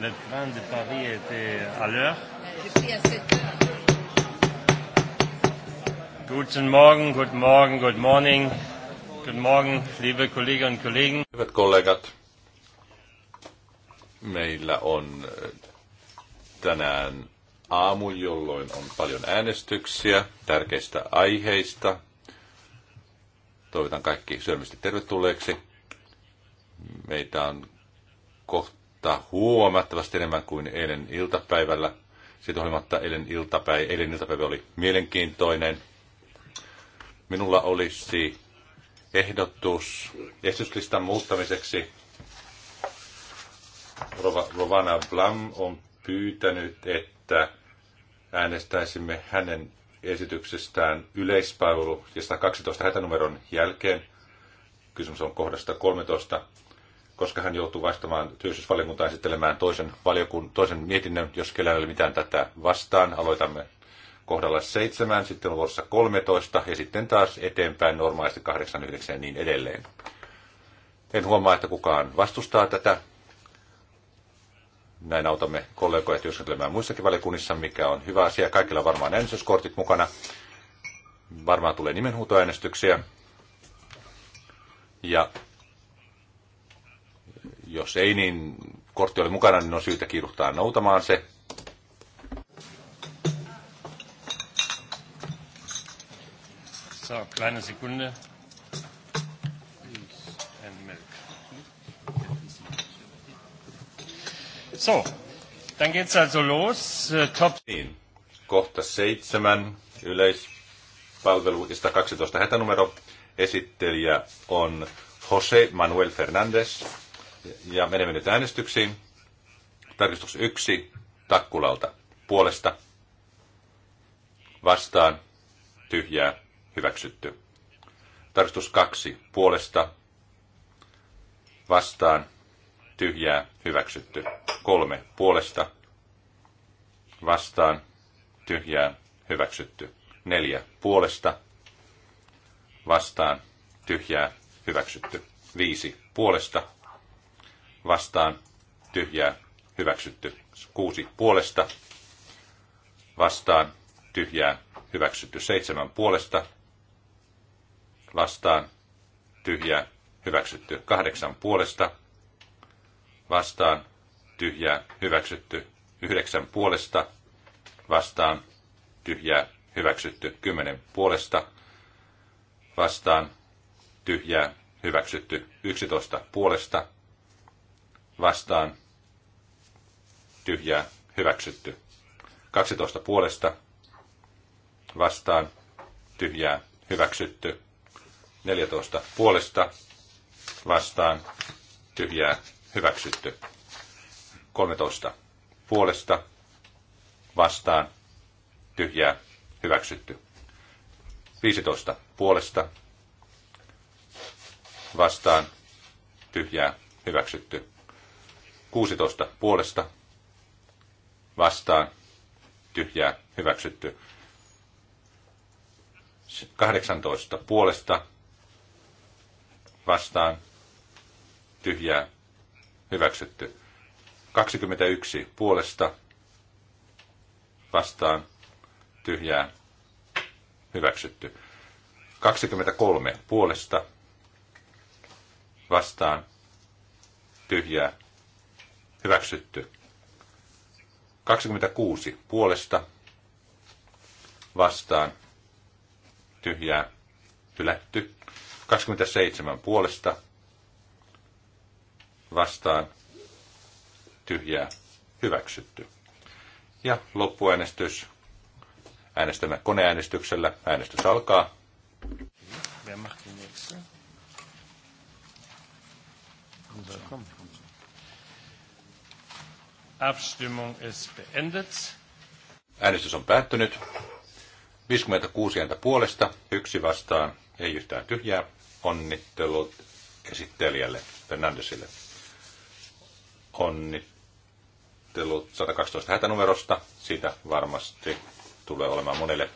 le train de Paris était à l'heure. Guten Morgen, guten Morgen, good morning. Guten Morgen, liebe Kolleginnen und Kollegen. Hyvät kollegat, meillä on äh, tänään aamu, jolloin on paljon äänestyksiä tärkeistä aiheista. Toivotan kaikki syömisesti tervetulleeksi. Meitä on kohta mutta huomattavasti enemmän kuin eilen iltapäivällä. Siitä huolimatta eilen, iltapäivä, eilen iltapäivä oli mielenkiintoinen. Minulla olisi ehdotus esityslistan muuttamiseksi. Rovana Blam on pyytänyt, että äänestäisimme hänen esityksestään yleispalvelu ja 112 hätänumeron jälkeen. Kysymys on kohdasta 13 koska hän joutuu vastaamaan työllisyysvaliokuntaan esittelemään toisen, valiokun, toisen mietinnön, jos kellään ei ole mitään tätä vastaan. Aloitamme kohdalla seitsemän sitten luvussa 13 ja sitten taas eteenpäin normaalisti 8, 9 ja niin edelleen. En huomaa, että kukaan vastustaa tätä. Näin autamme kollegoja työskentelemään muissakin valiokunnissa, mikä on hyvä asia. Kaikilla on varmaan äänestyskortit mukana. Varmaan tulee nimenhuutoäänestyksiä. Ja jos ei, niin kortti oli mukana, niin on syytä kiiruhtaa noutamaan se. So, kleine Sekunde. So, dann geht's also los. Äh, Top. Niin. Kohta seitsemän yleispalveluista 12 hätänumero. Esittelijä on Jose Manuel Fernandez. Ja menemme nyt äänestyksiin. Tarkistus yksi Takkulalta. Puolesta. Vastaan. Tyhjää. Hyväksytty. Tarkistus kaksi Puolesta. Vastaan. Tyhjää. Hyväksytty. kolme Puolesta. Vastaan. Tyhjää. Hyväksytty. neljä Puolesta. Vastaan. Tyhjää. Hyväksytty. viisi Puolesta vastaan tyhjää hyväksytty. Kuusi puolesta vastaan tyhjää hyväksytty. Seitsemän puolesta vastaan tyhjää hyväksytty. Kahdeksan puolesta vastaan tyhjää hyväksytty. Yhdeksän puolesta vastaan tyhjää hyväksytty. Kymmenen puolesta vastaan tyhjää hyväksytty. Yksitoista puolesta vastaan tyhjää hyväksytty. 12 puolesta vastaan tyhjää hyväksytty. 14 puolesta vastaan tyhjää hyväksytty. 13 puolesta vastaan tyhjää hyväksytty. 15 puolesta vastaan tyhjää hyväksytty. 16 puolesta vastaan tyhjää hyväksytty. 18 puolesta vastaan tyhjää hyväksytty. 21 puolesta vastaan tyhjää hyväksytty. 23 puolesta vastaan tyhjää Hyväksytty. 26 puolesta vastaan tyhjää hylätty. 27 puolesta vastaan tyhjää hyväksytty. Ja loppuäänestys äänestämme koneäänestyksellä. Äänestys alkaa. Wer macht Abstimmung ist beendet. Äänestys on päättynyt. 56 ääntä puolesta, yksi vastaan, ei yhtään tyhjää. Onnittelut esittelijälle Fernandesille. Onnittelut 112 hätänumerosta. Siitä varmasti tulee olemaan monelle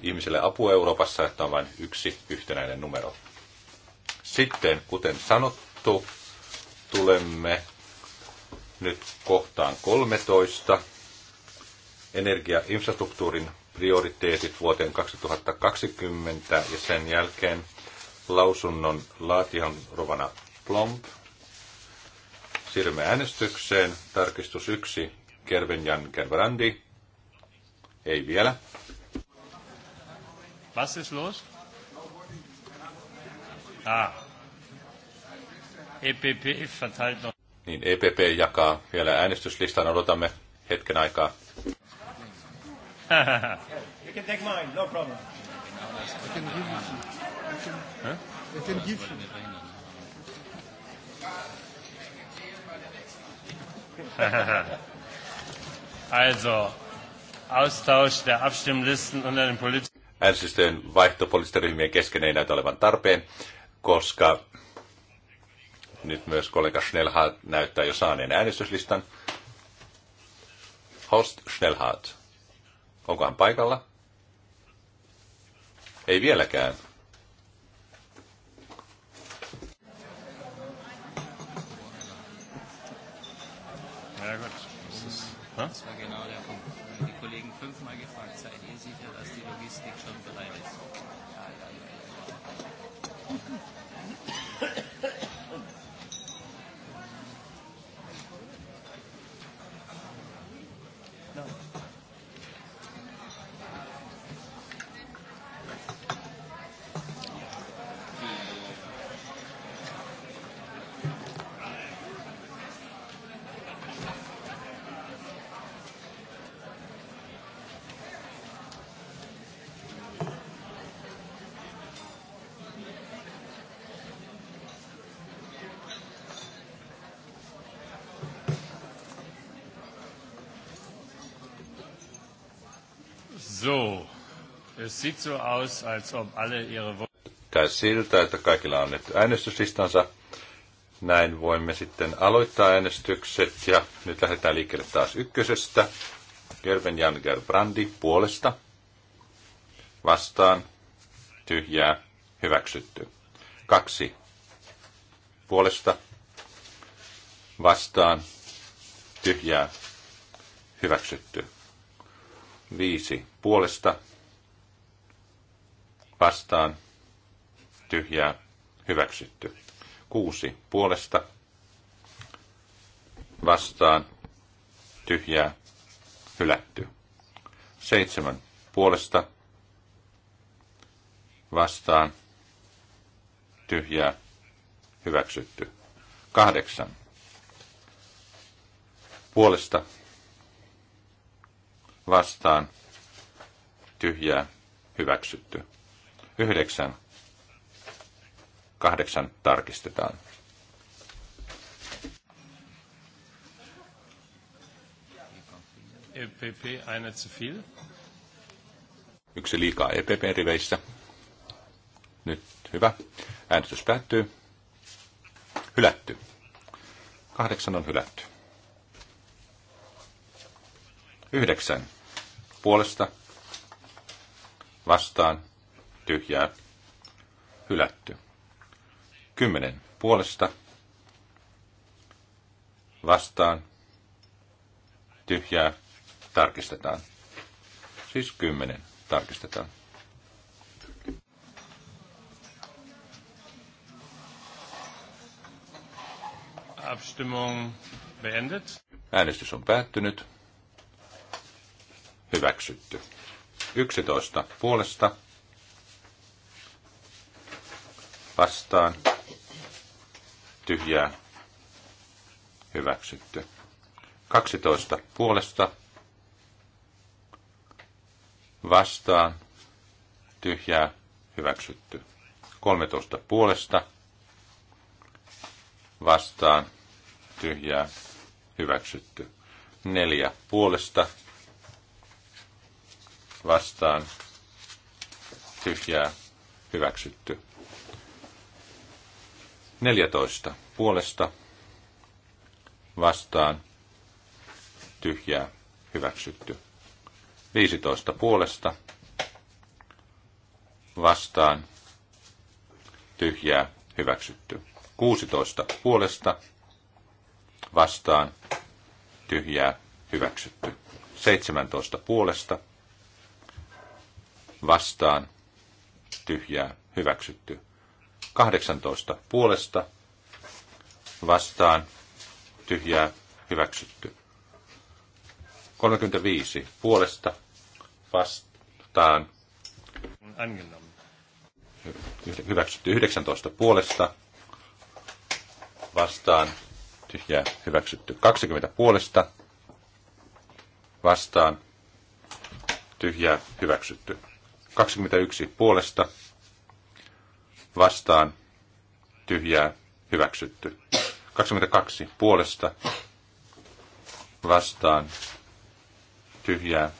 ihmiselle apua Euroopassa, että on vain yksi yhtenäinen numero. Sitten, kuten sanottu, tulemme nyt kohtaan 13. Energiainfrastruktuurin prioriteetit vuoteen 2020 ja sen jälkeen lausunnon laatihan Rovana plomp. Siirrymme äänestykseen. Tarkistus 1. Kervenjan Kervarandi. Ei vielä. Was ist los? Ah. EPP verteilt noch niin EPP jakaa vielä äänestyslistan. Odotamme hetken aikaa. you can take mine, no problem. I can give you some. I can, give you. also, Austausch der Abstimmlisten unter den Politikern. Äänestysten vaihto ryhmien kesken ei näytä olevan tarpeen, koska nyt myös kollega Schnellhardt näyttää jo saaneen äänestyslistan. Host Schnellhardt. onkohan paikalla? Ei vieläkään. Ja gut. Das ist, huh? No. So, es sieht so aus, als ob alle ihre... siltä, että kaikilla on nyt äänestyslistansa. Näin voimme sitten aloittaa äänestykset ja nyt lähdetään liikkeelle taas ykkösestä. Gerben Jan Gerbrandi puolesta. Vastaan. Tyhjää. Hyväksytty. Kaksi. Puolesta. Vastaan. Tyhjää. Hyväksytty viisi puolesta vastaan tyhjää hyväksytty. kuusi puolesta vastaan tyhjää hylätty. seitsemän puolesta vastaan tyhjää hyväksytty. kahdeksan puolesta vastaan tyhjää hyväksytty. Yhdeksän. Kahdeksan tarkistetaan. EPP eine zu viel. Yksi liikaa EPP-riveissä. Nyt hyvä. Äänestys päättyy. Hylätty. Kahdeksan on hylätty. Yhdeksän puolesta vastaan tyhjää hylätty. kymmenen puolesta vastaan tyhjää tarkistetaan. Siis kymmenen tarkistetaan. Abstimmung beendet. Äänestys on päättynyt hyväksytty. 11 puolesta vastaan tyhjää hyväksytty. 12 puolesta vastaan tyhjää hyväksytty. 13 puolesta vastaan tyhjää hyväksytty. 4 puolesta vastaan tyhjää hyväksytty. 14 puolesta vastaan tyhjää hyväksytty. 15 puolesta vastaan tyhjää hyväksytty. 16 puolesta vastaan tyhjää hyväksytty. 17 puolesta vastaan, tyhjää, hyväksytty. 18 puolesta, vastaan, tyhjää, hyväksytty. 35 puolesta, vastaan, hyväksytty. 19 puolesta, vastaan, tyhjää, hyväksytty. 20 puolesta, vastaan, tyhjää, hyväksytty. 21 puolesta vastaan tyhjää hyväksytty. 22 puolesta vastaan tyhjää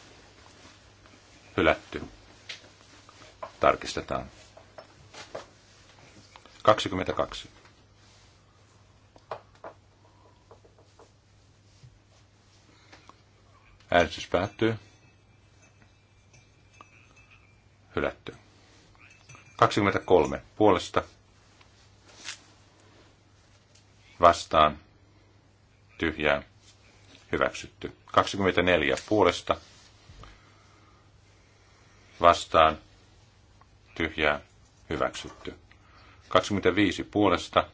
hylätty. Tarkistetaan. 22. Äänestys päättyy. hylätty. 23 puolesta vastaan tyhjää hyväksytty. 24 puolesta vastaan tyhjää hyväksytty. 25 puolesta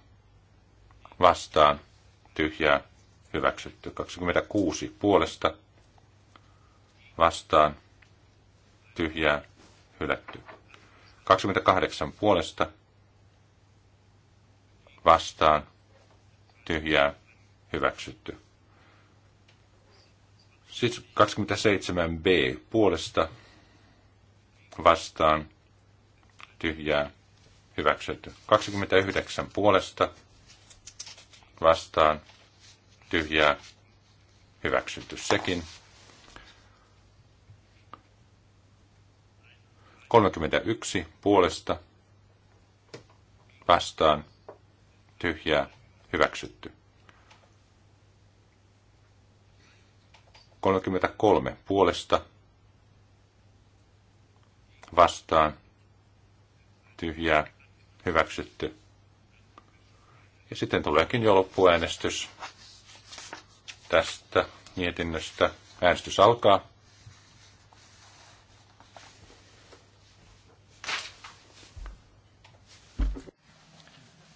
vastaan tyhjää hyväksytty. 26 puolesta vastaan tyhjää hylätty. 28 puolesta vastaan tyhjää hyväksytty. Sitten 27b puolesta vastaan tyhjää hyväksytty. 29 puolesta vastaan tyhjää hyväksytty sekin. 31 puolesta vastaan tyhjää hyväksytty. 33 puolesta vastaan tyhjää hyväksytty. Ja sitten tuleekin jo loppuäänestys tästä mietinnöstä. Äänestys alkaa.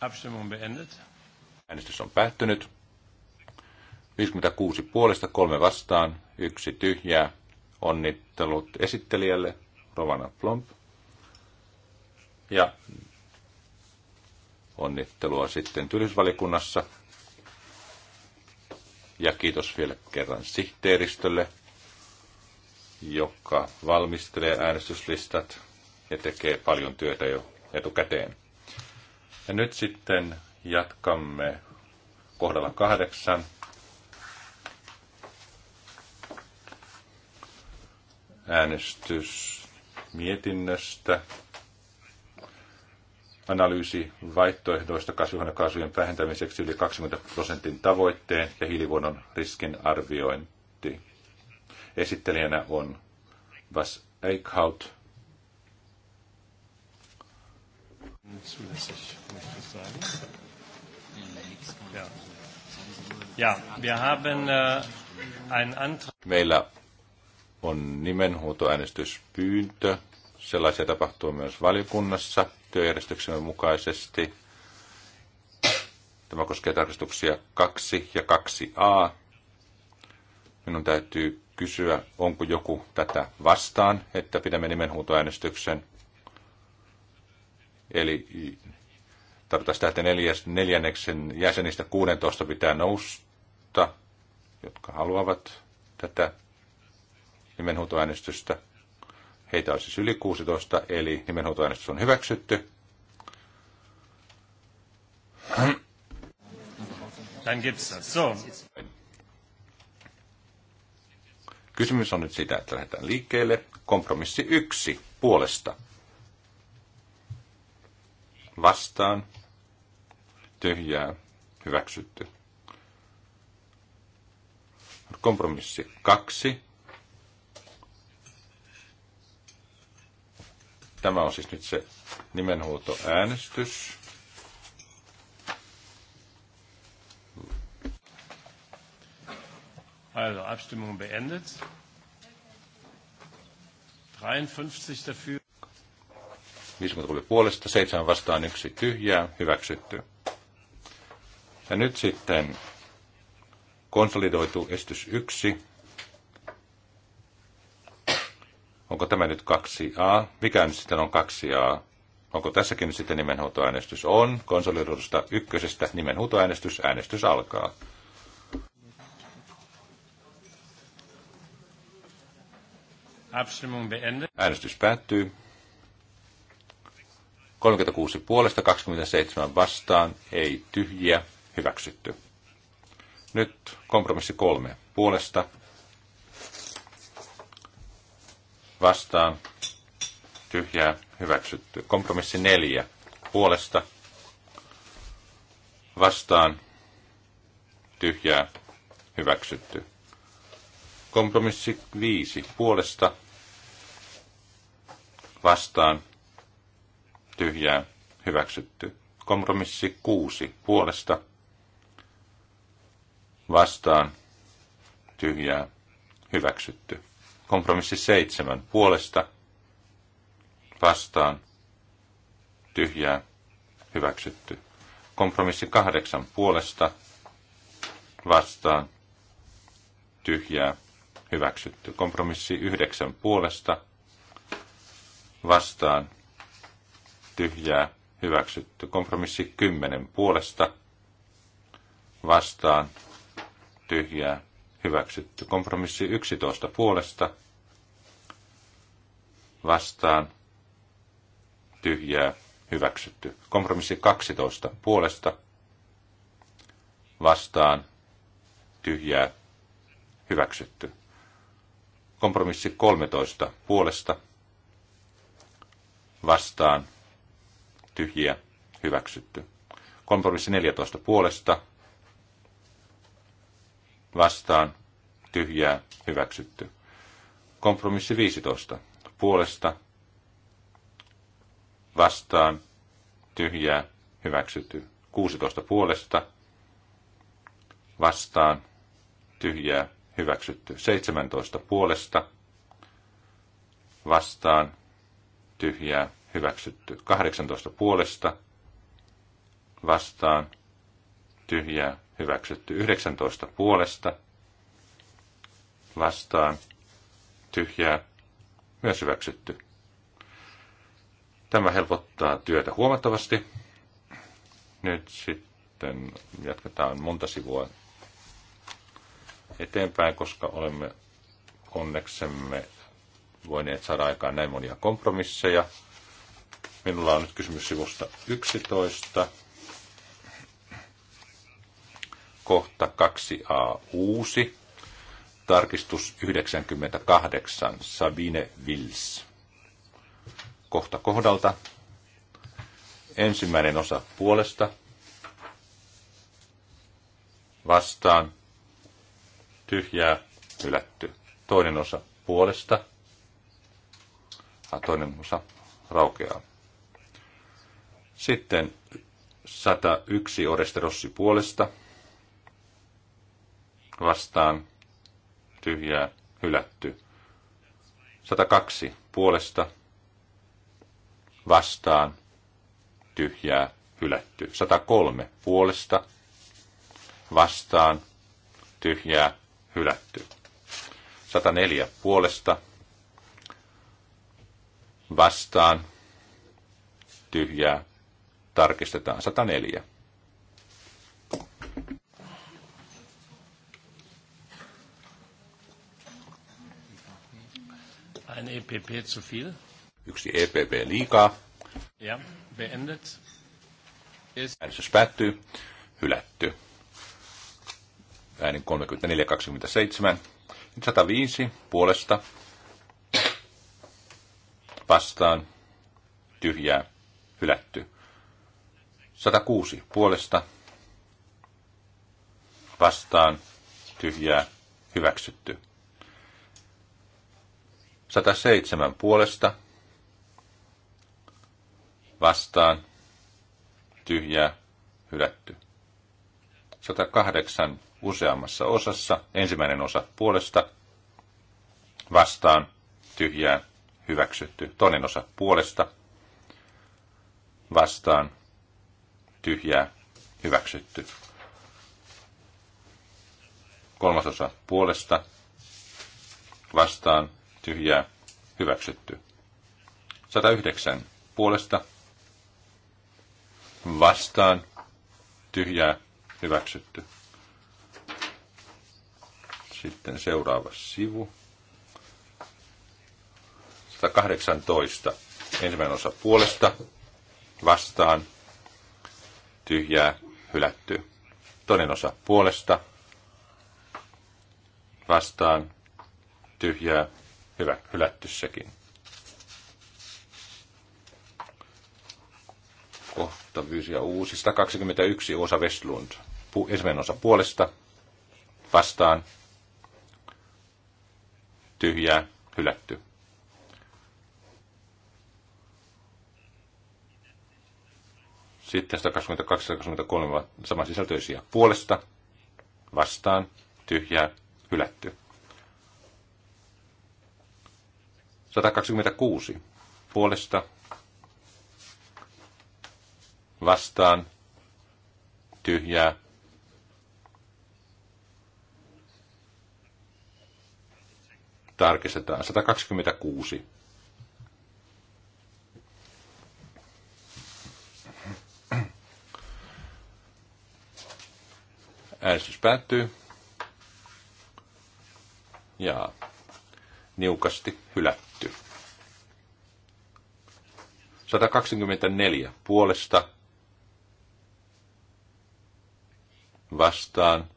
Abstimmung beendet. Äänestys on päättynyt. 56 puolesta, kolme vastaan, yksi tyhjää. Onnittelut esittelijälle, Rovana Plomp. Ja onnittelua sitten tylysvalikunnassa. Ja kiitos vielä kerran sihteeristölle, joka valmistelee äänestyslistat ja tekee paljon työtä jo etukäteen. Ja nyt sitten jatkamme kohdalla kahdeksan. Äänestys mietinnöstä. Analyysi vaihtoehdoista kasvihuonekaasujen vähentämiseksi yli 20 prosentin tavoitteen ja hiilivuodon riskin arviointi. Esittelijänä on Vas Eichhout. Äh, Meillä on nimenhuutoäänestyspyyntö. Sellaisia tapahtuu myös valiokunnassa työjärjestyksemme mukaisesti. Tämä koskee tarkistuksia 2 ja 2a. Minun täytyy kysyä, onko joku tätä vastaan, että pidämme nimenhuutoäänestyksen. Eli tarkoittaa sitä, että neljäs, neljänneksen jäsenistä 16 pitää nousta, jotka haluavat tätä nimenhuutoäänestystä. Heitä on siis yli 16, eli nimenhuutoäänestys on hyväksytty. Dann gibt's das. So. Kysymys on nyt sitä, että lähdetään liikkeelle. Kompromissi yksi puolesta vastaan, tyhjää, hyväksytty. Kompromissi kaksi. Tämä on siis nyt se nimenhuutoäänestys. Also Abstimmung beendet. 53 dafür. 53 puolesta, 7 vastaan, 1 tyhjää, hyväksytty. Ja nyt sitten konsolidoitu esitys 1. Onko tämä nyt 2A? Mikä nyt sitten on 2A? Onko tässäkin nyt sitten nimenhuutoäänestys? On. Konsolidoidusta ykkösestä nimenhuutoäänestys. Äänestys alkaa. Äänestys päättyy. 36 puolesta, 27 vastaan, ei tyhjiä, hyväksytty. Nyt kompromissi kolme puolesta, vastaan, tyhjää, hyväksytty. Kompromissi neljä puolesta, vastaan, tyhjää, hyväksytty. Kompromissi viisi puolesta, vastaan, tyhjää, hyväksytty. Kompromissi kuusi puolesta, vastaan, tyhjää, hyväksytty. Kompromissi seitsemän puolesta, vastaan, tyhjää, hyväksytty. Kompromissi kahdeksan puolesta, vastaan, tyhjää, hyväksytty. Kompromissi yhdeksän puolesta, vastaan, tyhjää hyväksytty. Kompromissi 10 puolesta vastaan tyhjää hyväksytty. Kompromissi 11 puolesta vastaan tyhjää hyväksytty. Kompromissi 12 puolesta vastaan tyhjää hyväksytty. Kompromissi 13 puolesta vastaan tyhjiä, hyväksytty. Kompromissi 14 puolesta, vastaan, tyhjää, hyväksytty. Kompromissi 15 puolesta, vastaan, tyhjää, hyväksytty. 16 puolesta, vastaan, tyhjää, hyväksytty. 17 puolesta, vastaan, tyhjää, hyväksytty. 18 puolesta vastaan tyhjää hyväksytty. 19 puolesta vastaan tyhjää myös hyväksytty. Tämä helpottaa työtä huomattavasti. Nyt sitten jatketaan monta sivua eteenpäin, koska olemme onneksemme voineet saada aikaan näin monia kompromisseja. Minulla on nyt kysymys sivusta 11. Kohta 2a uusi. Tarkistus 98. Sabine Wills. Kohta kohdalta. Ensimmäinen osa puolesta. Vastaan. Tyhjää. Hylätty. Toinen osa puolesta. Ah, toinen osa raukeaa. Sitten 101 Oresterossi puolesta vastaan tyhjää hylätty. 102 puolesta vastaan tyhjää hylätty. 103 puolesta vastaan tyhjää hylätty. 104 puolesta vastaan tyhjää tarkistetaan. 104. Ein EPP zu viel. Yksi EPP liikaa. Ja, beendet. Is... Äänestys päättyy. Hylätty. Äänin 34,27. 105 puolesta. Vastaan. Tyhjää. Hylätty. 106 puolesta vastaan tyhjää hyväksytty. 107 puolesta vastaan tyhjää hylätty. 108 useammassa osassa, ensimmäinen osa puolesta vastaan tyhjää hyväksytty, toinen osa puolesta vastaan tyhjää, hyväksytty. Kolmasosa puolesta, vastaan, tyhjää, hyväksytty. 109 puolesta, vastaan, tyhjää, hyväksytty. Sitten seuraava sivu. 118. Ensimmäinen osa puolesta, vastaan, tyhjää, hylätty. Toinen osa puolesta, vastaan, tyhjää, hyvä, hylätty sekin. Kohta 5 ja uusi 121 osa Westlund. Pu- ensimmäinen osa puolesta, vastaan, tyhjää, hylätty. Sitten 122 123 ovat samansisältöisiä puolesta, vastaan, tyhjää, hylätty. 126 puolesta, vastaan, tyhjää, tarkistetaan. 126 Äänestys päättyy. Ja niukasti hylätty. 124 puolesta vastaan.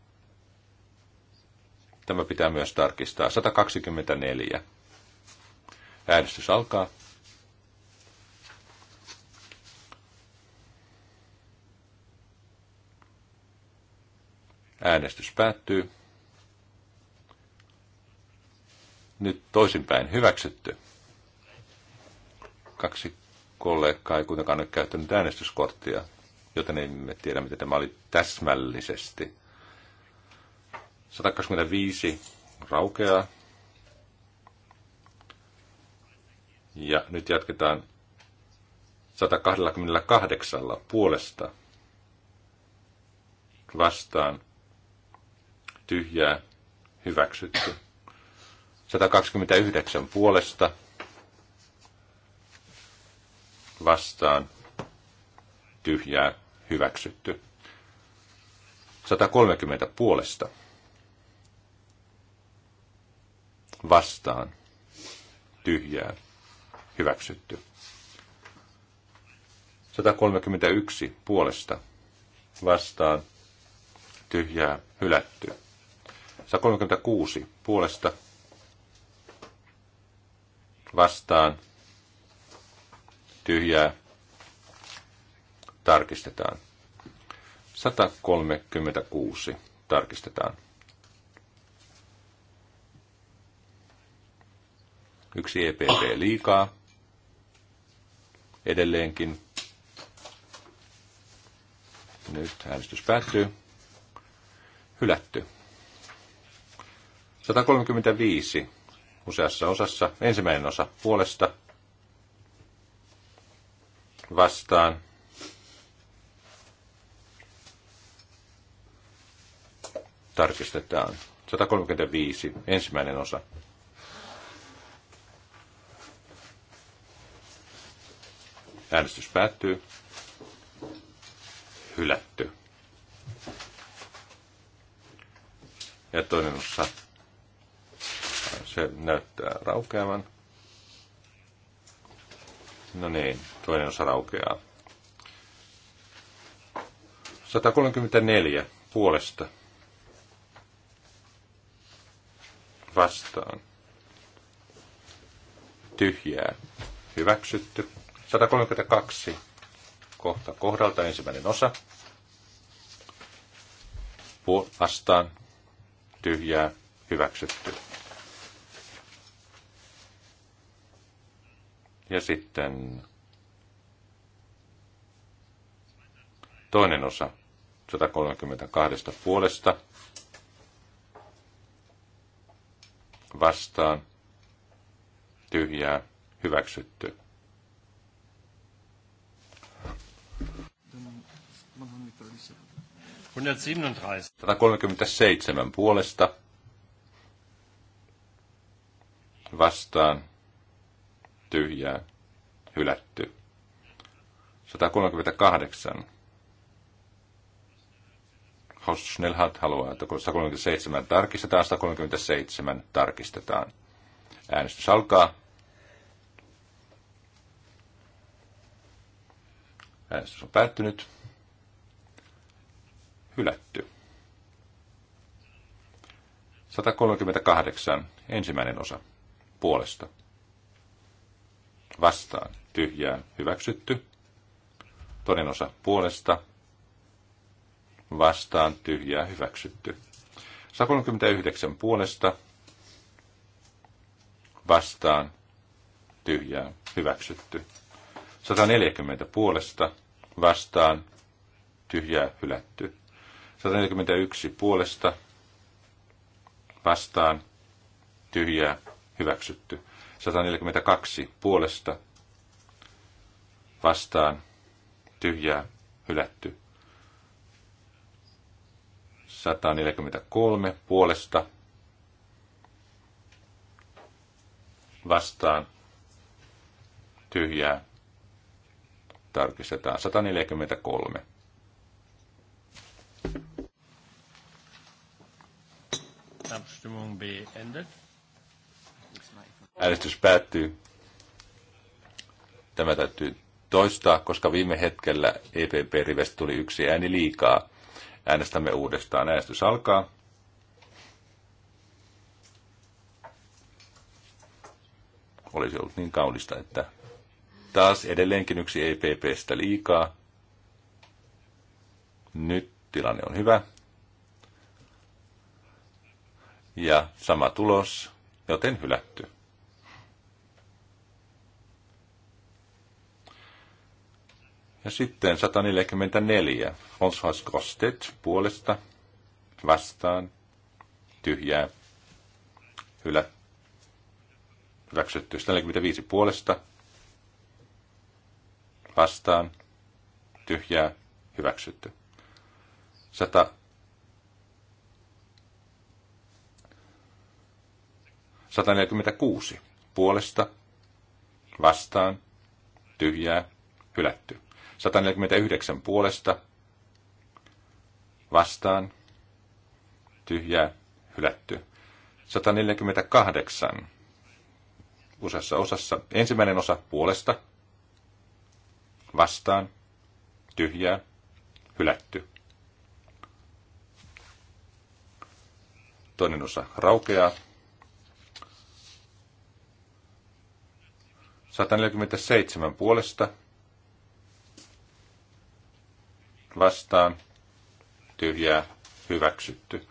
Tämä pitää myös tarkistaa. 124. Äänestys alkaa. Äänestys päättyy. Nyt toisinpäin hyväksytty. Kaksi kollegaa ei kuitenkaan ole käyttänyt äänestyskorttia, joten emme tiedä, miten tämä oli täsmällisesti. 125 raukeaa. Ja nyt jatketaan 128 puolesta vastaan tyhjää, hyväksytty. 129 puolesta vastaan tyhjää, hyväksytty. 130 puolesta vastaan tyhjää, hyväksytty. 131 puolesta vastaan tyhjää, hylätty. 136 puolesta vastaan tyhjää tarkistetaan. 136 tarkistetaan. Yksi EPP liikaa. Edelleenkin. Nyt äänestys päättyy. Hylätty. 135 useassa osassa. Ensimmäinen osa puolesta vastaan. Tarkistetaan. 135, ensimmäinen osa. Äänestys päättyy. Hylätty. Ja toinen osa se näyttää raukeavan. No niin, toinen osa raukeaa. 134 puolesta vastaan. Tyhjää. Hyväksytty. 132 kohta kohdalta ensimmäinen osa. Puol- vastaan. Tyhjää. Hyväksytty. Ja sitten toinen osa 132 puolesta vastaan tyhjää hyväksytty. 37 puolesta vastaan tyhjää, hylätty. 138. Hosnelhat haluaa, että 137 tarkistetaan, 137 tarkistetaan. Äänestys alkaa. Äänestys on päättynyt. Hylätty. 138. Ensimmäinen osa. Puolesta vastaan tyhjää hyväksytty. Toinen osa puolesta vastaan tyhjää hyväksytty. 139 puolesta vastaan tyhjää hyväksytty. 140 puolesta vastaan tyhjää hylätty. 141 puolesta vastaan tyhjää hyväksytty. 142 puolesta vastaan tyhjää hylätty. 143 puolesta vastaan tyhjää tarkistetaan 143. Abstimmung ended. Äänestys päättyy. Tämä täytyy toistaa, koska viime hetkellä EPP-rivestä tuli yksi ääni liikaa. Äänestämme uudestaan. Äänestys alkaa. Olisi ollut niin kaunista, että taas edelleenkin yksi EPPstä liikaa. Nyt tilanne on hyvä. Ja sama tulos, joten hylätty. Ja sitten 144. François Grostet puolesta vastaan tyhjää hylä, hyväksytty. 145 puolesta vastaan tyhjää hyväksytty. 100 146 puolesta vastaan tyhjää hylätty. 149 puolesta vastaan tyhjää hylätty. 148 useassa osassa. Ensimmäinen osa puolesta vastaan tyhjää hylätty. Toinen osa raukeaa. 147 puolesta vastaan tyhjää hyväksytty.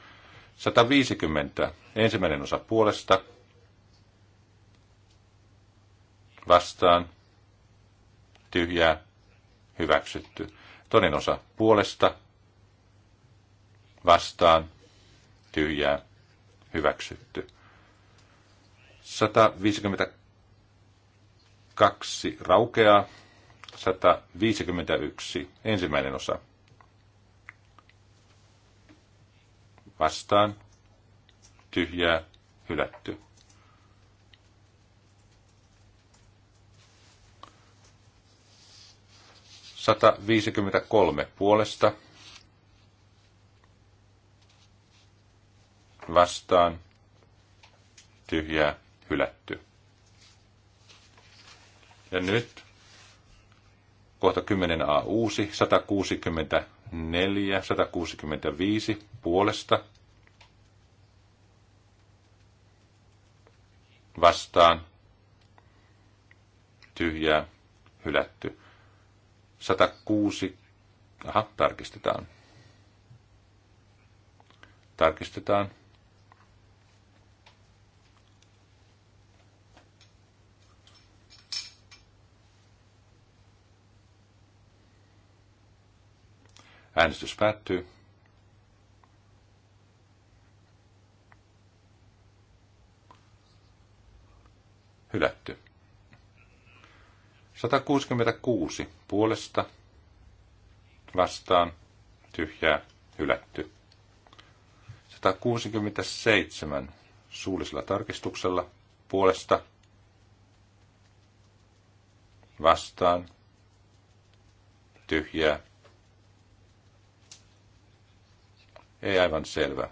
150 ensimmäinen osa puolesta vastaan tyhjää hyväksytty. Toinen osa puolesta vastaan tyhjää hyväksytty. 152 raukeaa, 151 ensimmäinen osa vastaan, tyhjää, hylätty. Sata viisikymmentä kolme puolesta vastaan, tyhjää, hylätty. Ja nyt kohta 10a uusi, 160 4, 165 puolesta vastaan tyhjää hylätty. 106, aha, tarkistetaan. Tarkistetaan. Äänestys päättyy. Hylätty. 166 puolesta vastaan tyhjää hylätty. 167 suullisella tarkistuksella puolesta vastaan tyhjää Ei aivan selvä.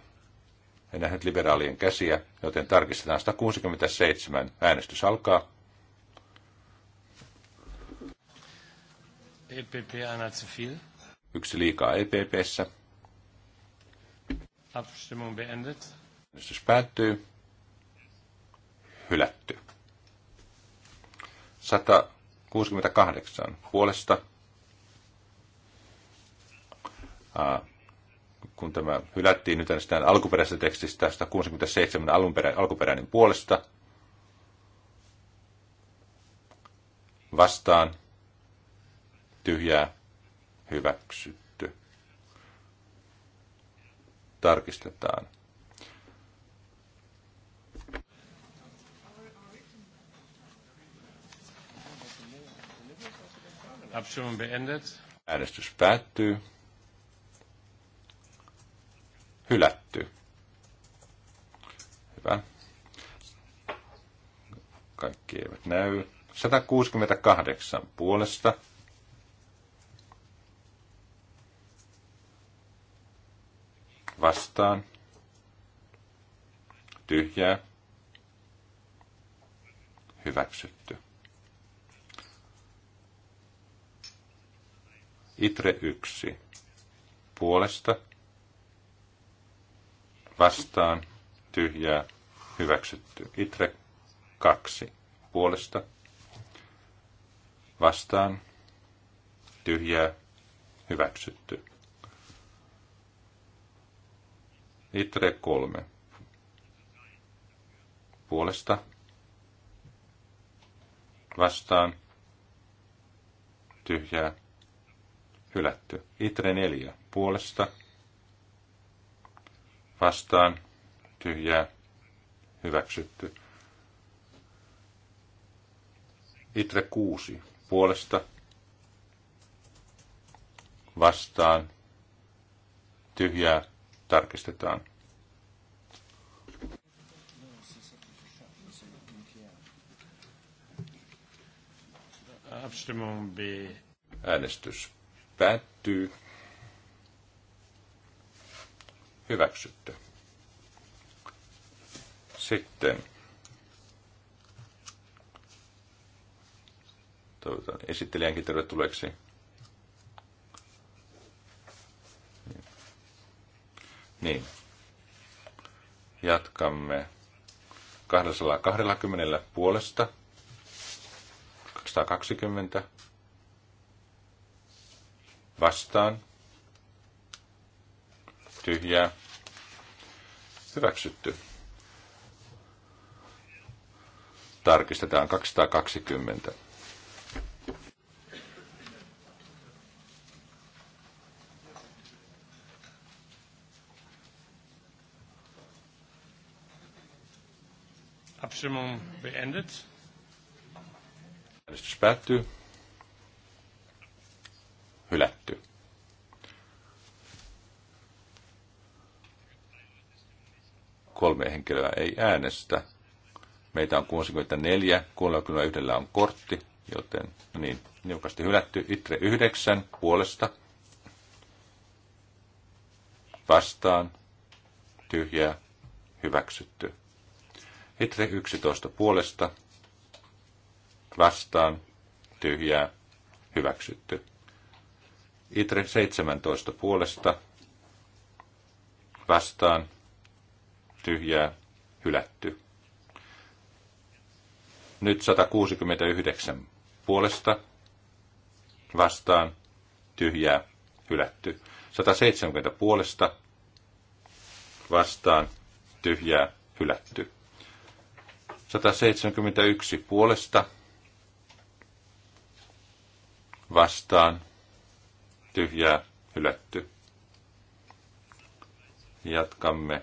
En nähnyt liberaalien käsiä, joten tarkistetaan 167. Äänestys alkaa. EPP viel. Yksi liikaa EPPssä. Abstimmung beendet. Äänestys päättyy. Hylätty. 168 puolesta. Aa, kun tämä hylättiin, nyt äänestetään alkuperäisestä tekstistä 167 alunperä, alkuperäinen puolesta. Vastaan. Tyhjää. Hyväksytty. Tarkistetaan. Äänestys päättyy hylätty. Hyvä. Kaikki eivät näy. 168 puolesta. Vastaan. Tyhjää. Hyväksytty. Itre yksi Puolesta vastaan, tyhjää, hyväksytty. Itre kaksi puolesta, vastaan, tyhjää, hyväksytty. Itre kolme puolesta, vastaan, tyhjää, hylätty. Itre neljä puolesta, vastaan tyhjää hyväksytty. Itre kuusi puolesta vastaan tyhjää tarkistetaan. Äänestys päättyy hyväksytty. Sitten toivotan esittelijänkin tervetulleeksi. Niin. Jatkamme 220 puolesta. 220 vastaan tyhjää, hyväksytty. Tarkistetaan 220. Abstimmung beendet. Äänestys päättyy. Hylätty. kolme henkilöä ei äänestä. Meitä on 64, 31 on kortti, joten no niin, niukasti hylätty. Itre 9 puolesta. Vastaan. Tyhjää. Hyväksytty. Itre 11 puolesta. Vastaan. Tyhjää. Hyväksytty. Itre 17 puolesta. Vastaan tyhjää, hylätty. Nyt 169 puolesta, vastaan, tyhjää, hylätty. 170 puolesta, vastaan, tyhjää, hylätty. 171 puolesta, vastaan, tyhjää, hylätty. Jatkamme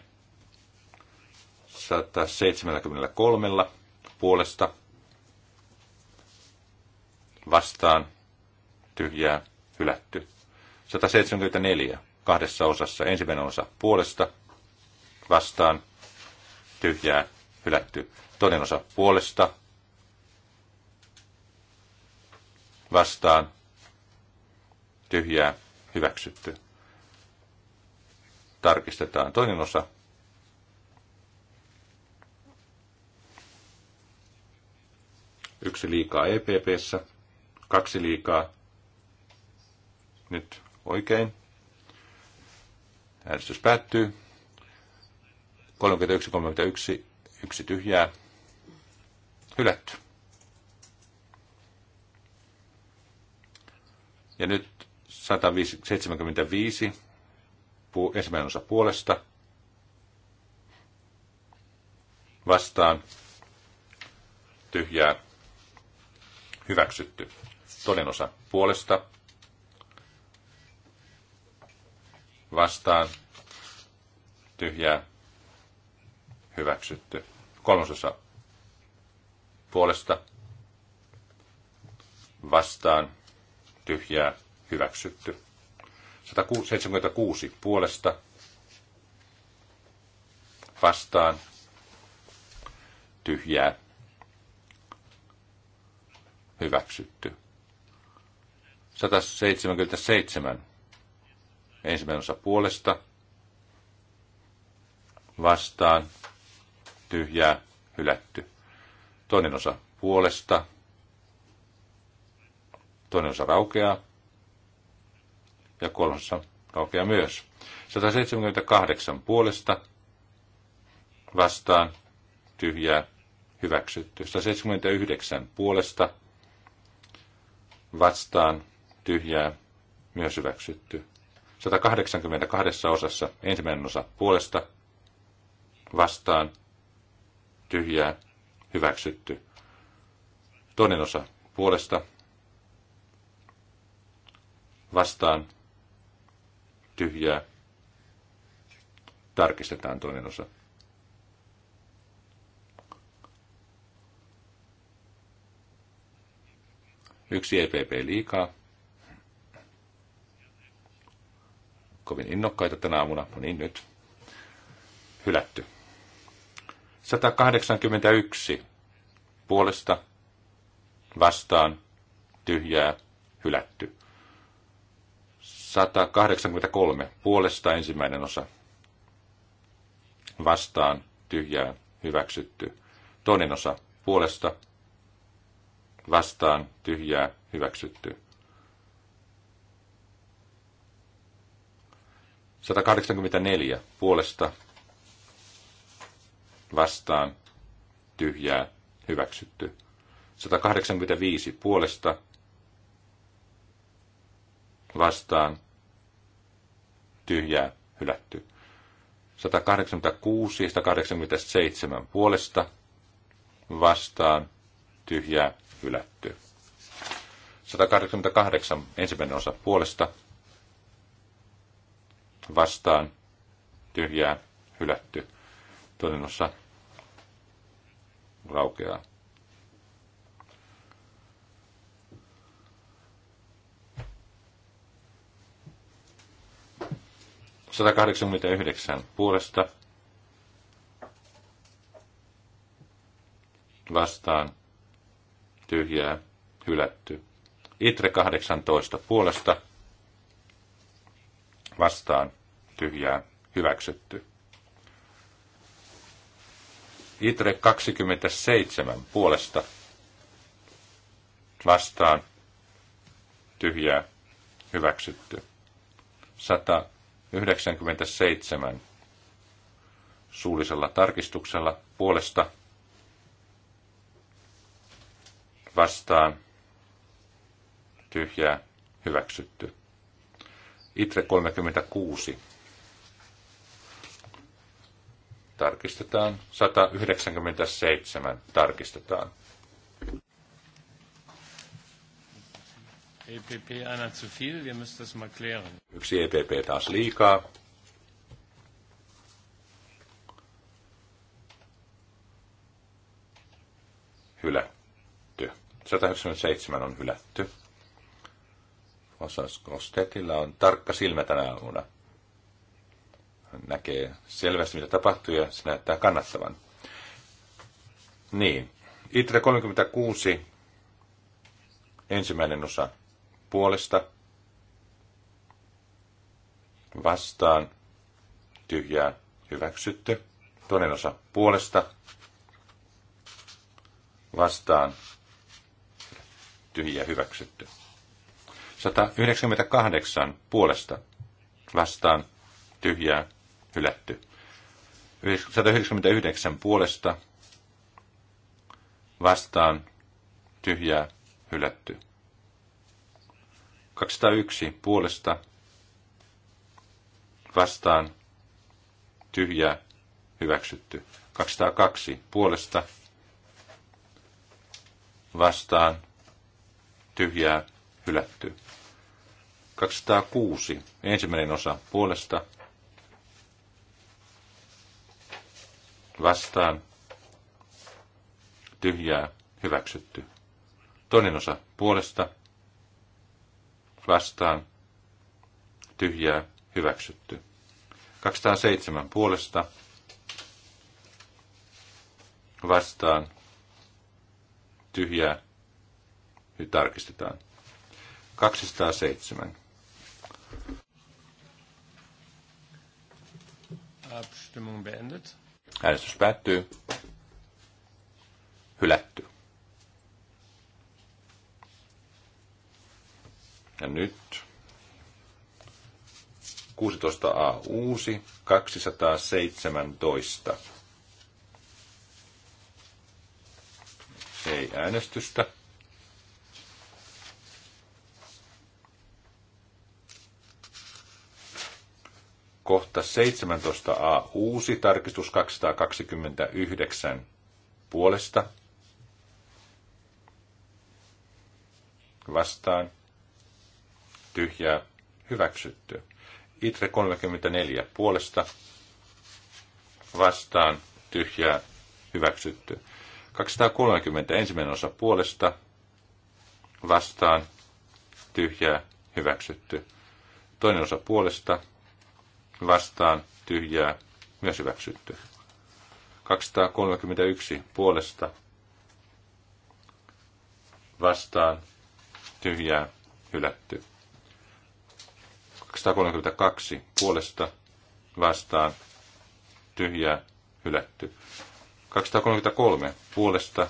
273 puolesta vastaan tyhjää hylätty. 174 kahdessa osassa ensimmäinen osa puolesta vastaan tyhjää hylätty. Toinen osa puolesta vastaan tyhjää hyväksytty. Tarkistetaan toinen osa Yksi liikaa EPPssä, kaksi liikaa. Nyt oikein. Äänestys päättyy. 31, 31, yksi tyhjää. Hylätty. Ja nyt 175, ensimmäinen osa puolesta, vastaan, tyhjää, hyväksytty. Toinen osa puolesta vastaan tyhjää hyväksytty. osa puolesta vastaan tyhjää hyväksytty. 176 puolesta vastaan tyhjää hyväksytty. 177 ensimmäinen osa puolesta vastaan tyhjää hylätty. Toinen osa puolesta, toinen osa raukeaa ja kolmas osa raukeaa myös. 178 puolesta vastaan tyhjää hyväksytty. 179 puolesta vastaan tyhjää myös hyväksytty. 182 osassa ensimmäinen osa puolesta vastaan tyhjää hyväksytty. Toinen osa puolesta vastaan tyhjää tarkistetaan toinen osa. Yksi EPP liikaa. Kovin innokkaita tänä aamuna. No niin nyt. Hylätty. 181 puolesta vastaan tyhjää hylätty. 183 puolesta ensimmäinen osa vastaan tyhjää hyväksytty. Toinen osa puolesta vastaan tyhjää hyväksytty. 184 puolesta vastaan tyhjää hyväksytty. 185 puolesta vastaan tyhjää hylätty. 186 ja 187 puolesta vastaan tyhjää, hylätty. 188 ensimmäinen osa puolesta vastaan tyhjää, hylätty. Toinen osa raukeaa. yhdeksän puolesta vastaan tyhjää, hylätty. Itre 18 puolesta vastaan tyhjää hyväksytty. Itre 27 puolesta vastaan tyhjää hyväksytty. 197 suullisella tarkistuksella puolesta vastaan tyhjää hyväksytty. Itre 36. Tarkistetaan. 197. Tarkistetaan. EPP aina zu viel, wir müssen das mal klären. Yksi EPP taas liikaa. Hylätty. 197 on hylätty. Osas Kostetilla on tarkka silmä tänä aamuna. Hän näkee selvästi, mitä tapahtuu, ja se näyttää kannattavan. Niin. Itre 36, ensimmäinen osa puolesta, vastaan, tyhjää, hyväksytty. Toinen osa puolesta, vastaan, tyhjiä hyväksytty. 198 puolesta vastaan tyhjää hylätty. 199 puolesta vastaan tyhjää hylätty. 201 puolesta vastaan tyhjää hyväksytty. 202 puolesta vastaan tyhjää, hylätty. 206, ensimmäinen osa puolesta, vastaan, tyhjää, hyväksytty. Toinen osa puolesta, vastaan, tyhjää, hyväksytty. 207 puolesta, vastaan, tyhjää, nyt tarkistetaan. 207. Abstimmung beendet. Äänestys päättyy. Hylätty. Ja nyt 16a uusi 217. Ei äänestystä. Kohta 17a uusi tarkistus 229 puolesta vastaan tyhjää hyväksytty. Itre 34 puolesta vastaan tyhjää hyväksytty. 230 ensimmäinen osa puolesta vastaan tyhjää hyväksytty. Toinen osa puolesta vastaan tyhjää myös hyväksytty. 231 puolesta vastaan tyhjää hylätty. 232 puolesta vastaan tyhjää hylätty. 233 puolesta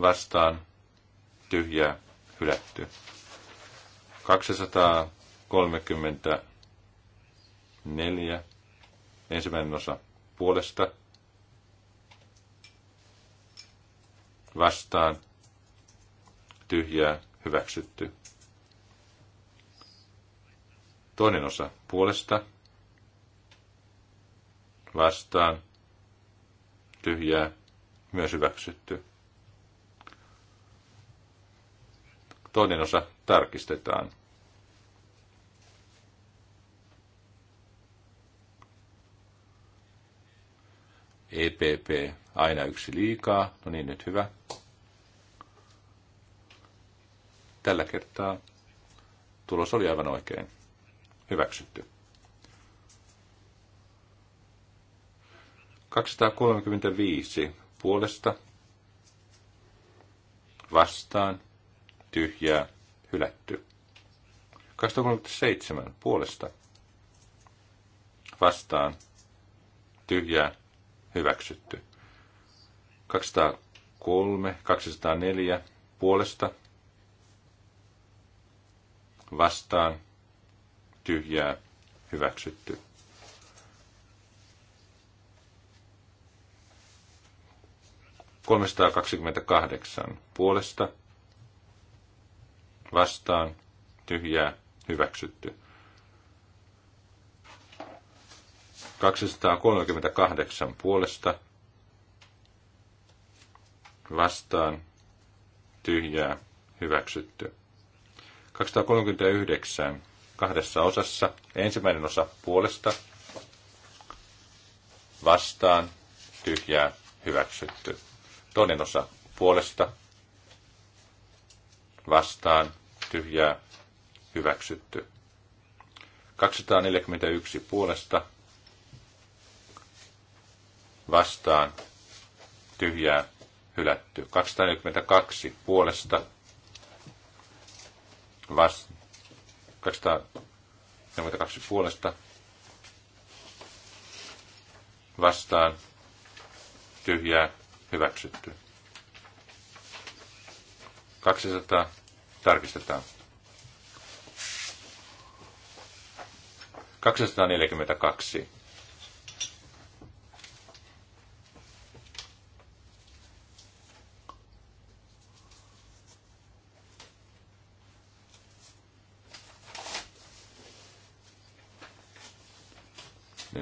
vastaan tyhjää hylätty. 200 34, ensimmäinen osa puolesta, vastaan, tyhjää, hyväksytty. Toinen osa puolesta, vastaan, tyhjää, myös hyväksytty. Toinen osa tarkistetaan. EPP aina yksi liikaa. No niin, nyt hyvä. Tällä kertaa tulos oli aivan oikein. Hyväksytty. 235 puolesta vastaan tyhjää hylätty. 237 puolesta vastaan tyhjää hyväksytty. 203, 204 puolesta vastaan tyhjää hyväksytty. kaksikymmentäkahdeksan puolesta vastaan tyhjää hyväksytty. 238 puolesta vastaan tyhjää hyväksytty. 239 kahdessa osassa. Ensimmäinen osa puolesta vastaan tyhjää hyväksytty. Toinen osa puolesta vastaan tyhjää hyväksytty. 241 puolesta vastaan tyhjää hylätty. 242 puolesta vas, 242 puolesta vastaan tyhjää hyväksytty. 200 tarkistetaan. 242.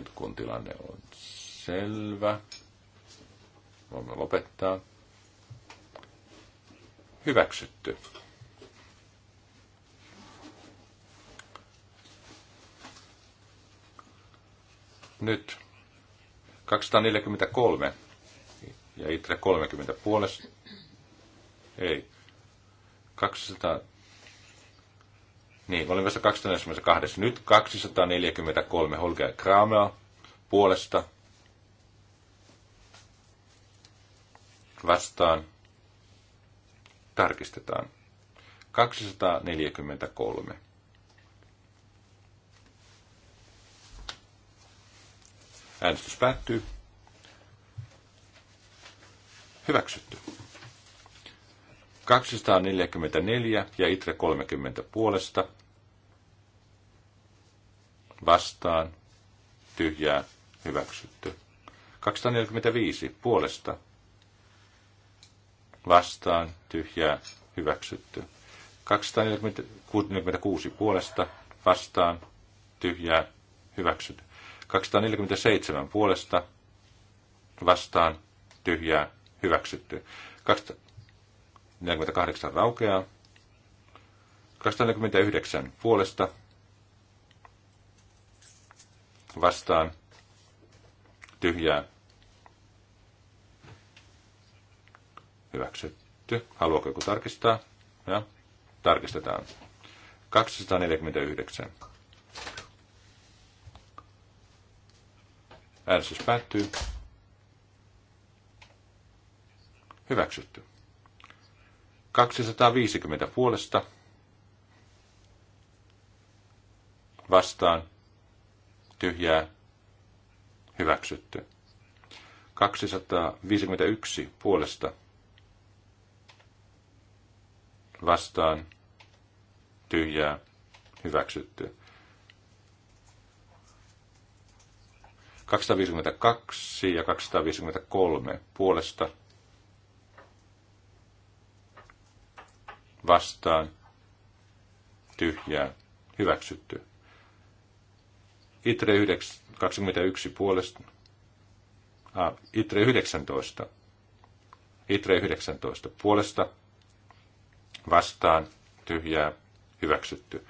nyt kun tilanne on selvä. Voimme lopettaa. Hyväksytty. Nyt 243 ja itse 30 puolesta. Ei. 200 niin, me olemme 242. Nyt 243 Holger Kramer puolesta vastaan tarkistetaan. 243. Äänestys päättyy. Hyväksytty. 244 ja ITRE 30 puolesta vastaan, tyhjää, hyväksytty. 245 puolesta, vastaan, tyhjää, hyväksytty. 246 puolesta, vastaan, tyhjää, hyväksytty. 247 puolesta, vastaan, tyhjää, hyväksytty. 248 raukeaa. 249 puolesta, vastaan tyhjää hyväksytty. Haluatko joku tarkistaa? Ja tarkistetaan. 249. Äänestys päättyy. Hyväksytty. 250 puolesta vastaan tyhjää hyväksytty. 251 puolesta vastaan tyhjää hyväksytty. 252 ja 253 puolesta vastaan tyhjää hyväksytty. ITRE 9, 21 puolesta. Ah, ITRE 19. ITRE 19 puolesta vastaan tyhjää hyväksytty.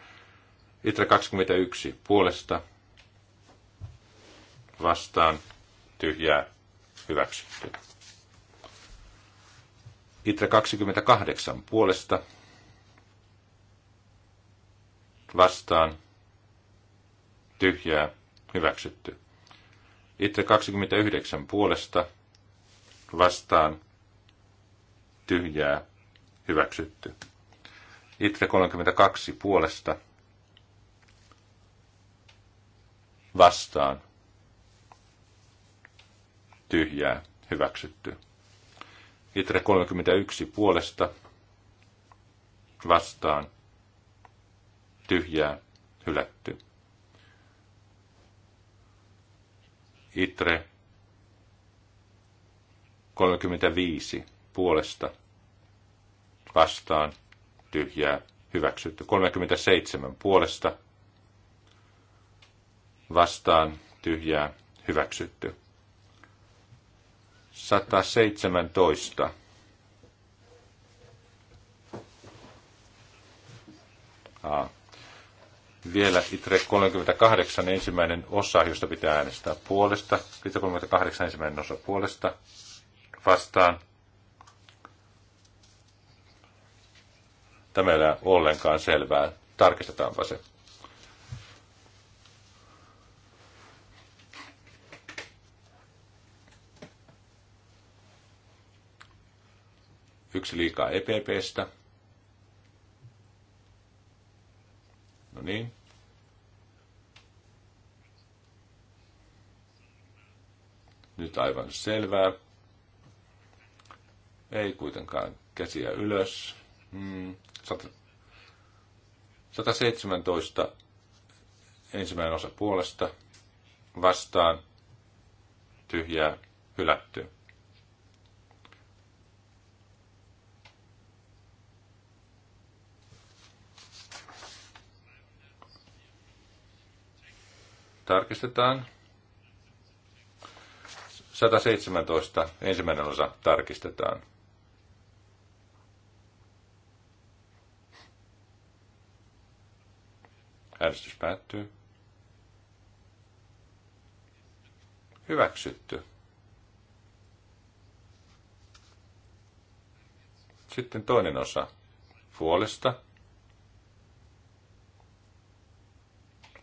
ITRE 21 puolesta vastaan tyhjää hyväksytty. ITRE 28 puolesta vastaan tyhjää, hyväksytty. Itse 29 puolesta, vastaan, tyhjää, hyväksytty. Itse 32 puolesta, vastaan, tyhjää, hyväksytty. Itre 31 puolesta, vastaan, tyhjää, hylätty. ITRE 35 puolesta vastaan tyhjää hyväksytty. 37 puolesta vastaan tyhjää hyväksytty. 117. Aa, vielä ITRE 38 ensimmäinen osa, josta pitää äänestää puolesta. ITRE 38 ensimmäinen osa puolesta vastaan. Tämä ei ole ollenkaan selvää. Tarkistetaanpa se. Yksi liikaa EPPstä. No niin. Nyt aivan selvää. Ei kuitenkaan käsiä ylös. Hmm. 117 ensimmäinen osa puolesta vastaan tyhjää hylättyä. tarkistetaan. 117 ensimmäinen osa tarkistetaan. Äänestys päättyy. Hyväksytty. Sitten toinen osa puolesta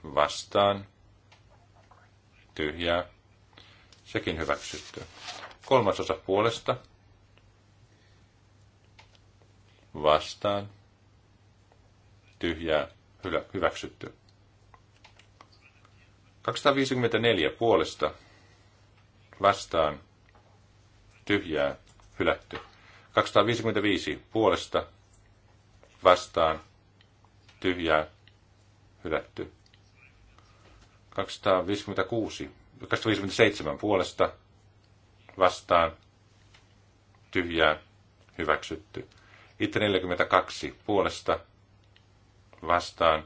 vastaan tyhjää, sekin hyväksytty. Kolmasosa puolesta, vastaan, tyhjää, hyväksytty. 254 puolesta, vastaan, tyhjää, hylätty. 255 puolesta, vastaan, tyhjää, hylätty. 256, 257 puolesta vastaan tyhjää hyväksytty. Itse 42 puolesta vastaan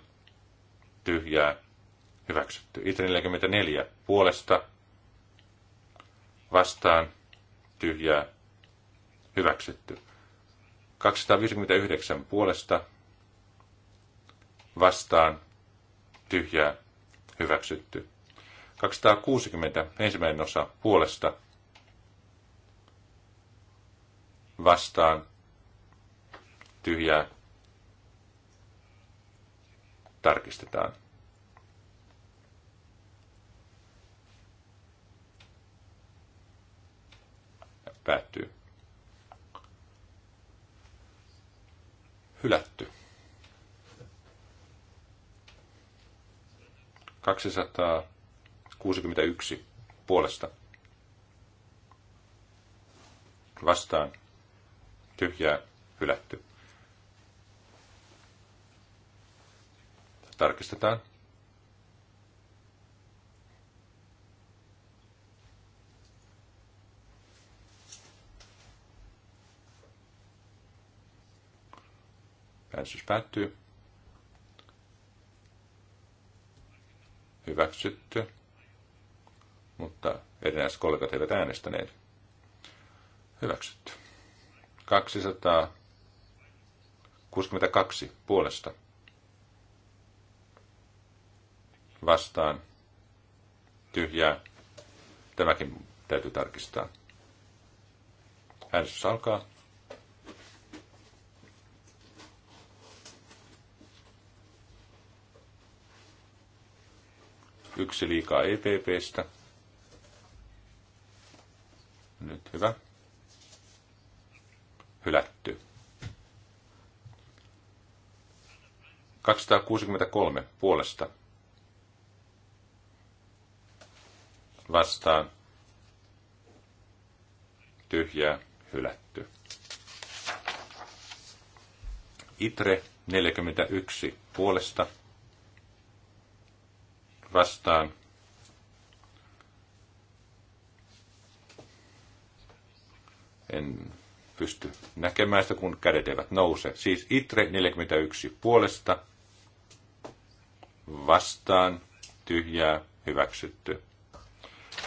tyhjää hyväksytty. Itse 44 puolesta vastaan tyhjää hyväksytty. 259 puolesta vastaan tyhjää hyväksytty. 260 ensimmäinen osa puolesta vastaan tyhjää tarkistetaan. Päättyy. Hylätty. 261 puolesta. Vastaan. Tyhjää. Hylätty. Tarkistetaan. Äänestys päättyy. hyväksytty, mutta erinäiset kollegat eivät äänestäneet. Hyväksytty. 262 puolesta vastaan tyhjää. Tämäkin täytyy tarkistaa. Äänestys alkaa. yksi liikaa EPPstä. Nyt hyvä. Hylätty. 263 puolesta. Vastaan. Tyhjää. Hylätty. Itre 41 puolesta vastaan. En pysty näkemään sitä, kun kädet eivät nouse. Siis ITRE 41 puolesta vastaan tyhjää hyväksytty.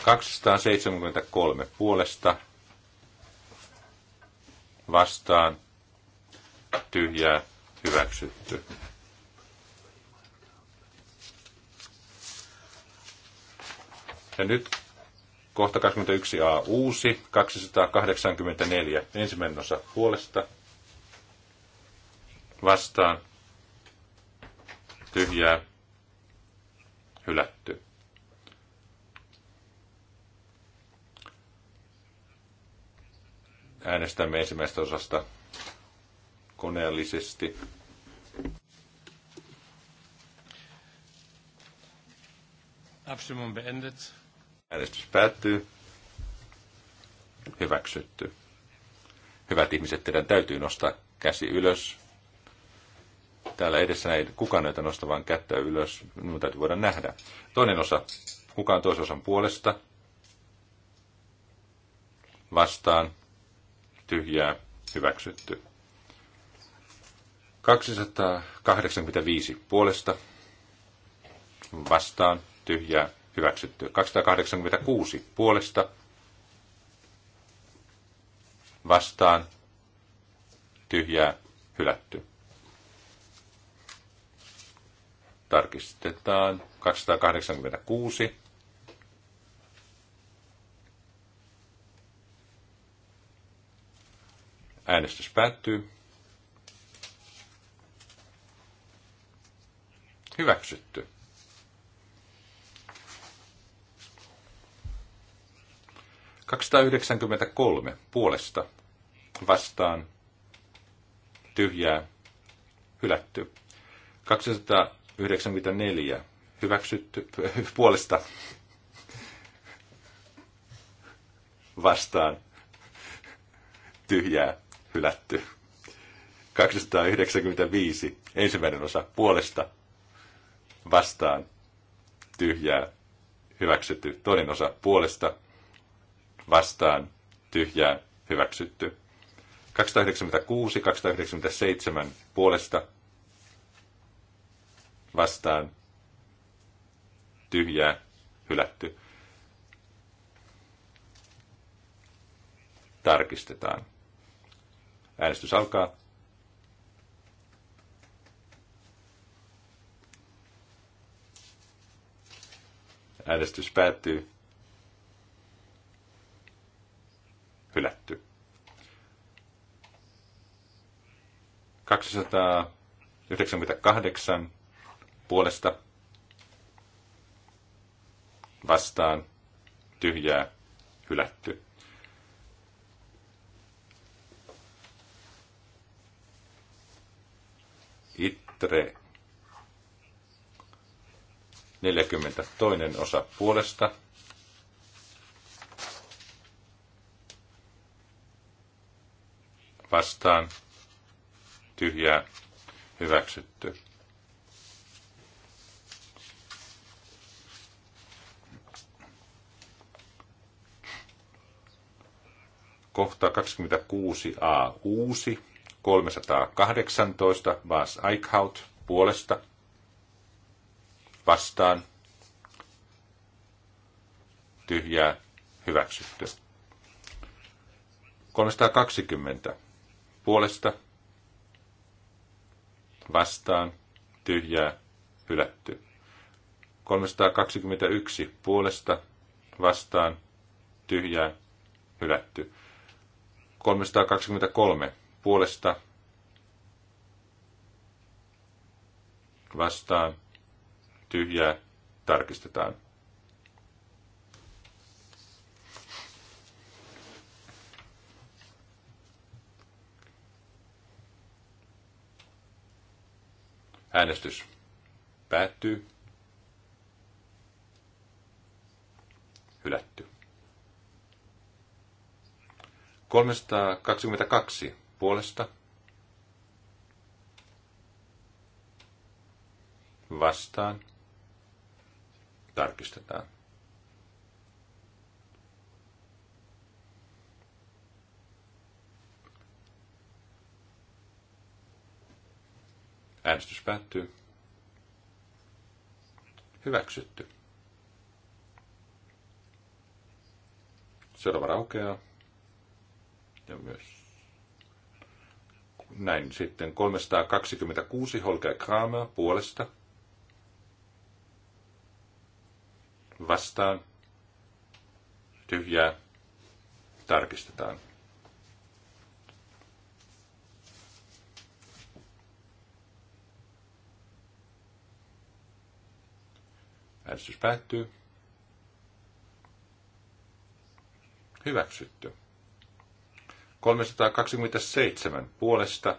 273 puolesta vastaan tyhjää hyväksytty. Ja nyt kohta 21a uusi, 284, ensimmäinen osa puolesta, vastaan, tyhjää, hylätty. Äänestämme ensimmäisestä osasta koneellisesti. Abstimmung beendet. Äänestys päättyy. Hyväksytty. Hyvät ihmiset, teidän täytyy nostaa käsi ylös. Täällä edessä ei kukaan näitä nostavan kättä ylös. Minun täytyy voida nähdä. Toinen osa. Kukaan toisen osan puolesta? Vastaan. Tyhjää. Hyväksytty. 285 puolesta. Vastaan. Tyhjää hyväksytty. 286 puolesta vastaan tyhjää hylätty. Tarkistetaan 286. Äänestys päättyy. Hyväksytty. 293 puolesta vastaan tyhjää hylätty. 294 hyväksytty puolesta vastaan tyhjää hylätty. 295 ensimmäinen osa puolesta vastaan tyhjää hyväksytty. Toinen osa puolesta vastaan tyhjää hyväksytty. 296, 297 puolesta vastaan tyhjää hylätty. Tarkistetaan. Äänestys alkaa. Äänestys päättyy. 296-297. hylätty. 298 puolesta vastaan tyhjää hylätty. Itre 42 osa puolesta vastaan tyhjää hyväksytty. Kohta 26a uusi 318 Vaas Eichhout puolesta vastaan tyhjää hyväksytty. 320 puolesta vastaan tyhjää hylätty. 321 puolesta vastaan tyhjää hylätty. 323 puolesta vastaan tyhjää tarkistetaan. Äänestys päättyy. Hylätty. 322 puolesta. Vastaan. Tarkistetaan. Äänestys päättyy. Hyväksytty. Seuraava raukeaa. Ja myös näin sitten 326 Holger Kramer puolesta. Vastaan. Tyhjää. Tarkistetaan. Äänestys päättyy. Hyväksytty. 327 puolesta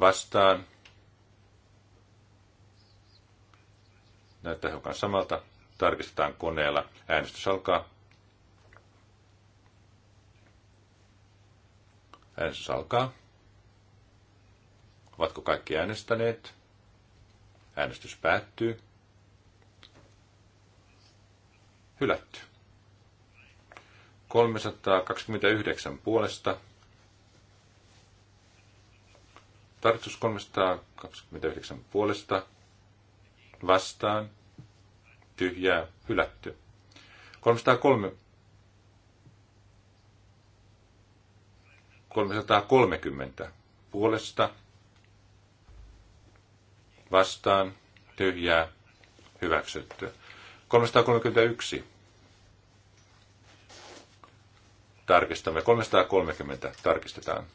vastaan. Näyttää hiukan samalta. Tarkistetaan koneella. Äänestys alkaa. Äänestys alkaa. Ovatko kaikki äänestäneet? Äänestys päättyy. Hylätty. 329 puolesta. Tarkistus 329 puolesta. Vastaan. Tyhjää. Hylätty. 303. 330 puolesta vastaan, tyhjää, hyväksytty. 331. Tarkistamme. 330 tarkistetaan.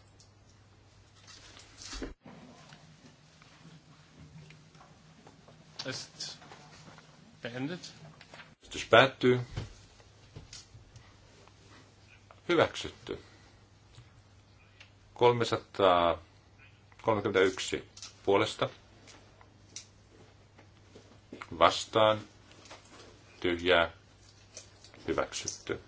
Ist päättyy. Hyväksytty. 331 puolesta vastaan, tyhjää, hyväksytty.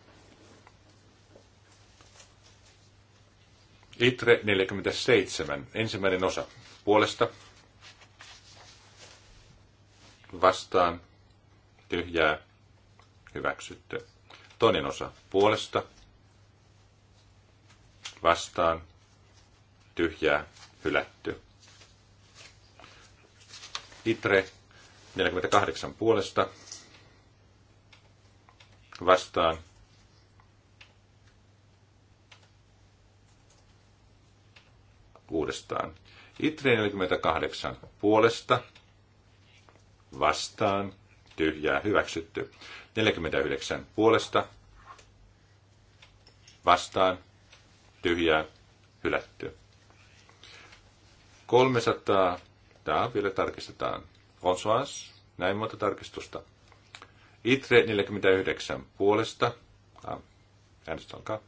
Itre 47, ensimmäinen osa, puolesta, vastaan, tyhjää, hyväksytty. Toinen osa, puolesta, vastaan, tyhjää, hylätty. Itre 48 puolesta vastaan. Uudestaan. Itri 48 puolesta vastaan. Tyhjää hyväksytty. 49 puolesta vastaan. Tyhjää hylätty. 300. Tämä vielä tarkistetaan. François, näin monta tarkistusta. ITRE 49 puolesta. Ah, äänestys alkaa.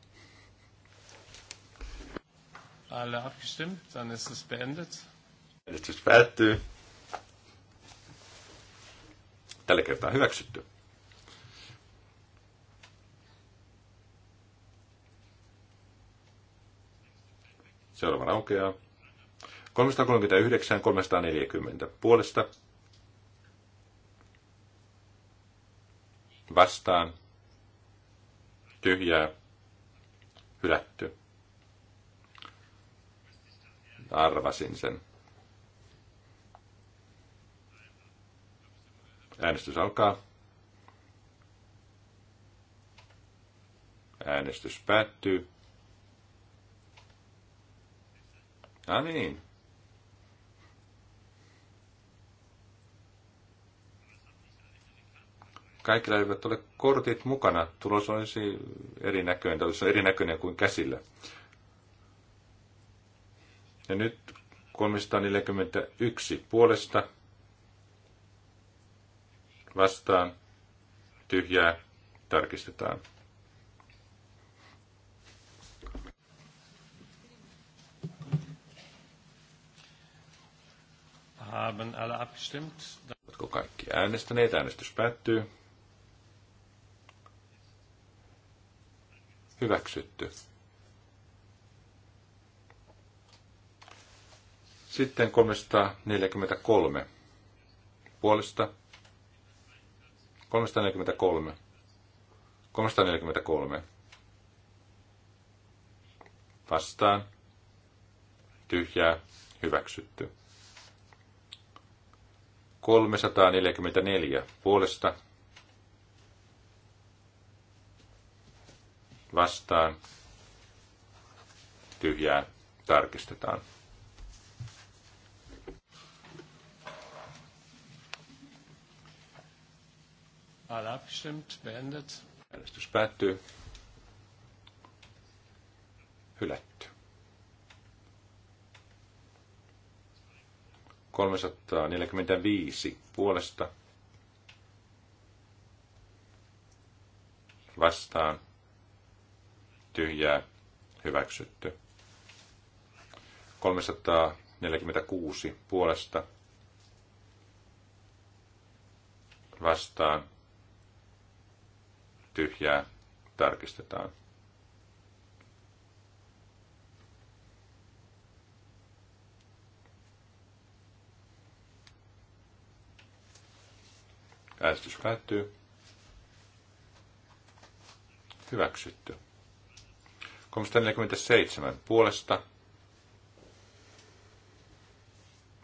Alle abgestimmt, dann ist es beendet. Äänestys päättyy. Tällä kertaa hyväksytty. Seuraava aukeaa. 339, 340 puolesta vastaan, tyhjää, hylätty. Arvasin sen. Äänestys alkaa. Äänestys päättyy. No niin, kaikilla eivät ole kortit mukana. Tulos olisi erinäköinen, tai on erinäköinen kuin käsillä. Ja nyt 341 puolesta vastaan tyhjää tarkistetaan. Haben alle abgestimmt? Oletko kaikki äänestäneet? Äänestys päättyy. hyväksytty. Sitten 343 puolesta. 343. 343. Vastaan. Tyhjää. Hyväksytty. 344 puolesta vastaan tyhjää tarkistetaan. Äänestys päättyy. Hylätty. 345 puolesta vastaan tyhjää hyväksytty. 346 puolesta vastaan tyhjää tarkistetaan. Äänestys päättyy. Hyväksytty. 347 puolesta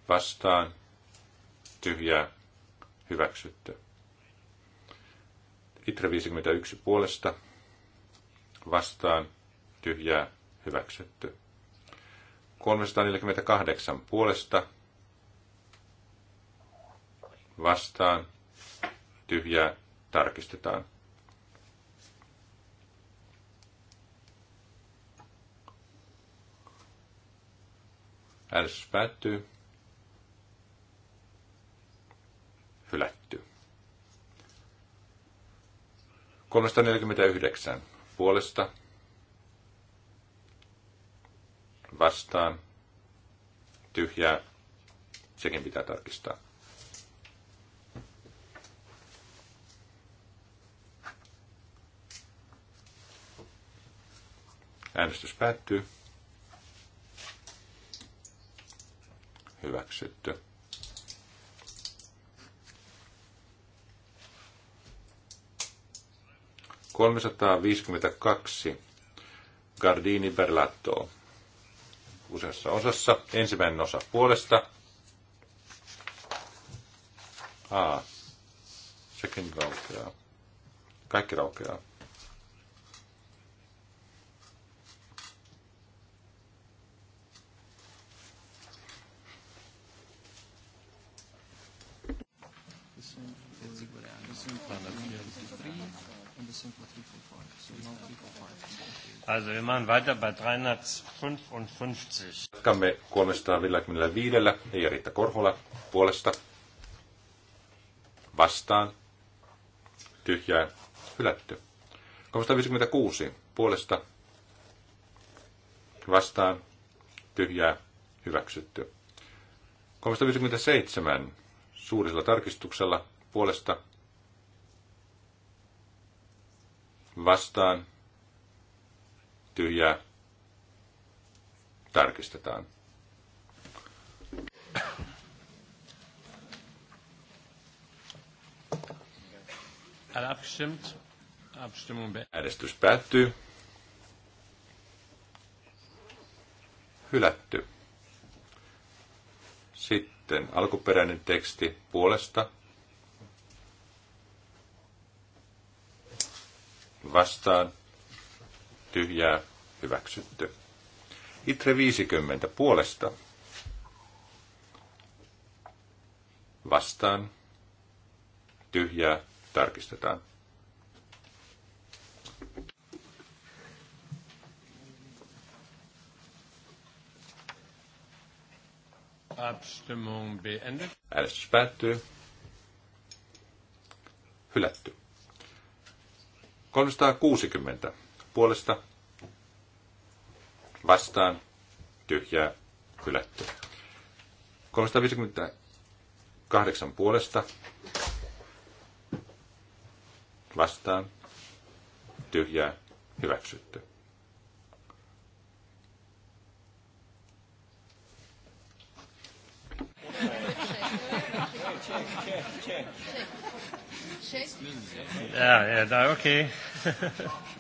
vastaan tyhjää hyväksytty. Itre 51 puolesta vastaan tyhjää hyväksytty. 348 puolesta vastaan tyhjää tarkistetaan. Äänestys päättyy. Hylätty. 349 puolesta vastaan tyhjää. Sekin pitää tarkistaa. Äänestys päättyy. hyväksytty. kaksi Gardini Berlatto. Useassa osassa. Ensimmäinen osa puolesta. A. Second raukeaa. Kaikki raukeaa. Also wir machen weiter bei 355. Jatkamme 355. Korhola puolesta. Vastaan. Tyhjää. Hylätty. 356 puolesta. Vastaan. Tyhjää. Hyväksytty. 357 suurisella tarkistuksella puolesta. Vastaan tyhjää tarkistetaan. Äänestys päättyy. Hylätty. Sitten alkuperäinen teksti puolesta. Vastaan tyhjää, hyväksytty. Itre 50 puolesta. Vastaan. Tyhjää, tarkistetaan. Äänestys päättyy. Hylätty. 360 puolesta vastaan tyhjää hylätty. 358 puolesta vastaan tyhjää hyväksytty. Yeah, yeah, okei. Okay.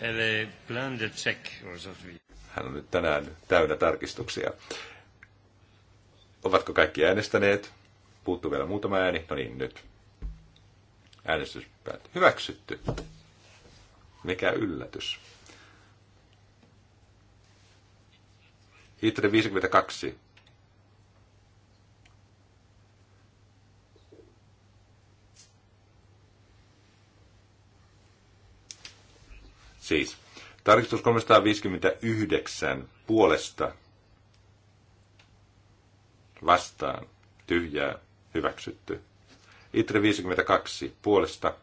Eli check Hän on nyt tänään täynnä tarkistuksia. Ovatko kaikki äänestäneet? Puuttuu vielä muutama ääni. No niin, nyt. Äänestys päättyy. Hyväksytty. Mikä yllätys. Hitler 52 Siis tarkistus 359 puolesta vastaan tyhjää hyväksytty. Itre 52 puolesta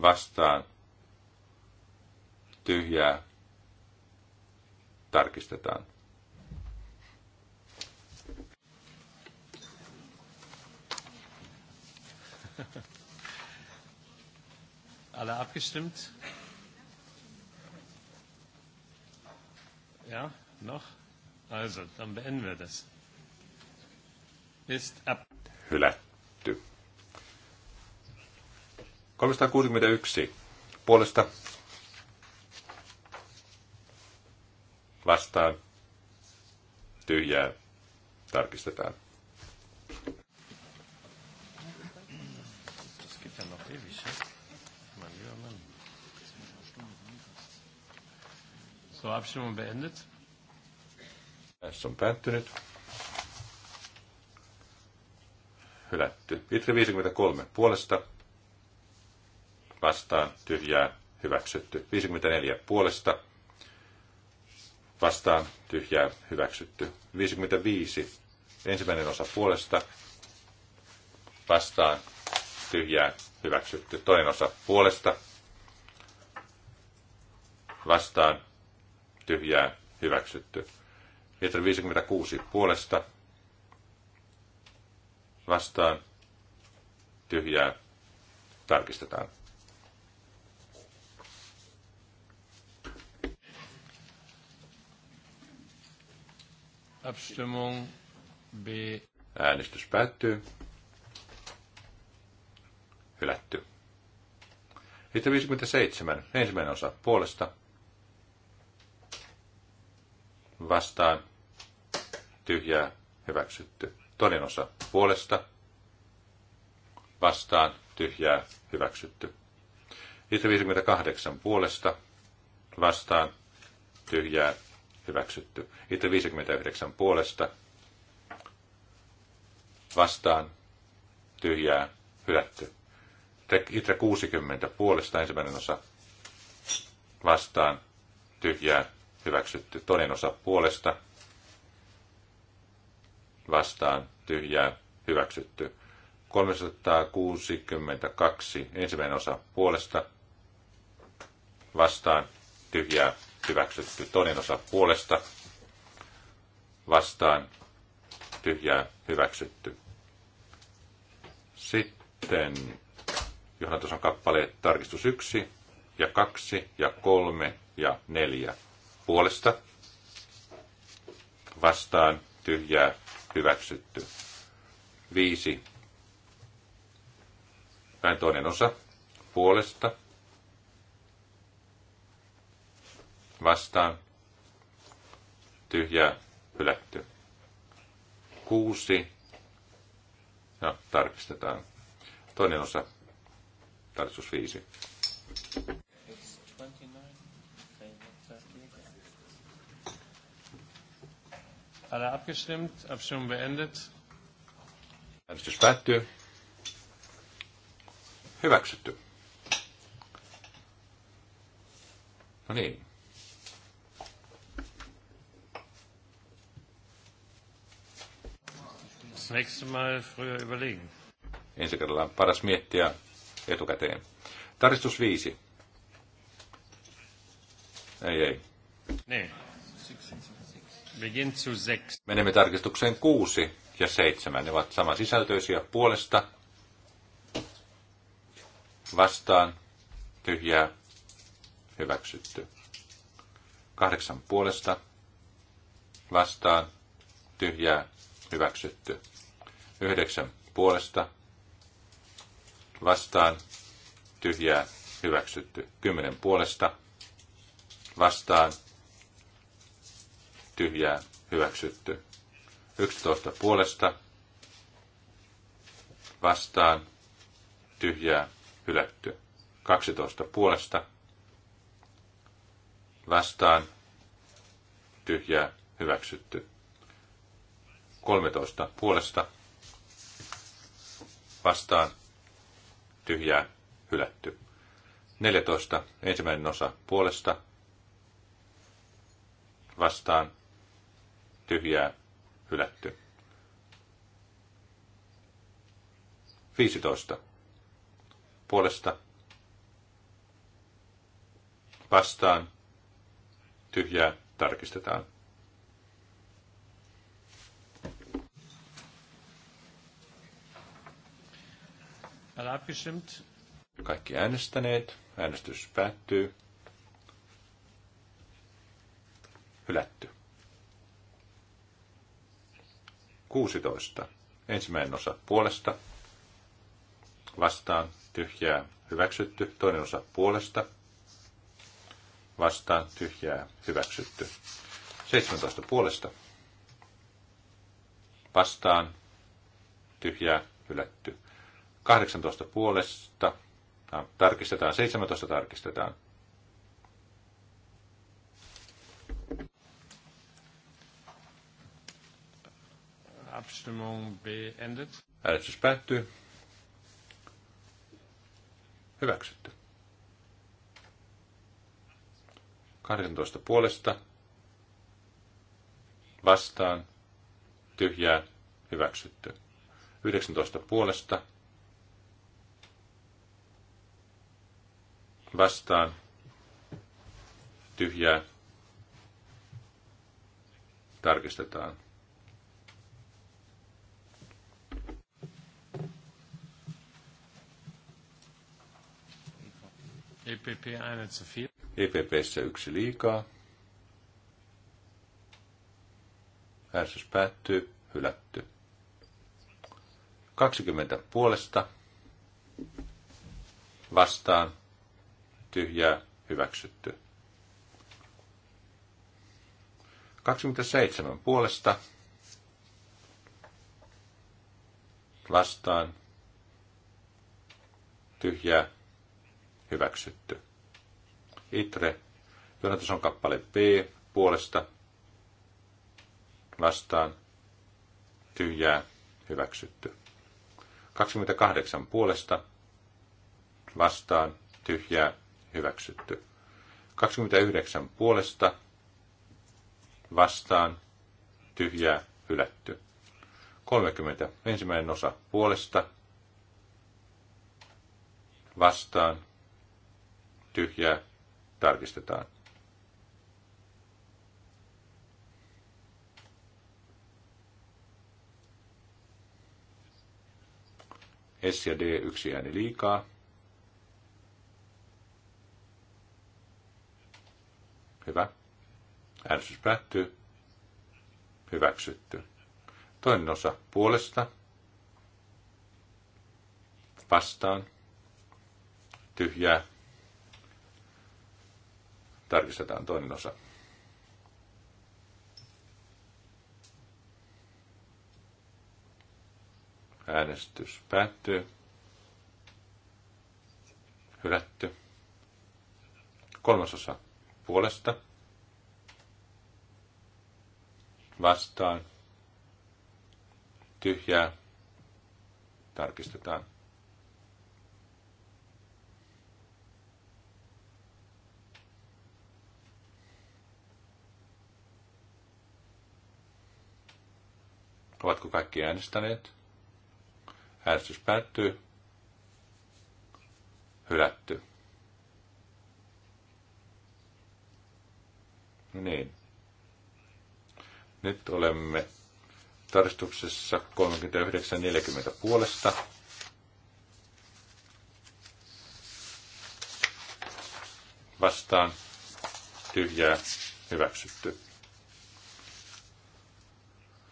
vastaan tyhjää tarkistetaan. Ha ha. Alle abgestimmt? Ja, noch? Also, dann beenden wir das. Ist ab. Hylätty. 361 puolesta vastaan tyhjää tarkistetaan. So, Abstimmung beendet. Äänestys on päättynyt. Hylätty. Itre 53 puolesta. Vastaan tyhjää. Hyväksytty. 54 puolesta. Vastaan tyhjää. Hyväksytty. 55. Ensimmäinen osa puolesta. Vastaan tyhjää. Hyväksytty. Toinen osa puolesta. Vastaan tyhjää hyväksytty. Pietari 56 puolesta vastaan tyhjää tarkistetaan. Abstimmung B. Äänestys päättyy. Hylätty. Sitten 57. Ensimmäinen osa puolesta vastaan tyhjää hyväksytty. Toinen osa puolesta vastaan tyhjää hyväksytty. 58 puolesta vastaan tyhjää hyväksytty. Itse 59 puolesta vastaan tyhjää hylätty. Itse 60 puolesta ensimmäinen osa vastaan tyhjää hyväksytty. Toinen osa puolesta vastaan tyhjää hyväksytty. 362 ensimmäinen osa puolesta vastaan tyhjää hyväksytty. Toinen osa puolesta vastaan tyhjää hyväksytty. Sitten johdatus on kappaleet tarkistus 1 ja 2 ja 3 ja 4 puolesta vastaan tyhjää hyväksytty. Viisi. Näin toinen osa puolesta vastaan tyhjää hylätty. Kuusi. Ja tarkistetaan. Toinen osa, tarkistus viisi. Alle abgestimmt? Abstimmung beendet. Äänestys päättyy. Hyväksytty. No niin. Das nächste Mal früher überlegen. Ensi kerralla on paras miettiä etukäteen. Tarkistus viisi. Ei, ei. Niin. Menemme tarkistukseen kuusi ja seitsemän. Ne ovat sisältöisiä puolesta. Vastaan. Tyhjää. Hyväksytty. Kahdeksan puolesta. Vastaan. Tyhjää. Hyväksytty. Yhdeksän puolesta. Vastaan. Tyhjää. Hyväksytty. Kymmenen puolesta. Vastaan tyhjää hyväksytty. 11 puolesta vastaan tyhjää hylätty. 12 puolesta vastaan tyhjää hyväksytty. 13 puolesta vastaan tyhjää hylätty. 14 ensimmäinen osa puolesta vastaan tyhjää, hylätty. 15. Puolesta vastaan tyhjää tarkistetaan. Kaikki äänestäneet. Äänestys päättyy. Hylätty. 16. Ensimmäinen osa puolesta. Vastaan tyhjää hyväksytty. Toinen osa puolesta. Vastaan tyhjää hyväksytty. 17 puolesta. Vastaan tyhjää hylätty. 18 puolesta. Tarkistetaan. 17 tarkistetaan. Abstimmung beendet. Äänestys päättyy. Hyväksytty. 12 puolesta. Vastaan. Tyhjää. Hyväksytty. 19 puolesta. Vastaan. Tyhjää. Tarkistetaan. EPP eine viel. EPPssä yksi liikaa. Äänestys päättyy, hylätty. 20 puolesta vastaan tyhjää hyväksytty. 27 puolesta vastaan tyhjää hyväksytty. Itre, Jonatus on kappale B, puolesta, vastaan, tyhjää, hyväksytty. 28 puolesta, vastaan, tyhjää, hyväksytty. 29 puolesta, vastaan, tyhjää, hylätty. 30. Ensimmäinen osa puolesta, vastaan, tyhjää, tarkistetaan. S ja D yksi ääni liikaa. Hyvä. Äänestys päättyy. Hyväksytty. Toinen osa puolesta. Vastaan. Tyhjää. Tarkistetaan toinen osa. Äänestys päättyy. Hylätty. Kolmasosa puolesta. Vastaan. Tyhjää. Tarkistetaan. kaikki äänestäneet? Äänestys päättyy. Hylätty. No niin. Nyt olemme tarkistuksessa 39.40 puolesta. Vastaan tyhjää hyväksytty.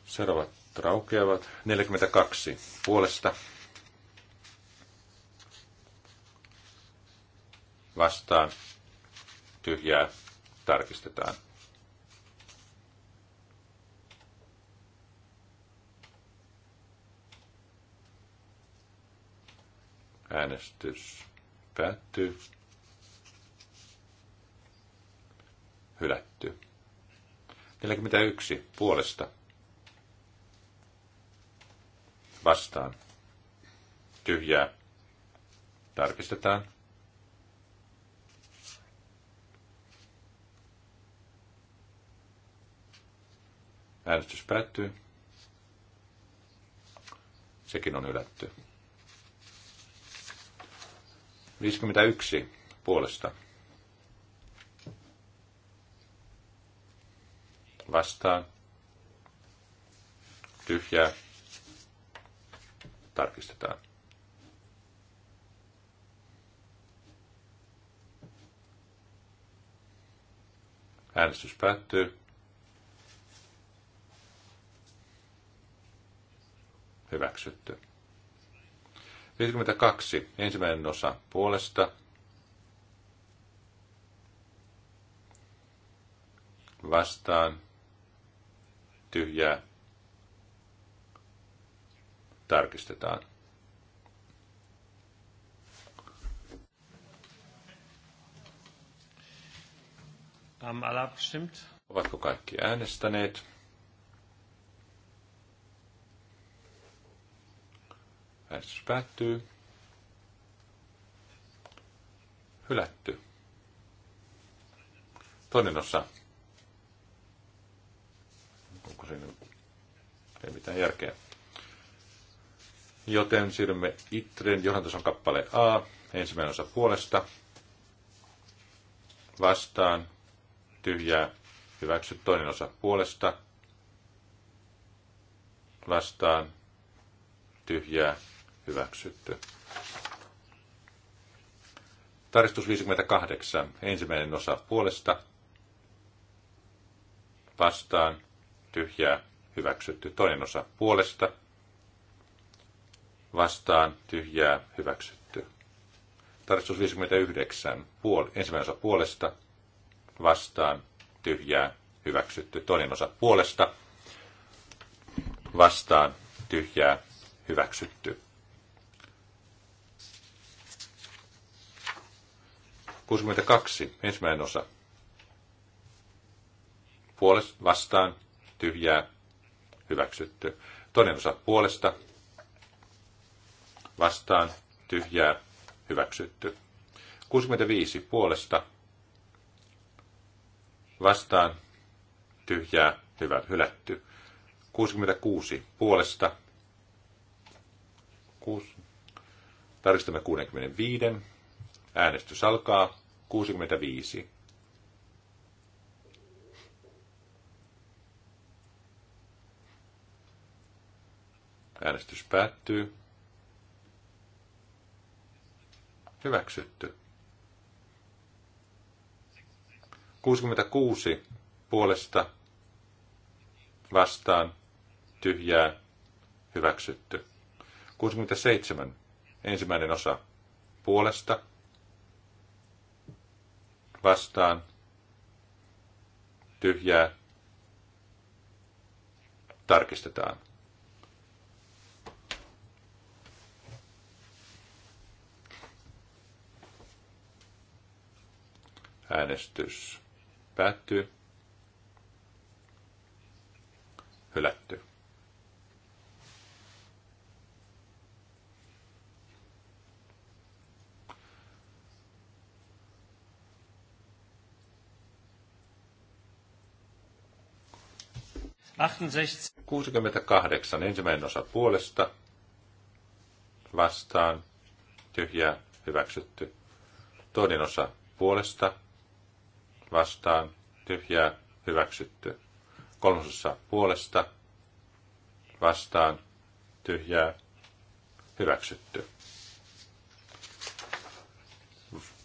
Seuraavat raukeavat. 42 puolesta vastaan tyhjää tarkistetaan. Äänestys päättyy. Hylätty. 41 puolesta vastaan. Tyhjää. Tarkistetaan. Äänestys päättyy. Sekin on ylätty. 51 puolesta. Vastaan. Tyhjää tarkistetaan. Äänestys päättyy. Hyväksytty. 52. Ensimmäinen osa puolesta. Vastaan. Tyhjää tarkistetaan. Ovatko kaikki äänestäneet? Äänestys päättyy. Hylätty. Toinen osa. Onko siinä ei mitään järkeä? Joten siirrymme Itren johdantason kappale A, ensimmäinen osa puolesta. Vastaan, tyhjää, hyväksy toinen osa puolesta. Vastaan, tyhjää, hyväksytty. Tarkistus 58, ensimmäinen osa puolesta. Vastaan, tyhjää, hyväksytty. Toinen osa puolesta vastaan tyhjää hyväksytty. Tarkistus 59 puol- ensimmäinen osa puolesta vastaan tyhjää hyväksytty. Toinen osa puolesta vastaan tyhjää hyväksytty. kaksi ensimmäinen osa. Puolesta vastaan, tyhjää, hyväksytty. Toinen osa puolesta, vastaan tyhjää hyväksytty. 65 puolesta vastaan tyhjää hyvä, hylätty. 66 puolesta. 6. Tarkistamme 65. Äänestys alkaa. 65. Äänestys päättyy. Hyväksytty. 66 puolesta vastaan tyhjää hyväksytty. 67 ensimmäinen osa puolesta vastaan tyhjää tarkistetaan. Äänestys päättyy. Hylätty. Achtundsechzig. 68. Ensimmäinen osa puolesta. Vastaan. Tyhjää. Hyväksytty. Toinen osa puolesta vastaan, tyhjää, hyväksytty. Kolmasosa puolesta, vastaan, tyhjää, hyväksytty.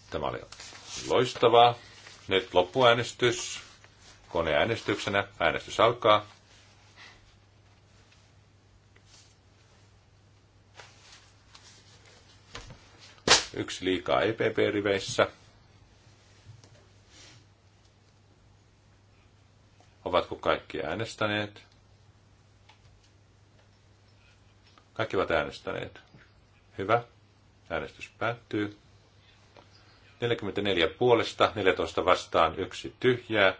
Tämä oli loistavaa. Nyt loppuäänestys koneäänestyksenä. Äänestys alkaa. Yksi liikaa EPP-riveissä. Ovatko kaikki äänestäneet? Kaikki ovat äänestäneet. Hyvä. Äänestys päättyy. 44 puolesta, 14 vastaan, yksi tyhjää.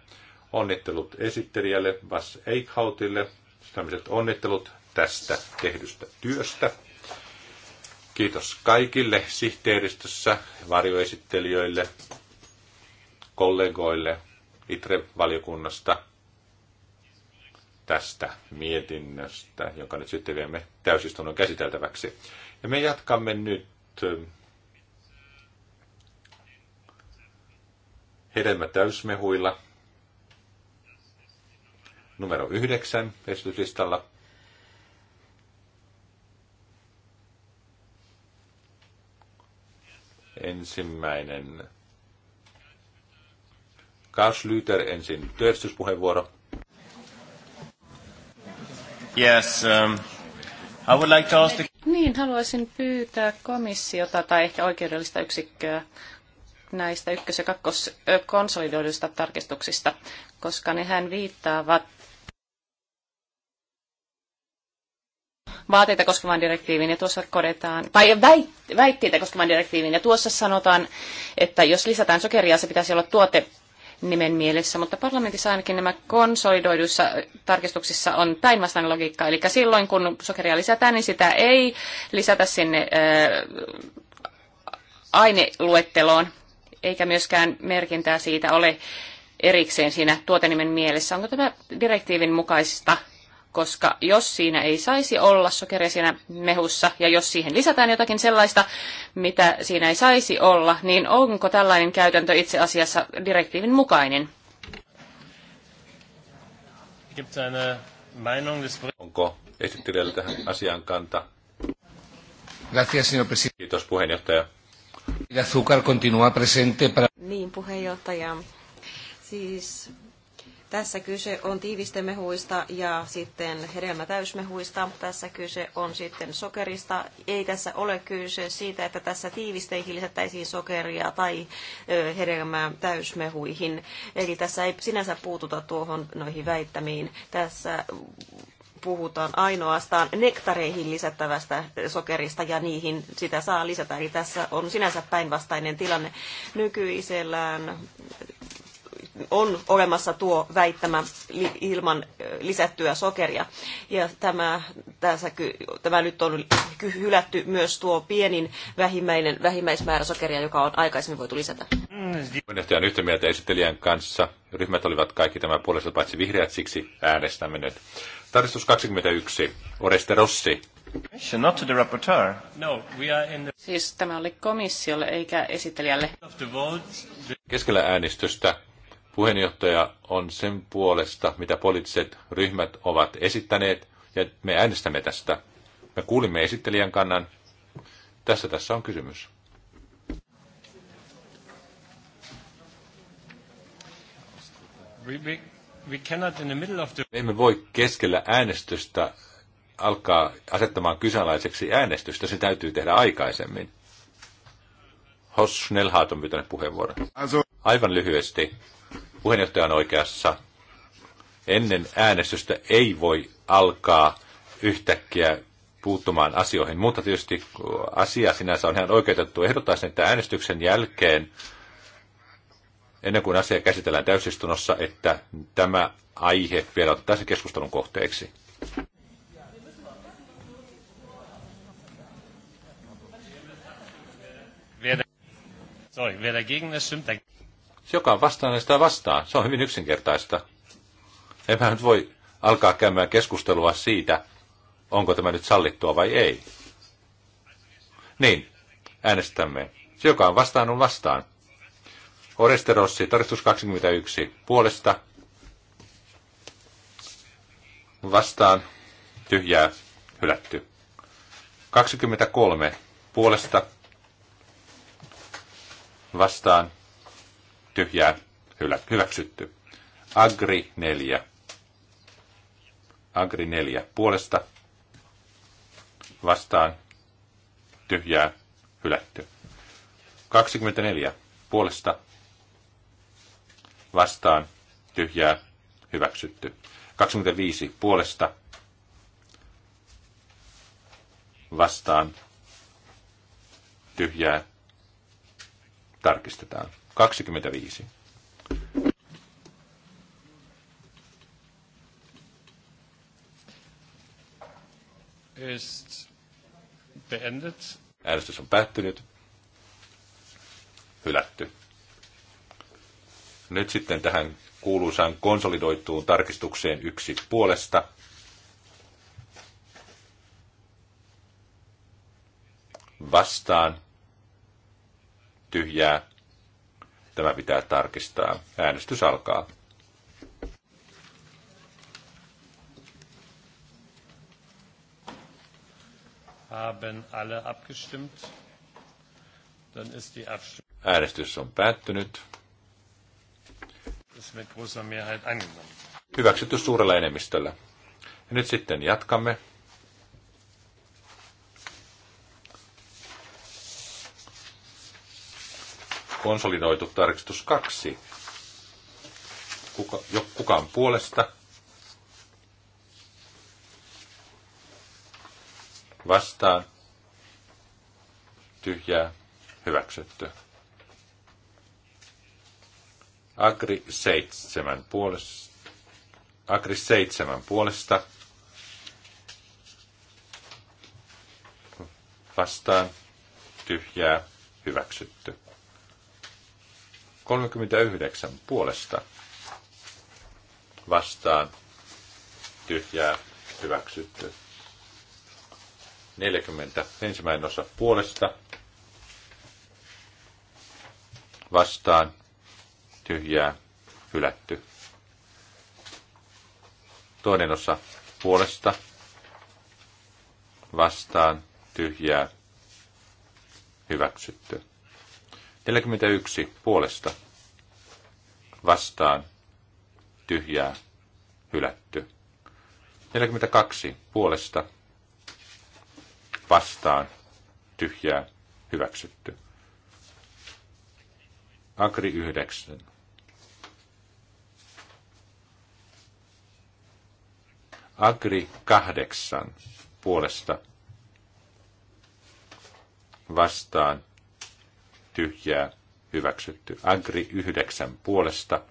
Onnittelut esittelijälle Bas Eichhautille. Tämmöiset onnittelut tästä tehdystä työstä. Kiitos kaikille sihteeristössä, varjoesittelijöille, kollegoille ITRE-valiokunnasta, tästä mietinnöstä, jonka nyt sitten viemme täysistunnon käsiteltäväksi. Ja me jatkamme nyt äh, hedelmä täysmehuilla numero yhdeksän esityslistalla. Ensimmäinen Karl Lüter ensin työstyspuheenvuoro. Yes, um, I would like to ask the... Niin, haluaisin pyytää komissiota tai ehkä oikeudellista yksikköä näistä ykkös- ja kakkoskonsolidoidusta tarkistuksista, koska nehän viittaavat vaateita koskevan direktiivin ja tuossa kodetaan, tai väitteitä koskevan direktiivin ja tuossa sanotaan, että jos lisätään sokeria, se pitäisi olla tuote nimen mielessä, mutta parlamentissa ainakin nämä konsolidoiduissa tarkistuksissa on päinvastainen logiikka. Eli silloin kun sokeria lisätään, niin sitä ei lisätä sinne ää, aineluetteloon, eikä myöskään merkintää siitä ole erikseen siinä tuotenimen mielessä. Onko tämä direktiivin mukaista koska jos siinä ei saisi olla sokeria siinä mehussa ja jos siihen lisätään jotakin sellaista, mitä siinä ei saisi olla, niin onko tällainen käytäntö itse asiassa direktiivin mukainen? Onko esittelijällä tähän asiaan kanta? Kiitos puheenjohtaja. azúcar continúa presente para... Niin, puheenjohtaja. Siis tässä kyse on tiivistemehuista ja sitten hedelmätäysmehuista. Tässä kyse on sitten sokerista. Ei tässä ole kyse siitä, että tässä tiivisteihin lisättäisiin sokeria tai hedelmää täysmehuihin. Eli tässä ei sinänsä puututa tuohon noihin väittämiin. Tässä puhutaan ainoastaan nektareihin lisättävästä sokerista ja niihin sitä saa lisätä. Eli tässä on sinänsä päinvastainen tilanne nykyisellään on olemassa tuo väittämä ilman lisättyä sokeria. Ja tämä, tässä, tämä nyt on hylätty myös tuo pienin vähimmäinen, vähimmäismäärä sokeria, joka on aikaisemmin voitu lisätä. Puheenjohtaja on yhtä mieltä esittelijän kanssa. Ryhmät olivat kaikki tämän puolesta paitsi vihreät, siksi äänestämme nyt. Tarkistus 21. Oreste Rossi. Not to the rapporteur. No, we are in the... Siis tämä oli komissiolle eikä esittelijälle. Keskellä äänestystä Puheenjohtaja on sen puolesta, mitä poliittiset ryhmät ovat esittäneet, ja me äänestämme tästä. Me kuulimme esittelijän kannan. Tässä tässä on kysymys. Me emme voi keskellä äänestystä alkaa asettamaan kyseenalaiseksi äänestystä. Se täytyy tehdä aikaisemmin. Hoss Schnellhaat on pyytänyt puheenvuoron. Aivan lyhyesti. Puheenjohtaja on oikeassa. Ennen äänestystä ei voi alkaa yhtäkkiä puuttumaan asioihin, mutta tietysti asia sinänsä on ihan oikeutettu. Ehdottaisin, että äänestyksen jälkeen, ennen kuin asia käsitellään täysistunnossa, että tämä aihe vielä otettaisiin keskustelun kohteeksi. Sorry, wer dagegen ist, stimmt dagegen. Joka on vastaan, niin sitä vastaan. Se on hyvin yksinkertaista. En mä nyt voi alkaa käymään keskustelua siitä, onko tämä nyt sallittua vai ei. Niin, äänestämme. Se, joka on vastaan, on vastaan. Oresterossi, tarkistus 21, puolesta. Vastaan, tyhjää, hylätty. 23, puolesta. Vastaan, tyhjää hylä, hyväksytty. Agri 4. Agri 4 puolesta vastaan tyhjää hylätty. 24 puolesta vastaan tyhjää hyväksytty. 25 puolesta vastaan tyhjää tarkistetaan. 25. Ist beendet. Äänestys on päättynyt. Hylätty. Nyt sitten tähän kuuluisaan konsolidoituun tarkistukseen yksi puolesta. Vastaan. Tyhjää Tämä pitää tarkistaa. Äänestys alkaa. Haben alle abgestimmt? Dann ist die Abstimmung. Äänestys on päättynyt. Ist mit großer Mehrheit angenommen. Hyväksytty suurella enemmistöllä. Ja nyt sitten jatkamme. konsolidoitu tarkistus 2. Kuka, jo, kukaan puolesta? Vastaan. Tyhjää. Hyväksytty. Agri 7 puolesta. Agri 7 puolesta. Vastaan. Tyhjää. Hyväksytty. 39 puolesta vastaan tyhjää hyväksytty. 40 ensimmäinen osa puolesta vastaan tyhjää hylätty. Toinen osa puolesta vastaan tyhjää hyväksytty. 41 puolesta vastaan tyhjää hylätty. 42 puolesta vastaan tyhjää hyväksytty. Agri 9. Agri 8 puolesta vastaan tyhjää hyväksytty. Agri yhdeksän puolesta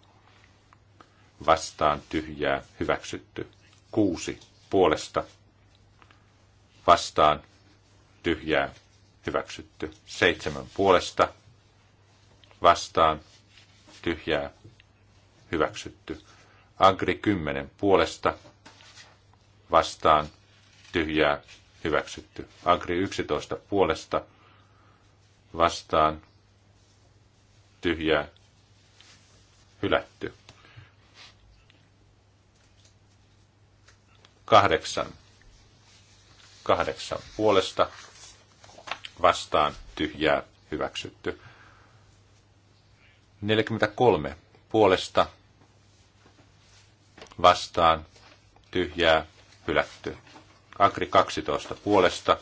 vastaan tyhjää hyväksytty. kuusi puolesta vastaan tyhjää hyväksytty. seitsemän puolesta vastaan tyhjää hyväksytty. Agri kymmenen puolesta vastaan tyhjää hyväksytty. Agri 11 puolesta vastaan tyhjää hylätty. Kahdeksan. Kahdeksan puolesta vastaan tyhjää hyväksytty. 43 puolesta vastaan tyhjää hylätty. Agri 12 puolesta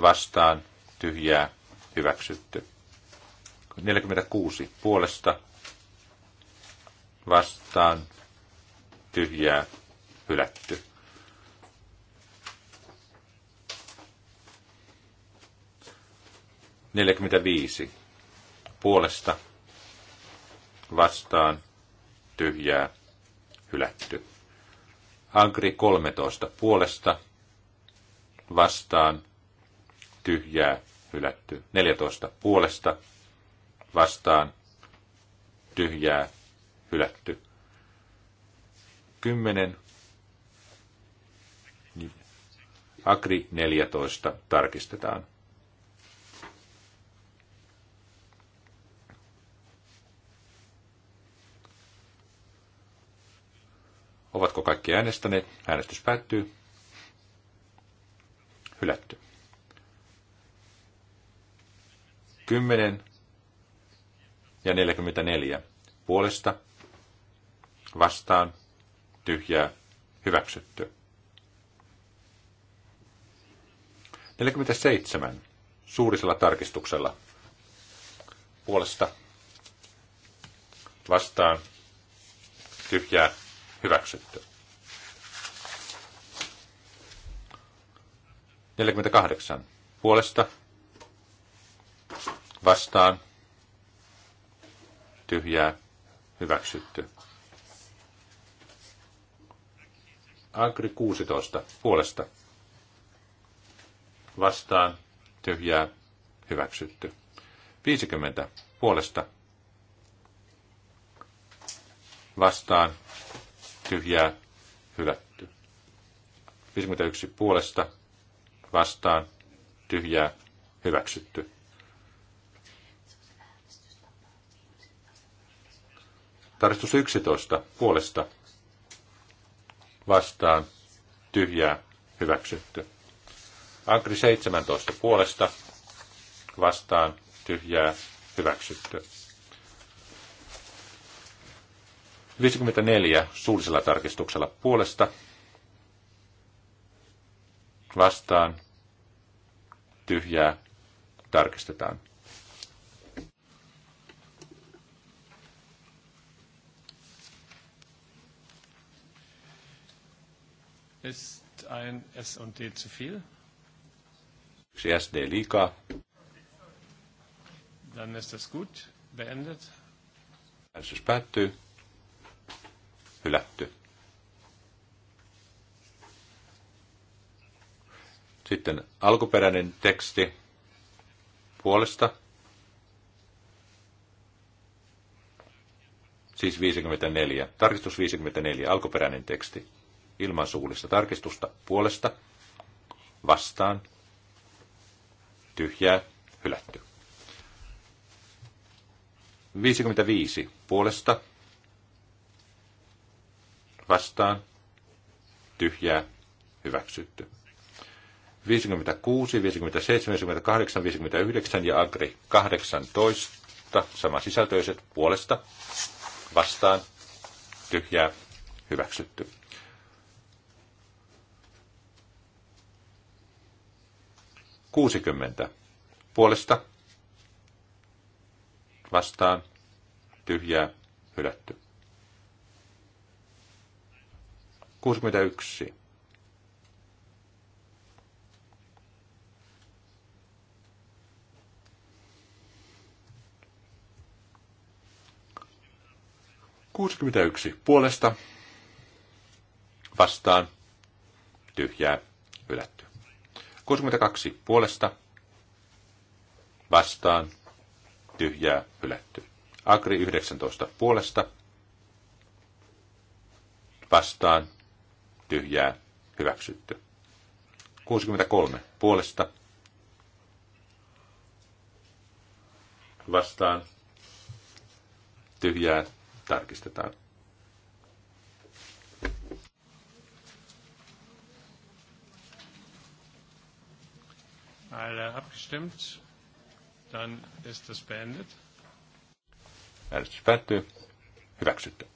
vastaan tyhjää hyväksytty. 46 puolesta vastaan tyhjää hylätty. Neljäkymmentäviisi puolesta vastaan tyhjää hylätty. Agri 13 puolesta vastaan tyhjää hylätty. 14 puolesta vastaan tyhjää hylätty. Kymmenen Agri 14 tarkistetaan. Ovatko kaikki äänestäneet? Äänestys päättyy. Hylätty. 10 ja 44 puolesta vastaan tyhjää hyväksytty. 47 suurisella tarkistuksella puolesta vastaan tyhjää hyväksytty. 48 puolesta vastaan tyhjää hyväksytty. Agri 16 puolesta vastaan tyhjää hyväksytty. 50 puolesta vastaan tyhjää hylätty. 51 puolesta vastaan tyhjää hyväksytty. Tarkistus 11 puolesta vastaan tyhjää hyväksytty. Agri 17 puolesta vastaan tyhjää hyväksytty. 54 suullisella tarkistuksella puolesta vastaan tyhjää tarkistetaan. Ist ein d? zu viel? Yksi SD liikaa. Dann ist das gut. Beendet. Äänestys päättyy. Hylätty. Sitten alkuperäinen teksti puolesta. Siis 54. Tarkistus 54, alkuperäinen teksti ilman suullista tarkistusta puolesta, vastaan, tyhjää, hylätty. 55 puolesta, vastaan, tyhjää, hyväksytty. 56, 57, 58, 59 ja Agri 18 sisältöiset puolesta, vastaan, tyhjää, hyväksytty. 60 puolesta vastaan tyhjää hylätty. 61. Kuusikymmentäyksi puolesta vastaan tyhjää hylätty. 62 puolesta vastaan tyhjää hylätty. Agri 19 puolesta vastaan tyhjää hyväksytty. 63 puolesta vastaan tyhjää tarkistetaan. Alle abgestimmt. Dann ist es beendet. Äänestys päättyy. Hyväksytty.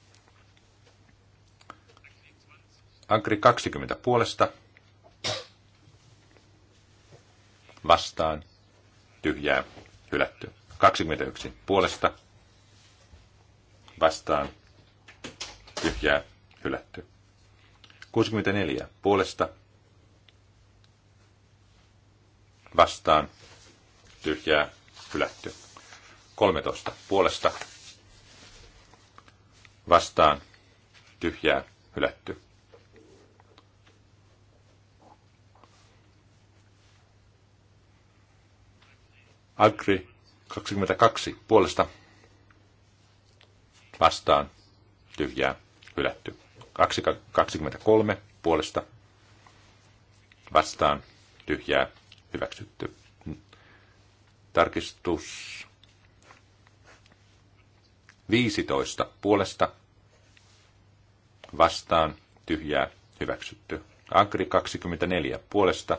Ankri 20 puolesta. Vastaan. Tyhjää. Hylätty. 21 puolesta. Vastaan. Tyhjää. Hylätty. 64 puolesta vastaan tyhjää hylätty. 13 puolesta vastaan tyhjää hylätty. Agri 22 puolesta vastaan tyhjää hylätty. 23 puolesta vastaan tyhjää hyväksytty. Tarkistus 15 puolesta vastaan tyhjää hyväksytty. Agri 24 puolesta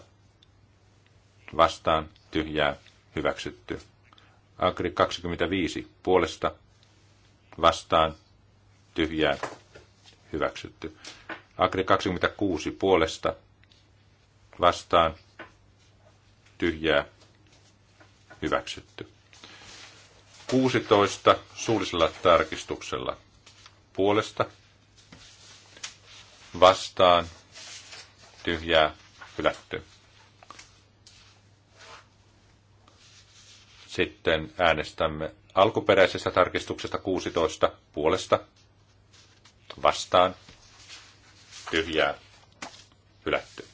vastaan tyhjää hyväksytty. Agri 25 puolesta vastaan tyhjää hyväksytty. Agri 26 puolesta vastaan tyhjää hyväksytty. 16 suullisella tarkistuksella puolesta vastaan tyhjää hylätty. Sitten äänestämme alkuperäisestä tarkistuksesta 16 puolesta vastaan tyhjää hylätty.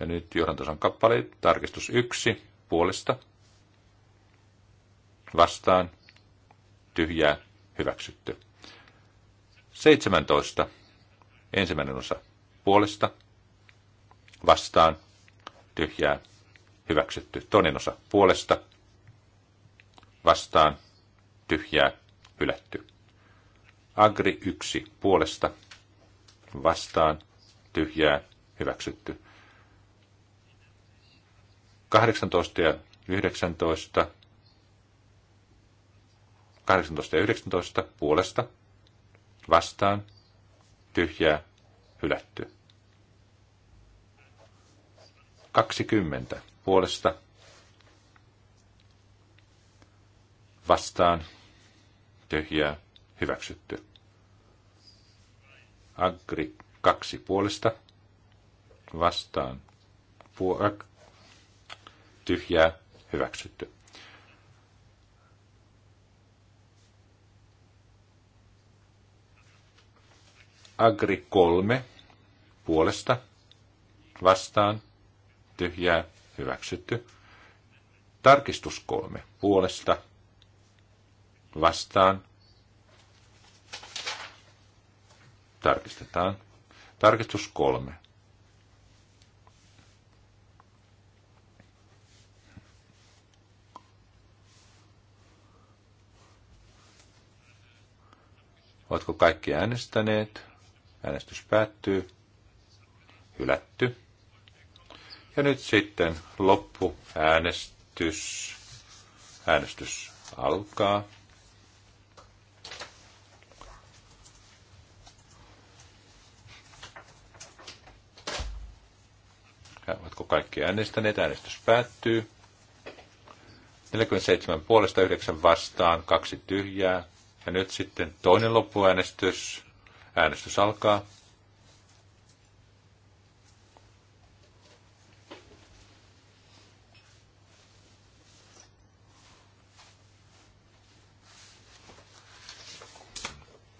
Ja nyt johdantosan kappale, tarkistus yksi, puolesta, vastaan, tyhjää, hyväksytty. 17. Ensimmäinen osa, puolesta, vastaan, tyhjää, hyväksytty. Toinen osa, puolesta, vastaan, tyhjää, hylätty. Agri 1, puolesta, vastaan, tyhjää, hyväksytty. 18 ja 19, 18 ja 19 puolesta vastaan tyhjää hylätty. 20 puolesta vastaan tyhjää hyväksytty. Agri kaksi puolesta vastaan. Puo, tyhjää, hyväksytty. Agri kolme puolesta vastaan tyhjää hyväksytty. Tarkistus kolme puolesta vastaan tarkistetaan. Tarkistus kolme. Oletko kaikki äänestäneet? Äänestys päättyy. Hylätty. Ja nyt sitten loppu Äänestys alkaa. Ovatko kaikki äänestäneet? Äänestys päättyy. 47 puolesta 9 vastaan, kaksi tyhjää, ja nyt sitten toinen loppuäänestys. Äänestys alkaa.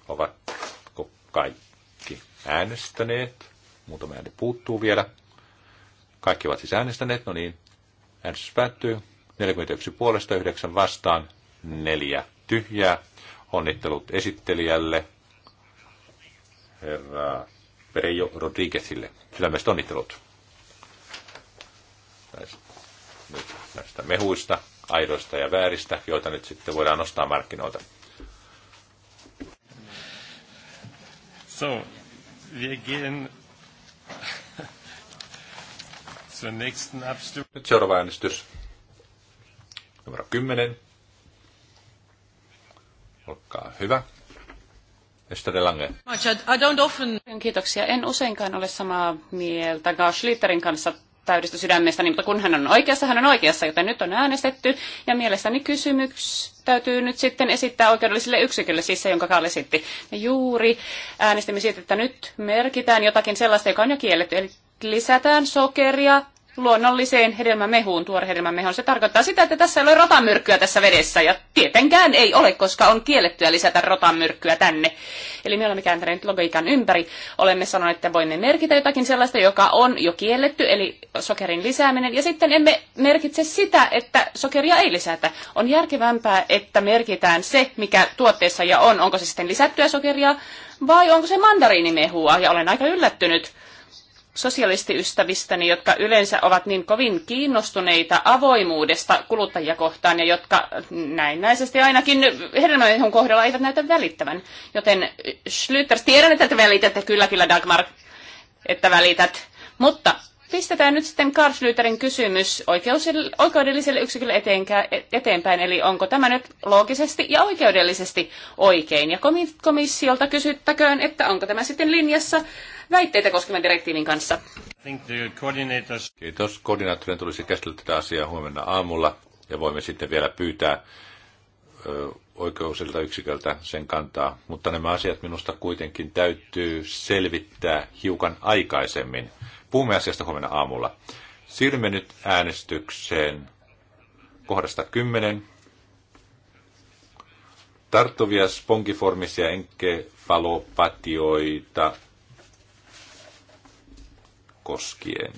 Ovatko kaikki äänestäneet? Muutama ääni puuttuu vielä. Kaikki ovat siis äänestäneet, no niin. Äänestys päättyy. 41 puolesta, 9 vastaan, 4 tyhjää. Onnittelut esittelijälle, herra Perejo Rodriguezille. Sydämestä onnittelut näistä mehuista, aidoista ja vääristä, joita nyt sitten voidaan nostaa markkinoilta. So, wir gehen zur nächsten Abstimmung. seuraava äänestys. Numero 10. Olkaa hyvä. Estelle Lange. Kiitoksia. En useinkaan ole samaa mieltä Gausliitterin kanssa täydestä sydämestä, niin, mutta kun hän on oikeassa, hän on oikeassa, joten nyt on äänestetty. Ja mielestäni kysymys täytyy nyt sitten esittää oikeudelliselle yksikölle, siis se, jonka Kaal esitti. Me juuri äänestimme siitä, että nyt merkitään jotakin sellaista, joka on jo kielletty, eli lisätään sokeria luonnolliseen hedelmämehuun, hedelmämehuun. Se tarkoittaa sitä, että tässä ei ole rotamyrkkyä tässä vedessä, ja tietenkään ei ole, koska on kiellettyä lisätä rotamyrkkyä tänne. Eli me olemme kääntäneet logiikan ympäri. Olemme sanoneet, että voimme merkitä jotakin sellaista, joka on jo kielletty, eli sokerin lisääminen, ja sitten emme merkitse sitä, että sokeria ei lisätä. On järkevämpää, että merkitään se, mikä tuotteessa ja on, onko se sitten lisättyä sokeria vai onko se mandariinimehua, ja olen aika yllättynyt sosialistiystävistäni, jotka yleensä ovat niin kovin kiinnostuneita avoimuudesta kuluttajia kohtaan ja jotka näennäisesti ainakin hedelmämehun kohdalla eivät näytä välittävän. Joten äh, Schlüters, tiedän, että te välitätte kyllä, kyllä Dagmar, että välität. Mutta pistetään nyt sitten Karslyyterin kysymys oikeudelliselle yksikölle eteenpäin, eli onko tämä nyt loogisesti ja oikeudellisesti oikein. Ja komissiolta kysyttäköön, että onko tämä sitten linjassa väitteitä koskevan direktiivin kanssa. Kiitos. Koordinaattorin tulisi käsitellä tätä asiaa huomenna aamulla, ja voimme sitten vielä pyytää oikeusilta yksiköltä sen kantaa, mutta nämä asiat minusta kuitenkin täytyy selvittää hiukan aikaisemmin. Puhumme asiasta huomenna aamulla. Siirrymme nyt äänestykseen kohdasta 10. Tarttuvia spongiformisia enkefalopatioita koskien.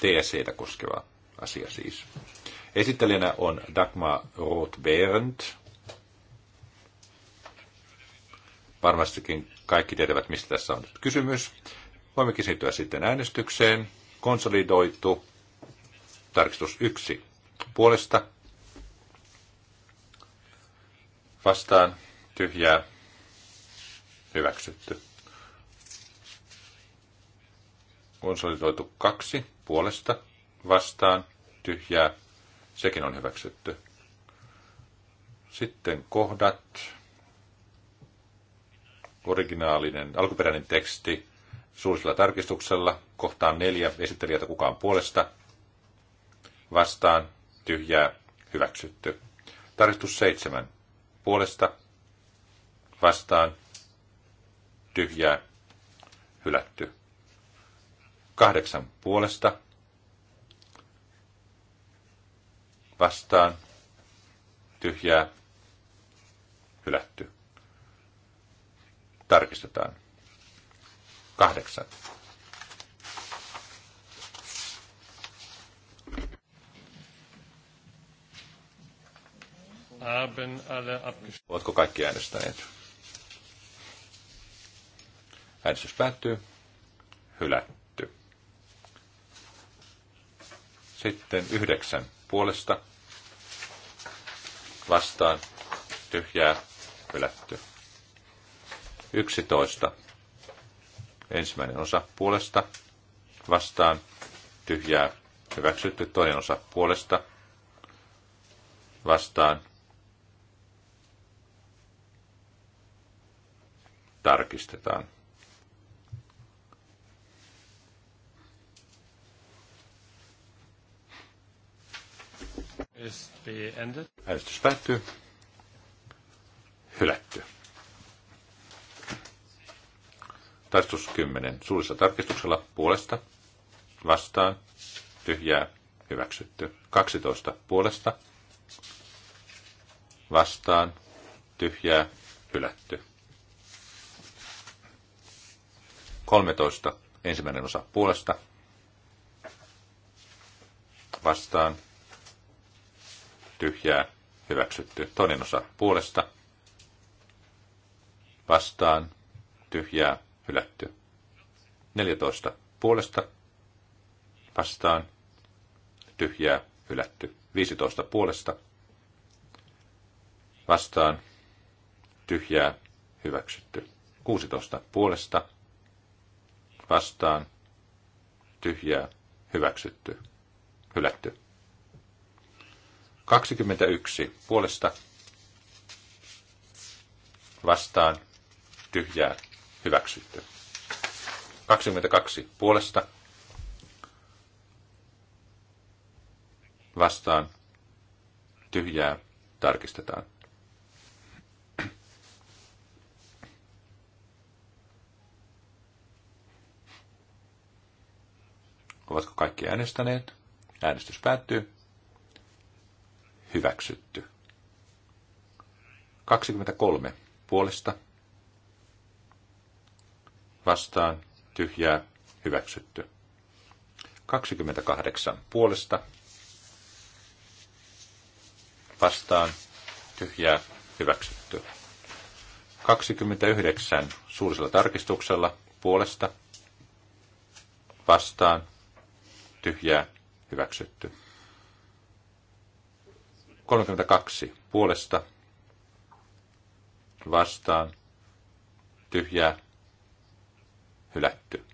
TSEitä koskeva asia siis. Esittelijänä on Dagmar Roth-Behrendt. Varmastikin kaikki tietävät, mistä tässä on nyt kysymys. Voimmekin siirtyä sitten äänestykseen. Konsolidoitu tarkistus 1 puolesta. Vastaan tyhjää hyväksytty. Konsolidoitu 2 puolesta. Vastaan tyhjää sekin on hyväksytty. Sitten kohdat, originaalinen, alkuperäinen teksti, suullisella tarkistuksella. Kohtaan neljä esittelijätä kukaan puolesta. Vastaan tyhjää hyväksytty. Tarkistus seitsemän puolesta. Vastaan tyhjää hylätty. Kahdeksan puolesta. Vastaan tyhjää hylätty. Tarkistetaan kahdeksan. Oletko kaikki äänestäneet? Äänestys päättyy. Hylätty. Sitten yhdeksän puolesta. Vastaan. Tyhjää. Hylätty. Yksitoista Ensimmäinen osa puolesta vastaan tyhjää hyväksytty. Toinen osa puolesta vastaan tarkistetaan. Äänestys päättyy. Hylätty. Tarkistus 10. Suullisella tarkistuksella puolesta, vastaan, tyhjää, hyväksytty. 12. Puolesta, vastaan, tyhjää, hylätty. 13. Ensimmäinen osa puolesta, vastaan, tyhjää, hyväksytty. Toinen osa puolesta, vastaan, tyhjää, hylätty. 14 puolesta vastaan tyhjää hylätty. 15 puolesta vastaan tyhjää hyväksytty. 16 puolesta vastaan tyhjää hyväksytty. Hylätty. 21 puolesta vastaan tyhjää hyväksytty. 22 puolesta vastaan tyhjää tarkistetaan. Ovatko kaikki äänestäneet? Äänestys päättyy. Hyväksytty. 23 puolesta vastaan tyhjää hyväksytty. 28 puolesta vastaan tyhjää hyväksytty. 29 suurisella tarkistuksella puolesta vastaan tyhjää hyväksytty. 32 puolesta vastaan tyhjää hylätty.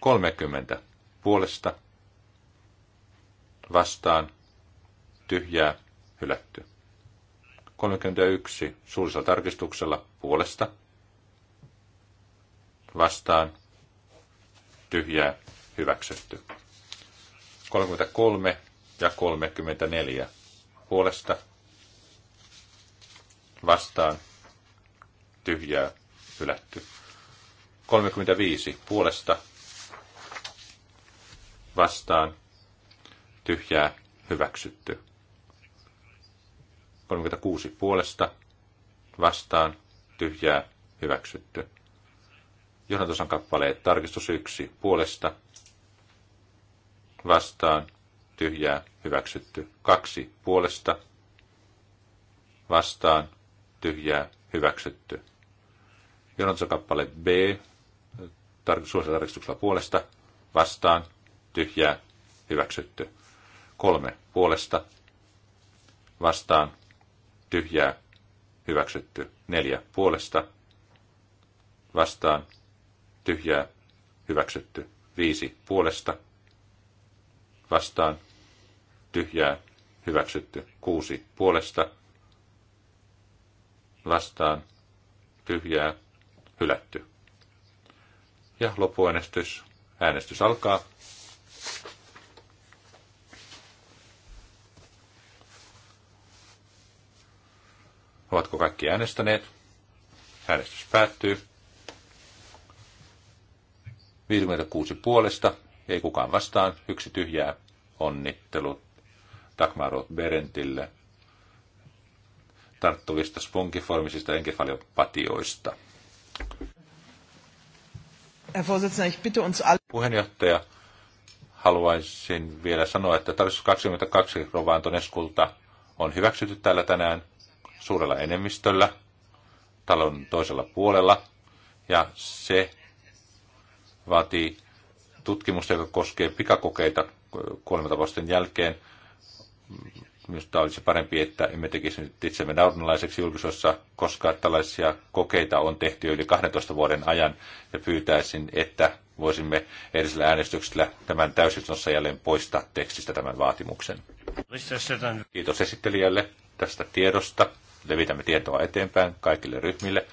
30 puolesta vastaan tyhjää hylätty. 31 suullisella tarkistuksella puolesta vastaan tyhjää hyväksytty. 33 ja 34 puolesta vastaan tyhjää hylätty. 35 puolesta vastaan tyhjää hyväksytty. 36 puolesta vastaan tyhjää hyväksytty. Johdantosan kappaleet tarkistus 1 puolesta vastaan tyhjää hyväksytty. 2 puolesta vastaan tyhjää hyväksytty. Johdantosan kappale B suosilla tarkistuksella puolesta, vastaan, tyhjää, hyväksytty. Kolme puolesta, vastaan, tyhjää, hyväksytty. Neljä puolesta, vastaan, tyhjää, hyväksytty. Viisi puolesta, vastaan, tyhjää, hyväksytty. Kuusi puolesta, vastaan, tyhjää, hylätty. Ja loppuäänestys. Äänestys alkaa. Ovatko kaikki äänestäneet? Äänestys päättyy. 56 puolesta, ei kukaan vastaan, yksi tyhjää. Onnittelut Dagmar Berentille tarttuvista spunkiformisista enkefaliopatioista. Puheenjohtaja, haluaisin vielä sanoa, että tarkistus 22 Rova Antoneskulta on hyväksytty täällä tänään suurella enemmistöllä talon toisella puolella, ja se vaatii tutkimusta, joka koskee pikakokeita kuolemantapausten jälkeen minusta olisi parempi, että emme tekisi nyt itsemme naurunlaiseksi julkisuudessa, koska tällaisia kokeita on tehty yli 12 vuoden ajan ja pyytäisin, että voisimme edellisellä äänestyksellä tämän täysistunnossa jälleen poistaa tekstistä tämän vaatimuksen. Kiitos esittelijälle tästä tiedosta. Levitämme tietoa eteenpäin kaikille ryhmille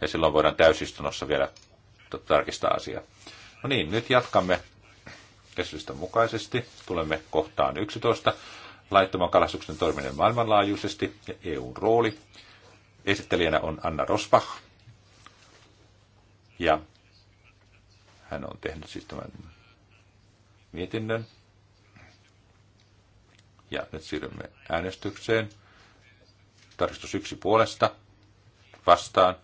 ja silloin voidaan täysistunnossa vielä tarkistaa asia. No niin, nyt jatkamme esitystä mukaisesti. Tulemme kohtaan 11 laittoman kalastuksen toiminen maailmanlaajuisesti ja EUn rooli. Esittelijänä on Anna Rosbach. Ja hän on tehnyt siis tämän mietinnön. Ja nyt siirrymme äänestykseen. Tarkistus yksi puolesta. Vastaan.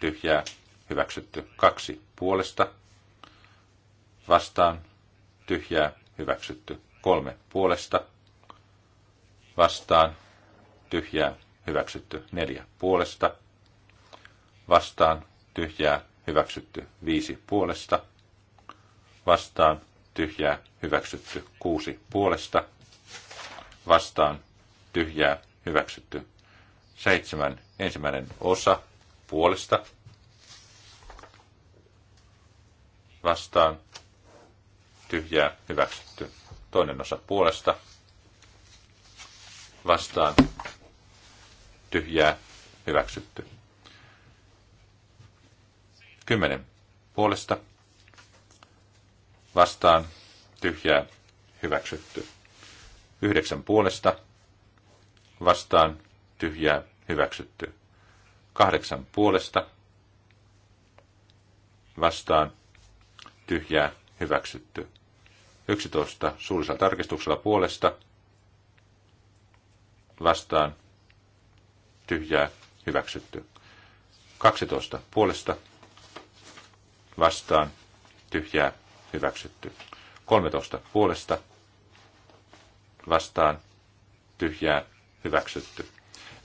Tyhjää. Hyväksytty. Kaksi puolesta. Vastaan. Tyhjää. Hyväksytty. Kolme puolesta vastaan, tyhjää, hyväksytty. Neljä puolesta, vastaan, tyhjää, hyväksytty. Viisi puolesta, vastaan, tyhjää, hyväksytty. Kuusi puolesta, vastaan, tyhjää, hyväksytty. Seitsemän, ensimmäinen osa, puolesta, vastaan, tyhjää, hyväksytty. Toinen osa puolesta, vastaan tyhjää hyväksytty. 10 puolesta vastaan tyhjää hyväksytty. 9 puolesta vastaan tyhjää hyväksytty. 8 puolesta vastaan tyhjää hyväksytty. 11 suullisella tarkistuksella puolesta vastaan tyhjää hyväksytty. 12 puolesta vastaan tyhjää hyväksytty. 13 puolesta vastaan tyhjää hyväksytty.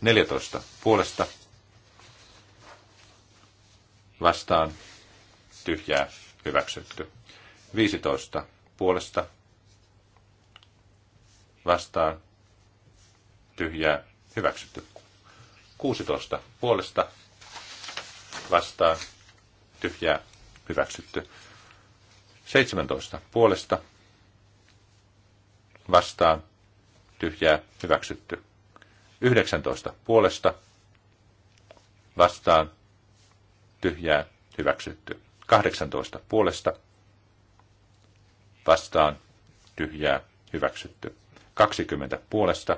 14 puolesta vastaan tyhjää hyväksytty. 15 puolesta vastaan tyhjää, hyväksytty. 16 puolesta vastaan, tyhjää, hyväksytty. 17 puolesta vastaan, tyhjää, hyväksytty. 19 puolesta vastaan, tyhjää, hyväksytty. 18 puolesta vastaan, tyhjää, hyväksytty. 20 puolesta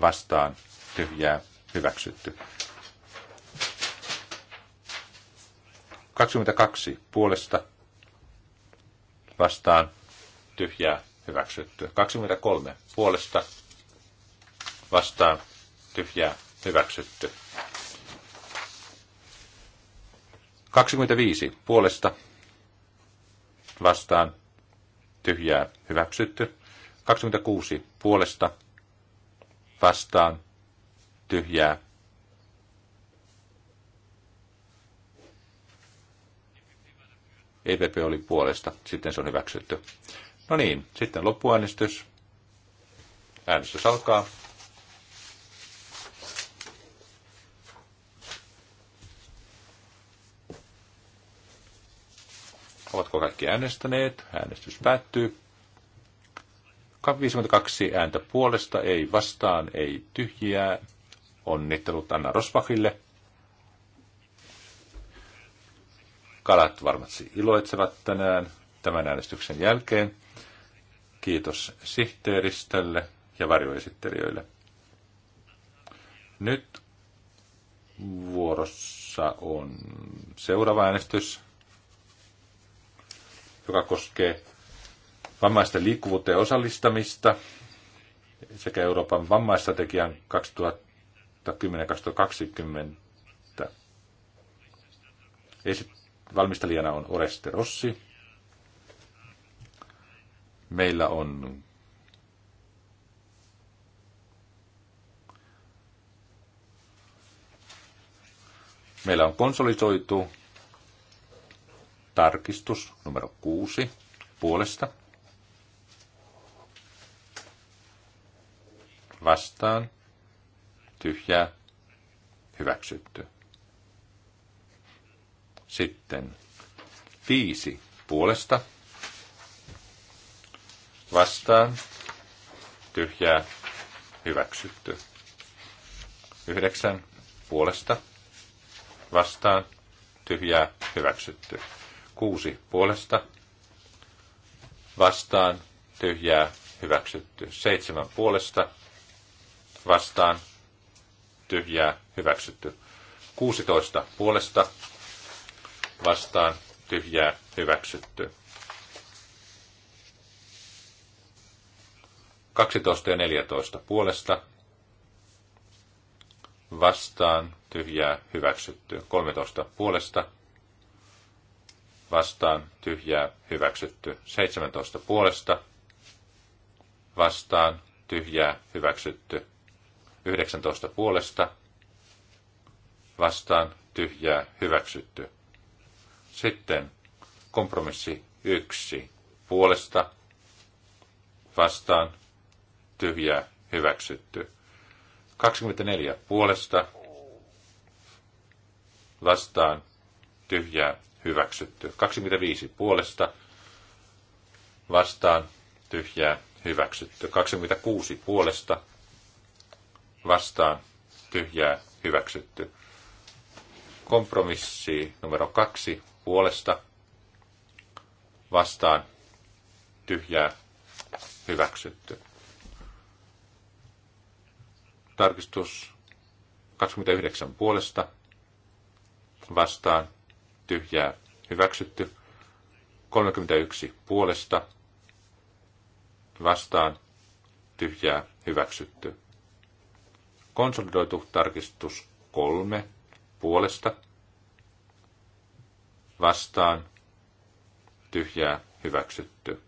vastaan tyhjää hyväksytty. 22 puolesta vastaan tyhjää hyväksytty. 23 puolesta vastaan tyhjää hyväksytty. 25 puolesta vastaan tyhjää hyväksytty. 26 puolesta vastaan tyhjää. EPP oli puolesta, sitten se on hyväksytty. No niin, sitten loppuäänestys. Äänestys alkaa. Ovatko kaikki äänestäneet? Äänestys päättyy. 52 ääntä puolesta, ei vastaan, ei tyhjää. Onnittelut Anna Rosbachille. Kalat varmasti iloitsevat tänään tämän äänestyksen jälkeen. Kiitos sihteeristölle ja varjoesittelijöille. Nyt vuorossa on seuraava äänestys, joka koskee vammaisten liikkuvuuteen osallistamista sekä Euroopan vammaistrategian 2010-2020. Valmistelijana on Oreste Rossi. Meillä on Meillä on konsolisoitu tarkistus numero kuusi puolesta vastaan, tyhjää, hyväksytty. Sitten viisi puolesta, vastaan, tyhjää, hyväksytty. Yhdeksän puolesta, vastaan, tyhjää, hyväksytty. Kuusi puolesta, vastaan, tyhjää, hyväksytty. Seitsemän puolesta, vastaan, tyhjää, hyväksytty. 16 puolesta vastaan, tyhjää, hyväksytty. 12 ja 14 puolesta vastaan, tyhjää, hyväksytty. 13 puolesta vastaan, tyhjää, hyväksytty. 17 puolesta vastaan, tyhjää, hyväksytty. 19 puolesta vastaan tyhjää hyväksytty. Sitten kompromissi 1 puolesta vastaan tyhjää hyväksytty. 24 puolesta vastaan tyhjää hyväksytty. 25 puolesta vastaan tyhjää hyväksytty. 26 puolesta vastaan tyhjää hyväksytty. Kompromissi numero kaksi puolesta vastaan tyhjää hyväksytty. Tarkistus 29 puolesta vastaan tyhjää hyväksytty. 31 puolesta vastaan tyhjää hyväksytty. Konsolidoitu tarkistus kolme puolesta vastaan tyhjää hyväksytty.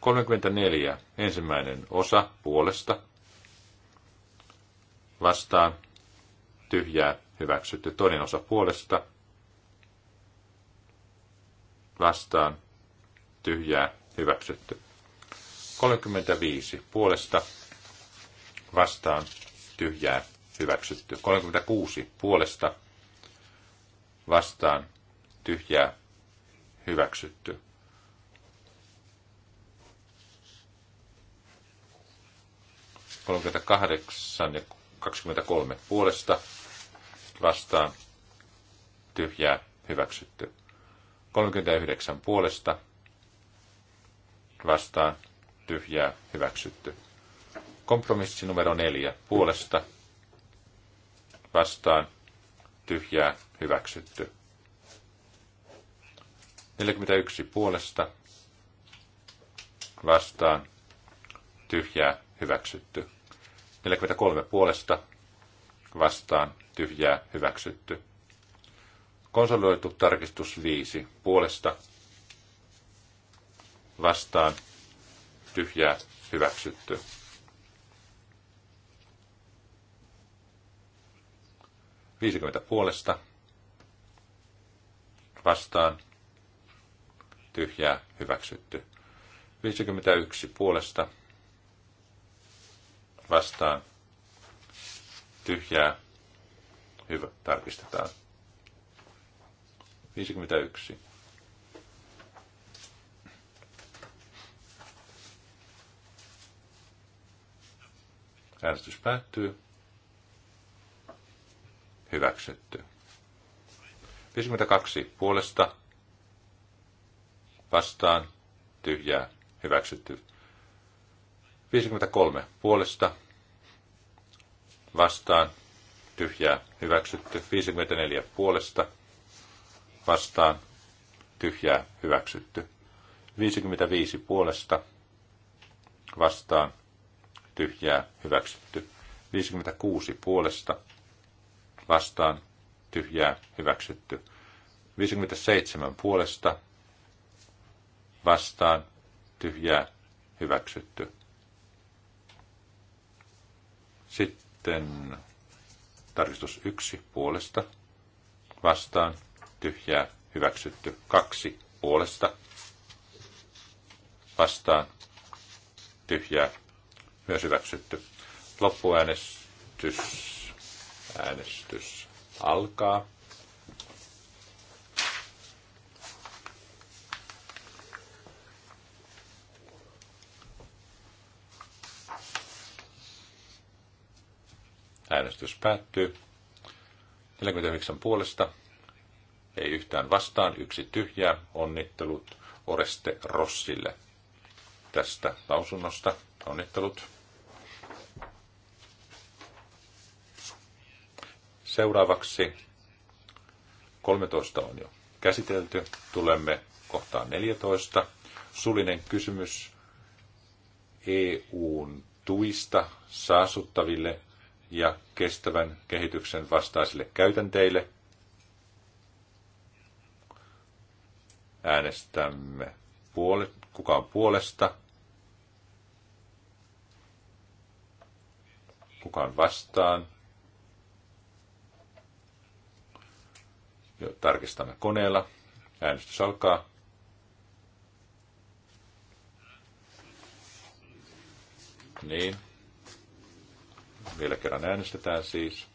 34. Ensimmäinen osa puolesta vastaan tyhjää hyväksytty. Toinen osa puolesta vastaan tyhjää hyväksytty. 35. Puolesta vastaan tyhjää hyväksytty. 36 puolesta vastaan tyhjää hyväksytty. kahdeksan ja 23 puolesta vastaan tyhjää hyväksytty. 39 puolesta vastaan tyhjää hyväksytty. Kompromissi numero neljä. Puolesta vastaan tyhjää hyväksytty. 41 puolesta vastaan tyhjää hyväksytty. 43 puolesta vastaan tyhjää hyväksytty. Konsoloitu tarkistus 5 puolesta vastaan tyhjää hyväksytty. 50 puolesta vastaan tyhjää hyväksytty. 51 puolesta vastaan tyhjää hyvä tarkistetaan. 51. Äänestys päättyy hyväksytty. 52 puolesta vastaan tyhjää hyväksytty. 53 puolesta vastaan tyhjää hyväksytty. 54 puolesta vastaan tyhjää hyväksytty. 55 puolesta vastaan tyhjää hyväksytty. 56 puolesta vastaan tyhjää hyväksytty. 57 puolesta vastaan tyhjää hyväksytty. Sitten tarkistus 1 puolesta vastaan tyhjää hyväksytty. 2 puolesta vastaan tyhjää myös hyväksytty. Loppuäänestys Äänestys alkaa. Äänestys päättyy. 49 puolesta, ei yhtään vastaan, yksi tyhjä. Onnittelut Oreste Rossille tästä lausunnosta. Onnittelut. Seuraavaksi 13 on jo käsitelty. Tulemme kohtaan 14. Sulinen kysymys EUn tuista saasuttaville ja kestävän kehityksen vastaisille käytänteille. Äänestämme puole, kuka on puolesta, kuka on vastaan, Tarkistamme koneella. Äänestys alkaa. Niin. Vielä kerran äänestetään siis.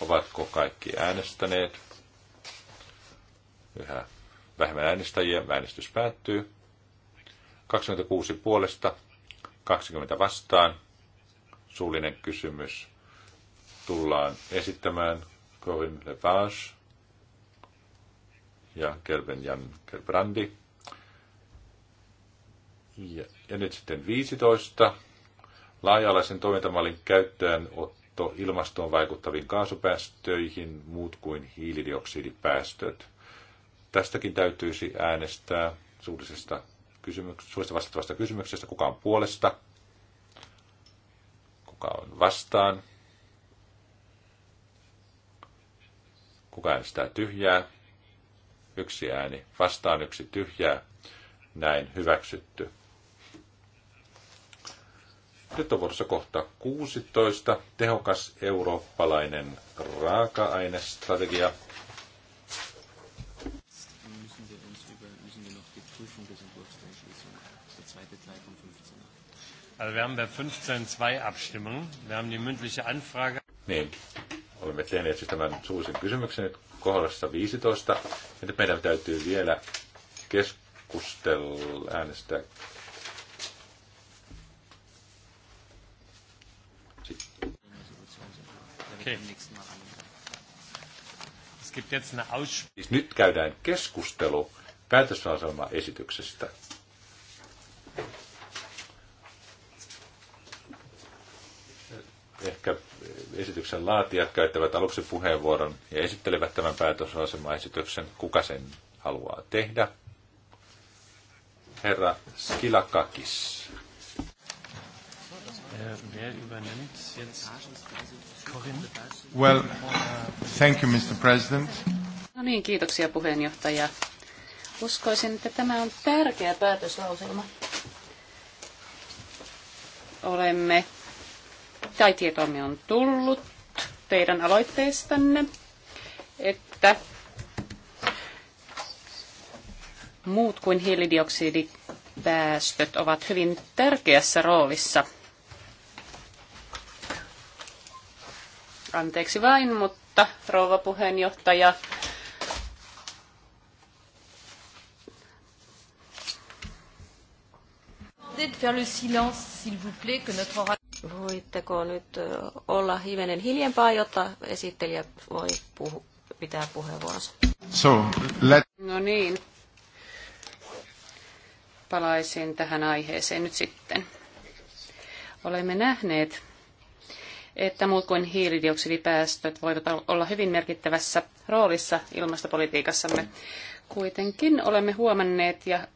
Ovatko kaikki äänestäneet? Yhä vähemmän äänestäjiä. Äänestys päättyy. 26 puolesta, 20 vastaan. Suullinen kysymys tullaan esittämään Corin Lepage ja Kelvin Jan Kelbrandi. Ja, ja nyt sitten 15. Laaja-alaisen toimintamallin käyttöönotto ilmastoon vaikuttaviin kaasupäästöihin, muut kuin hiilidioksidipäästöt. Tästäkin täytyisi äänestää suullisesta, kysymyks- suullisesta vastattavasta kysymyksestä, kuka on puolesta, kuka on vastaan, Kuka äänestää tyhjää? Yksi ääni. Vastaan yksi tyhjää. Näin hyväksytty. Nyt on vuorossa kohta 16. Tehokas eurooppalainen raaka-ainestrategia. Also wir haben bei 15 zwei Abstimmungen. Wir haben die mündliche Anfrage. Niin olemme tehneet siis tämän suullisen kysymyksen kohdassa 15. Ja nyt meidän täytyy vielä keskustella äänestää. Okay. Siis nyt käydään keskustelu päätösasema-esityksestä. Ehkä esityksen laatijat käyttävät aluksi puheenvuoron ja esittelevät tämän päätösasemaesityksen, kuka sen haluaa tehdä. Herra Skilakakis. Well, thank you, Mr. President. No niin, kiitoksia puheenjohtaja. Uskoisin, että tämä on tärkeä päätöslauselma. Olemme tai tietoomme on tullut teidän aloitteestanne, että muut kuin hiilidioksidipäästöt ovat hyvin tärkeässä roolissa. Anteeksi vain, mutta rouva puheenjohtaja, de faire le silence, s'il vous plaît, que notre Voitteko nyt olla hivenen hiljempaa, jotta esittelijä voi puhu, pitää puheenvuoronsa? So, let... No niin. Palaisin tähän aiheeseen nyt sitten. Olemme nähneet, että muut kuin hiilidioksidipäästöt voivat olla hyvin merkittävässä roolissa ilmastopolitiikassamme. Kuitenkin olemme huomanneet ja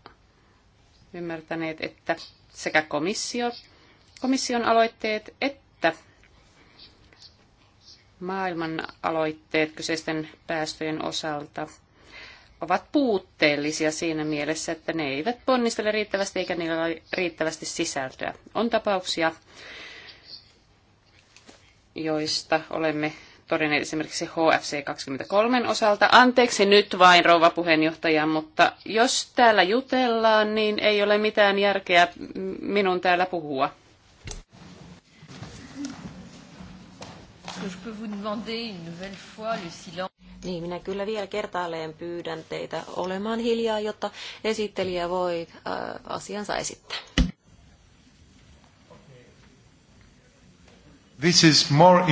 ymmärtäneet, että sekä komissio komission aloitteet että maailman aloitteet kyseisten päästöjen osalta ovat puutteellisia siinä mielessä, että ne eivät ponnistele riittävästi eikä niillä ole riittävästi sisältöä. On tapauksia, joista olemme todenneet esimerkiksi HFC 23 osalta. Anteeksi nyt vain, rouva puheenjohtaja, mutta jos täällä jutellaan, niin ei ole mitään järkeä minun täällä puhua. Niin, minä kyllä vielä kertaalleen pyydän teitä olemaan hiljaa, jotta esittelijä voi äh, asiansa esittää. This is more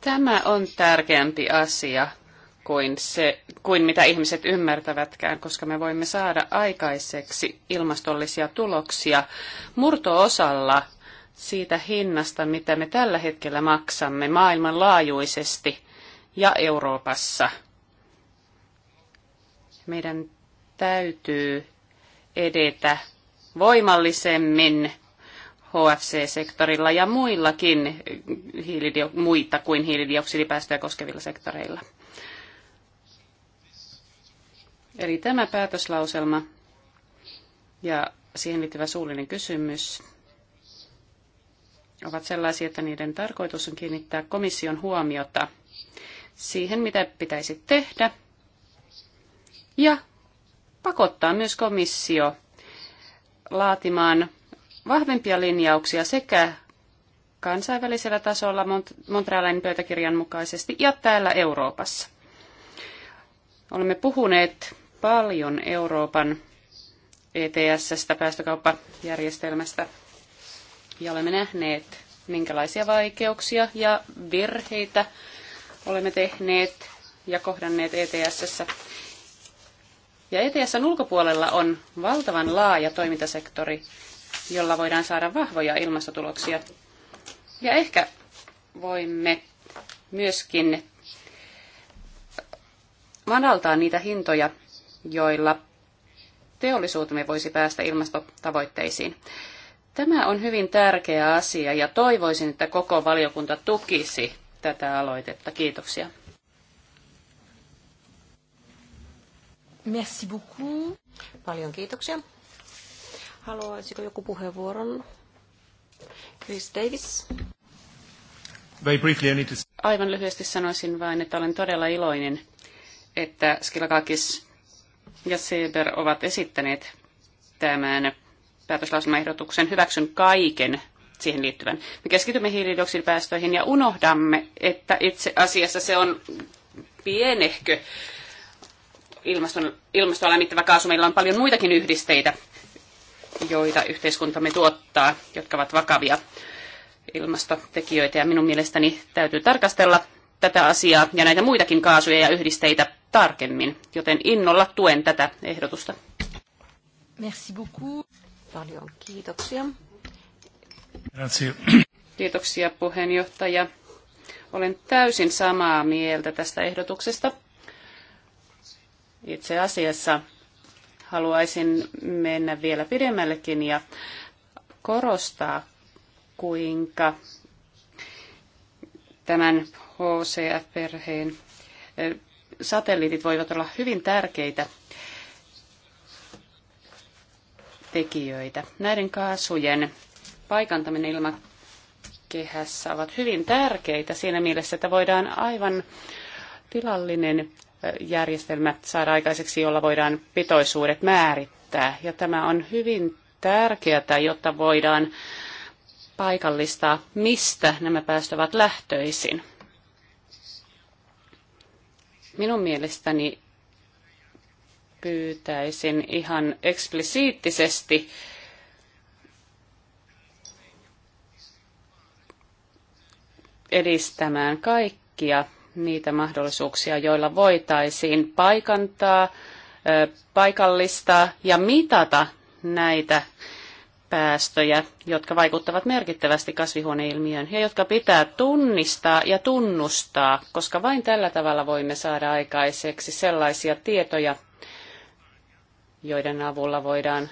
Tämä on tärkeämpi asia kuin, se, kuin mitä ihmiset ymmärtävätkään, koska me voimme saada aikaiseksi ilmastollisia tuloksia murtoosalla siitä hinnasta, mitä me tällä hetkellä maksamme maailmanlaajuisesti ja Euroopassa. Meidän täytyy edetä voimallisemmin HFC-sektorilla ja muillakin hiilidio- muita kuin hiilidioksidipäästöjä koskevilla sektoreilla. Eli tämä päätöslauselma ja siihen liittyvä suullinen kysymys ovat sellaisia, että niiden tarkoitus on kiinnittää komission huomiota siihen, mitä pitäisi tehdä, ja pakottaa myös komissio laatimaan vahvempia linjauksia sekä kansainvälisellä tasolla Montrealin pöytäkirjan mukaisesti ja täällä Euroopassa. Olemme puhuneet paljon Euroopan ETS-stä, päästökauppajärjestelmästä, ja olemme nähneet, minkälaisia vaikeuksia ja virheitä olemme tehneet ja kohdanneet ETS. Ja ETSn ulkopuolella on valtavan laaja toimintasektori, jolla voidaan saada vahvoja ilmastotuloksia. Ja ehkä voimme myöskin madaltaa niitä hintoja, joilla teollisuutemme voisi päästä ilmastotavoitteisiin. Tämä on hyvin tärkeä asia ja toivoisin, että koko valiokunta tukisi tätä aloitetta. Kiitoksia. Merci beaucoup. Paljon kiitoksia. Haluaisiko joku puheenvuoron? Chris Davis. Very briefly, I need to... Aivan lyhyesti sanoisin vain, että olen todella iloinen, että Skilakakis ja Seber ovat esittäneet tämän päätöslausumaehdotuksen hyväksyn kaiken siihen liittyvän. Me keskitymme hiilidioksidipäästöihin ja unohdamme, että itse asiassa se on pienehkö ilmaston, ilmastoa lämmittävä kaasu. Meillä on paljon muitakin yhdisteitä, joita yhteiskuntamme tuottaa, jotka ovat vakavia ilmastotekijöitä. Ja minun mielestäni täytyy tarkastella tätä asiaa ja näitä muitakin kaasuja ja yhdisteitä tarkemmin, joten innolla tuen tätä ehdotusta. Merci beaucoup. Paljon kiitoksia. Kiitoksia puheenjohtaja. Olen täysin samaa mieltä tästä ehdotuksesta. Itse asiassa haluaisin mennä vielä pidemmällekin ja korostaa, kuinka tämän HCF-perheen satelliitit voivat olla hyvin tärkeitä tekijöitä. Näiden kaasujen paikantaminen ilmakehässä ovat hyvin tärkeitä siinä mielessä, että voidaan aivan tilallinen järjestelmä saada aikaiseksi, jolla voidaan pitoisuudet määrittää. Ja tämä on hyvin tärkeää, jotta voidaan paikallistaa, mistä nämä päästöt ovat lähtöisin. Minun mielestäni pyytäisin ihan eksplisiittisesti edistämään kaikkia niitä mahdollisuuksia, joilla voitaisiin paikantaa, paikallistaa ja mitata näitä päästöjä, jotka vaikuttavat merkittävästi kasvihuoneilmiöön ja jotka pitää tunnistaa ja tunnustaa, koska vain tällä tavalla voimme saada aikaiseksi sellaisia tietoja, joiden avulla voidaan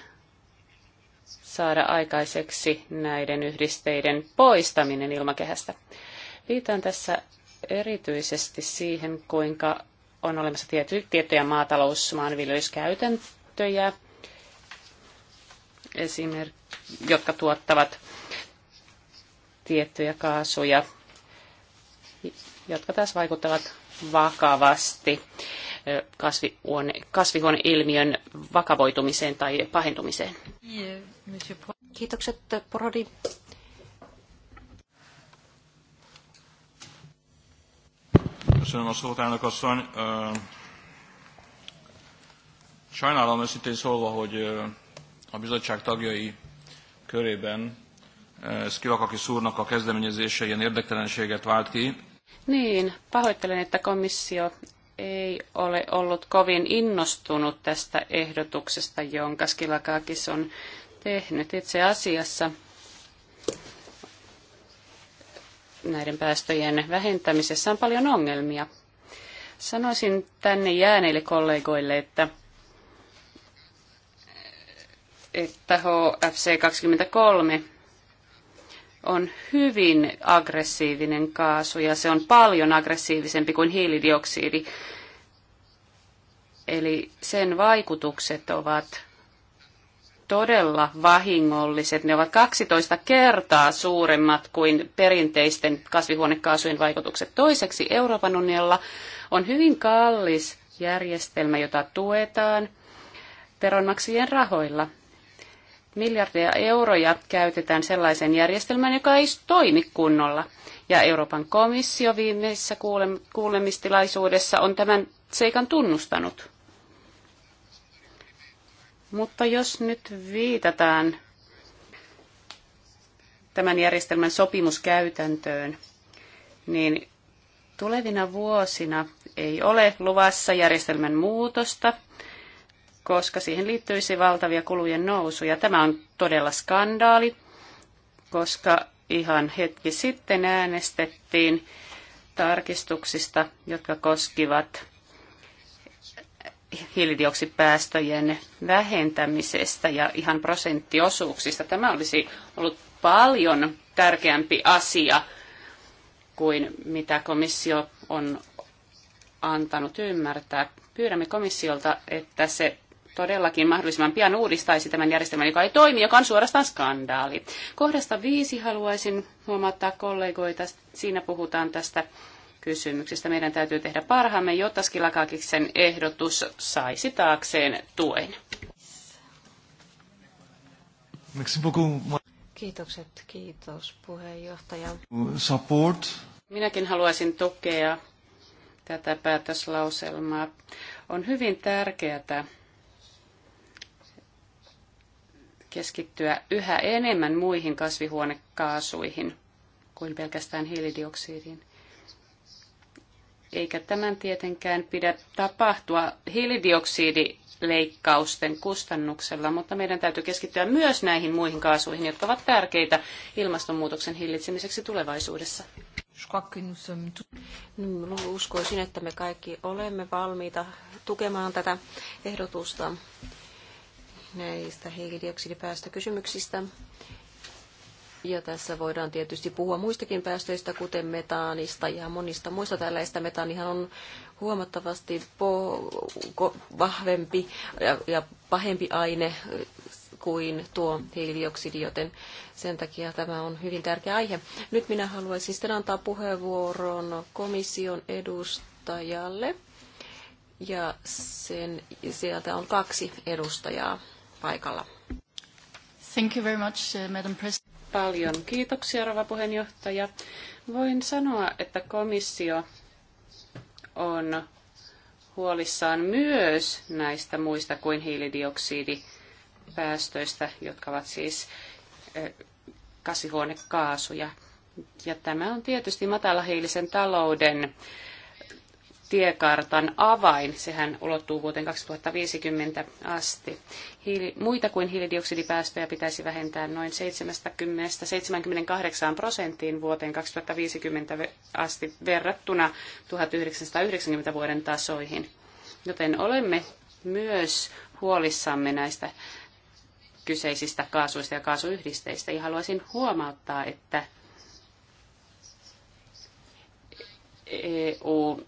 saada aikaiseksi näiden yhdisteiden poistaminen ilmakehästä. Viitaan tässä erityisesti siihen, kuinka on olemassa tiety, tiettyjä maatalousmaanviljelyskäytäntöjä, jotka tuottavat tiettyjä kaasuja, jotka taas vaikuttavat vakavasti kasvihuone, kasvihuoneilmiön vakavoitumiseen tai pahentumiseen. Kiitokset, Porodi. Köszönöm a szót, Sajnálom őszintén szólva, hogy a bizottság tagjai körében Skilakakis szúrnak a kezdeményezése ilyen érdektelenséget vált ki. Niin, pahoittelen, että komissio ei ole ollut kovin innostunut tästä ehdotuksesta, jonka Skilakakis on tehnyt. Itse asiassa näiden päästöjen vähentämisessä on paljon ongelmia. Sanoisin tänne jääneille kollegoille, että että HFC 23 on hyvin aggressiivinen kaasu ja se on paljon aggressiivisempi kuin hiilidioksidi. Eli sen vaikutukset ovat todella vahingolliset. Ne ovat 12 kertaa suuremmat kuin perinteisten kasvihuonekaasujen vaikutukset. Toiseksi Euroopan unionilla on hyvin kallis järjestelmä, jota tuetaan veronmaksajien rahoilla. Miljardeja euroja käytetään sellaisen järjestelmään, joka ei toimi kunnolla. Ja Euroopan komissio viimeisessä kuulemistilaisuudessa on tämän seikan tunnustanut. Mutta jos nyt viitataan tämän järjestelmän sopimuskäytäntöön, niin tulevina vuosina ei ole luvassa järjestelmän muutosta, koska siihen liittyisi valtavia kulujen nousuja. Tämä on todella skandaali, koska ihan hetki sitten äänestettiin tarkistuksista, jotka koskivat hiilidioksipäästöjen vähentämisestä ja ihan prosenttiosuuksista. Tämä olisi ollut paljon tärkeämpi asia kuin mitä komissio on antanut ymmärtää. Pyydämme komissiolta, että se todellakin mahdollisimman pian uudistaisi tämän järjestelmän, joka ei toimi, joka on suorastaan skandaali. Kohdasta viisi haluaisin huomauttaa kollegoita. Siinä puhutaan tästä kysymyksistä. Meidän täytyy tehdä parhaamme, jotta Skilakakiksen ehdotus saisi taakseen tuen. Kiitokset, kiitos puheenjohtaja. Support. Minäkin haluaisin tukea tätä päätöslauselmaa. On hyvin tärkeää keskittyä yhä enemmän muihin kasvihuonekaasuihin kuin pelkästään hiilidioksidiin eikä tämän tietenkään pidä tapahtua hiilidioksidileikkausten kustannuksella, mutta meidän täytyy keskittyä myös näihin muihin kaasuihin, jotka ovat tärkeitä ilmastonmuutoksen hillitsemiseksi tulevaisuudessa. Uskoisin, että me kaikki olemme valmiita tukemaan tätä ehdotusta näistä hiilidioksidipäästökysymyksistä. Ja tässä voidaan tietysti puhua muistakin päästöistä, kuten metaanista ja monista muista tällaista. Metaanihan on huomattavasti vahvempi ja, ja pahempi aine kuin tuo hiilidioksidi, joten sen takia tämä on hyvin tärkeä aihe. Nyt minä haluaisin sitten antaa puheenvuoron komission edustajalle. Ja sen, sieltä on kaksi edustajaa paikalla. Thank you very much, uh, Madam Paljon kiitoksia, rouva puheenjohtaja. Voin sanoa, että komissio on huolissaan myös näistä muista kuin hiilidioksidipäästöistä, jotka ovat siis kasvihuonekaasuja. Ja tämä on tietysti matalahiilisen talouden tiekartan avain. Sehän ulottuu vuoteen 2050 asti. Hiili, muita kuin hiilidioksidipäästöjä pitäisi vähentää noin 70-78 prosenttiin vuoteen 2050 asti verrattuna 1990 vuoden tasoihin. Joten olemme myös huolissamme näistä kyseisistä kaasuista ja kaasuyhdisteistä. Ja haluaisin huomauttaa, että EU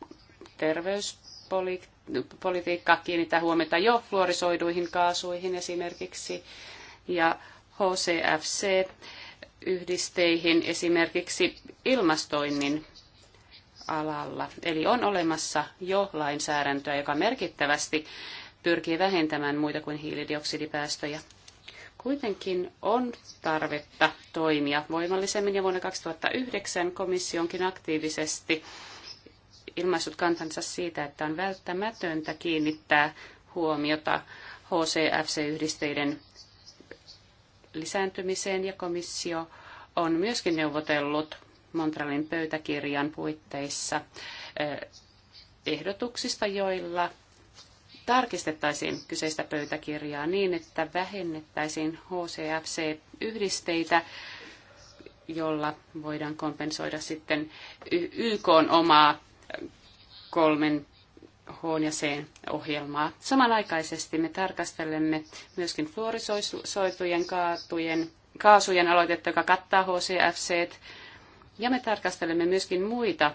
terveyspolitiikkaa kiinnittää huomiota jo fluorisoiduihin kaasuihin esimerkiksi ja HCFC-yhdisteihin esimerkiksi ilmastoinnin alalla. Eli on olemassa jo lainsäädäntöä, joka merkittävästi pyrkii vähentämään muita kuin hiilidioksidipäästöjä. Kuitenkin on tarvetta toimia voimallisemmin ja vuonna 2009 komissionkin aktiivisesti ilmaissut kantansa siitä, että on välttämätöntä kiinnittää huomiota HCFC-yhdisteiden lisääntymiseen ja komissio on myöskin neuvotellut Montrealin pöytäkirjan puitteissa eh, ehdotuksista, joilla tarkistettaisiin kyseistä pöytäkirjaa niin, että vähennettäisiin HCFC-yhdisteitä, jolla voidaan kompensoida sitten YK omaa kolmen H ja C ohjelmaa. Samanaikaisesti me tarkastelemme myöskin fluorisoitujen kaatujen, kaasujen aloitetta, joka kattaa HCFC. Ja me tarkastelemme myöskin muita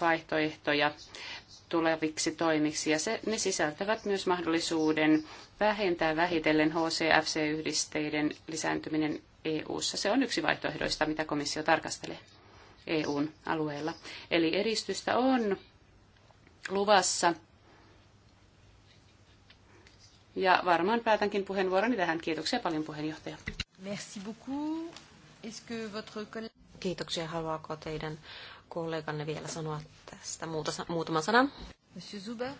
vaihtoehtoja tuleviksi toimiksi. Ja se, ne sisältävät myös mahdollisuuden vähentää vähitellen HCFC-yhdisteiden lisääntyminen EU-ssa. Se on yksi vaihtoehdoista, mitä komissio tarkastelee. EUn alueella. Eli edistystä on luvassa. Ja varmaan päätänkin puheenvuoroni tähän. Kiitoksia paljon puheenjohtaja. Merci beaucoup. Kiitoksia. Haluaako teidän kolleganne vielä sanoa tästä muuta, muutama sana? Monsieur Zuber. Uh,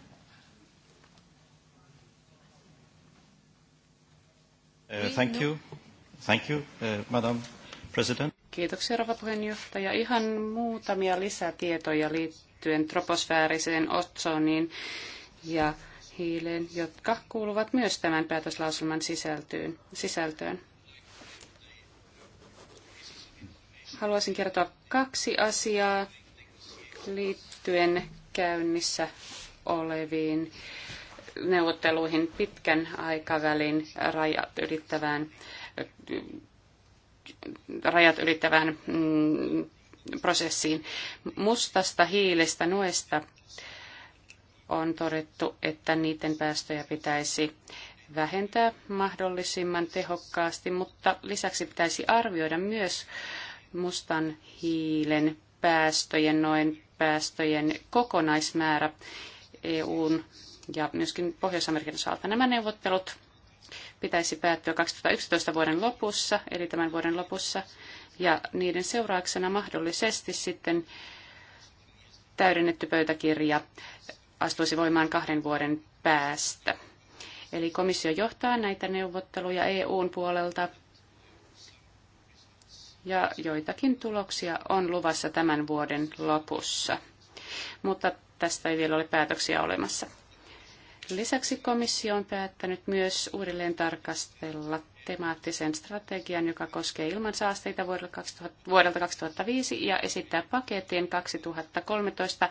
thank you. Thank you, uh, Madam President. Kiitoksia, rouva puheenjohtaja. Ihan muutamia lisätietoja liittyen troposfääriseen otsoniin ja hiileen, jotka kuuluvat myös tämän päätöslauselman sisältöön. Haluaisin kertoa kaksi asiaa liittyen käynnissä oleviin neuvotteluihin pitkän aikavälin rajat ylittävään rajat ylittävään mm, prosessiin. Mustasta hiilestä nuesta on todettu, että niiden päästöjä pitäisi vähentää mahdollisimman tehokkaasti, mutta lisäksi pitäisi arvioida myös mustan hiilen päästöjen, noin päästöjen kokonaismäärä EUn ja myöskin Pohjois-Amerikan osalta. Nämä neuvottelut pitäisi päättyä 2011 vuoden lopussa, eli tämän vuoden lopussa, ja niiden seurauksena mahdollisesti sitten täydennetty pöytäkirja astuisi voimaan kahden vuoden päästä. Eli komissio johtaa näitä neuvotteluja EUn puolelta ja joitakin tuloksia on luvassa tämän vuoden lopussa. Mutta tästä ei vielä ole päätöksiä olemassa. Lisäksi komissio on päättänyt myös uudelleen tarkastella temaattisen strategian, joka koskee ilmansaasteita vuodelta 2005 ja esittää paketin 2013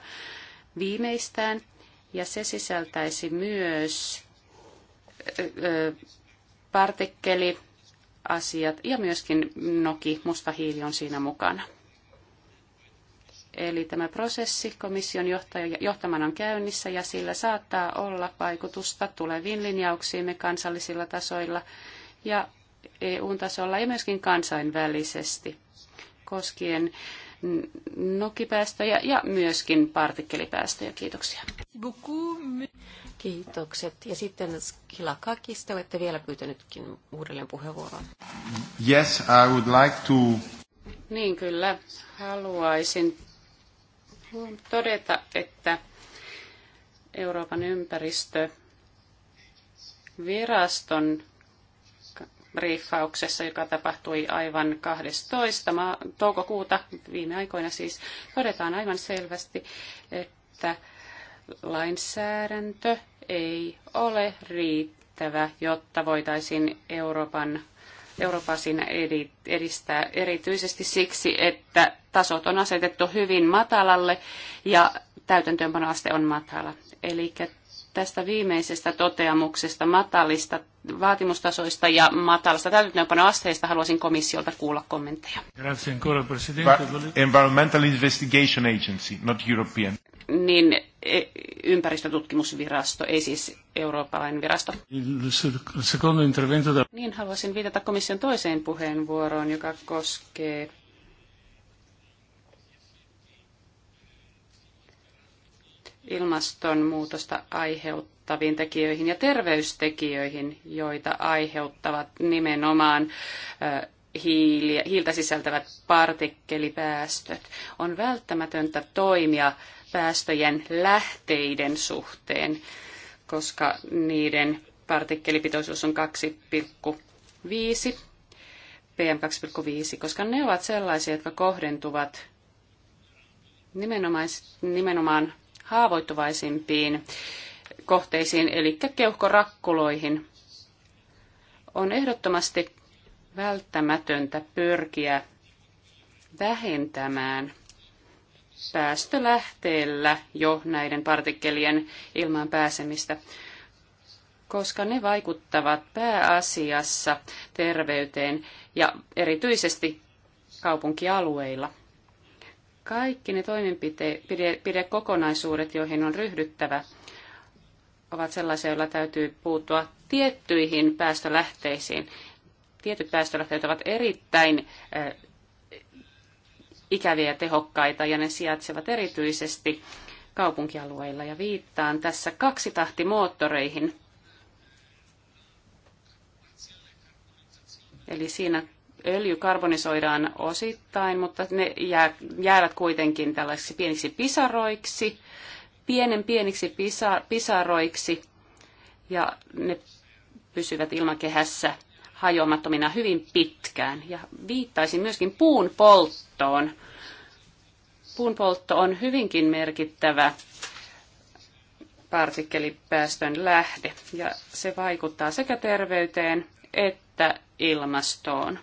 viimeistään. Ja se sisältäisi myös partikkeliasiat ja myöskin noki, musta hiili on siinä mukana. Eli tämä prosessi komission johtamana on käynnissä ja sillä saattaa olla vaikutusta tuleviin linjauksiimme kansallisilla tasoilla ja EU-tasolla ja myöskin kansainvälisesti koskien nokipäästöjä ja myöskin partikkelipäästöjä. Kiitoksia. Kiitokset. Ja sitten Skilakakis, te olette vielä pyytänytkin uudelleen puheenvuoroa. Yes, I would like to... Niin kyllä, haluaisin Haluan todeta, että Euroopan ympäristöviraston briefauksessa, joka tapahtui aivan 12. toukokuuta viime aikoina siis, todetaan aivan selvästi, että lainsäädäntö ei ole riittävä, jotta voitaisiin Euroopan Eurooppaa siinä edistää erityisesti siksi, että tasot on asetettu hyvin matalalle ja täytäntöönpanoaste on matala. Eli tästä viimeisestä toteamuksesta matalista vaatimustasoista ja matalasta täytäntöönpanoasteista haluaisin komissiolta kuulla kommentteja. Environmental Investigation Agency, not European niin e, ympäristötutkimusvirasto, ei siis eurooppalainen virasto. Niin haluaisin viitata komission toiseen puheenvuoroon, joka koskee ilmastonmuutosta aiheuttaviin tekijöihin ja terveystekijöihin, joita aiheuttavat nimenomaan hiiltä sisältävät partikkelipäästöt. On välttämätöntä toimia päästöjen lähteiden suhteen, koska niiden partikkelipitoisuus on 2,5, PM2,5, koska ne ovat sellaisia, jotka kohdentuvat nimenomaan haavoittuvaisimpiin kohteisiin, eli keuhkorakkuloihin. On ehdottomasti välttämätöntä pyrkiä vähentämään – päästölähteellä jo näiden partikkelien ilmaan pääsemistä, koska ne vaikuttavat pääasiassa terveyteen ja erityisesti kaupunkialueilla. Kaikki ne toimenpidekokonaisuudet, joihin on ryhdyttävä, ovat sellaisia, joilla täytyy puuttua tiettyihin päästölähteisiin. Tietyt päästölähteet ovat erittäin eh, ikäviä ja tehokkaita ja ne sijaitsevat erityisesti kaupunkialueilla ja viittaan tässä kaksi-tahti-moottoreihin, Eli siinä öljy karbonisoidaan osittain, mutta ne jää, jäävät kuitenkin tällaisiksi pieniksi pisaroiksi, pienen pieniksi pisa, pisaroiksi ja ne pysyvät ilmakehässä hajoamattomina hyvin pitkään. Ja viittaisin myöskin puun polttoon polttoon. Puun poltto on hyvinkin merkittävä partikkelipäästön lähde ja se vaikuttaa sekä terveyteen että ilmastoon.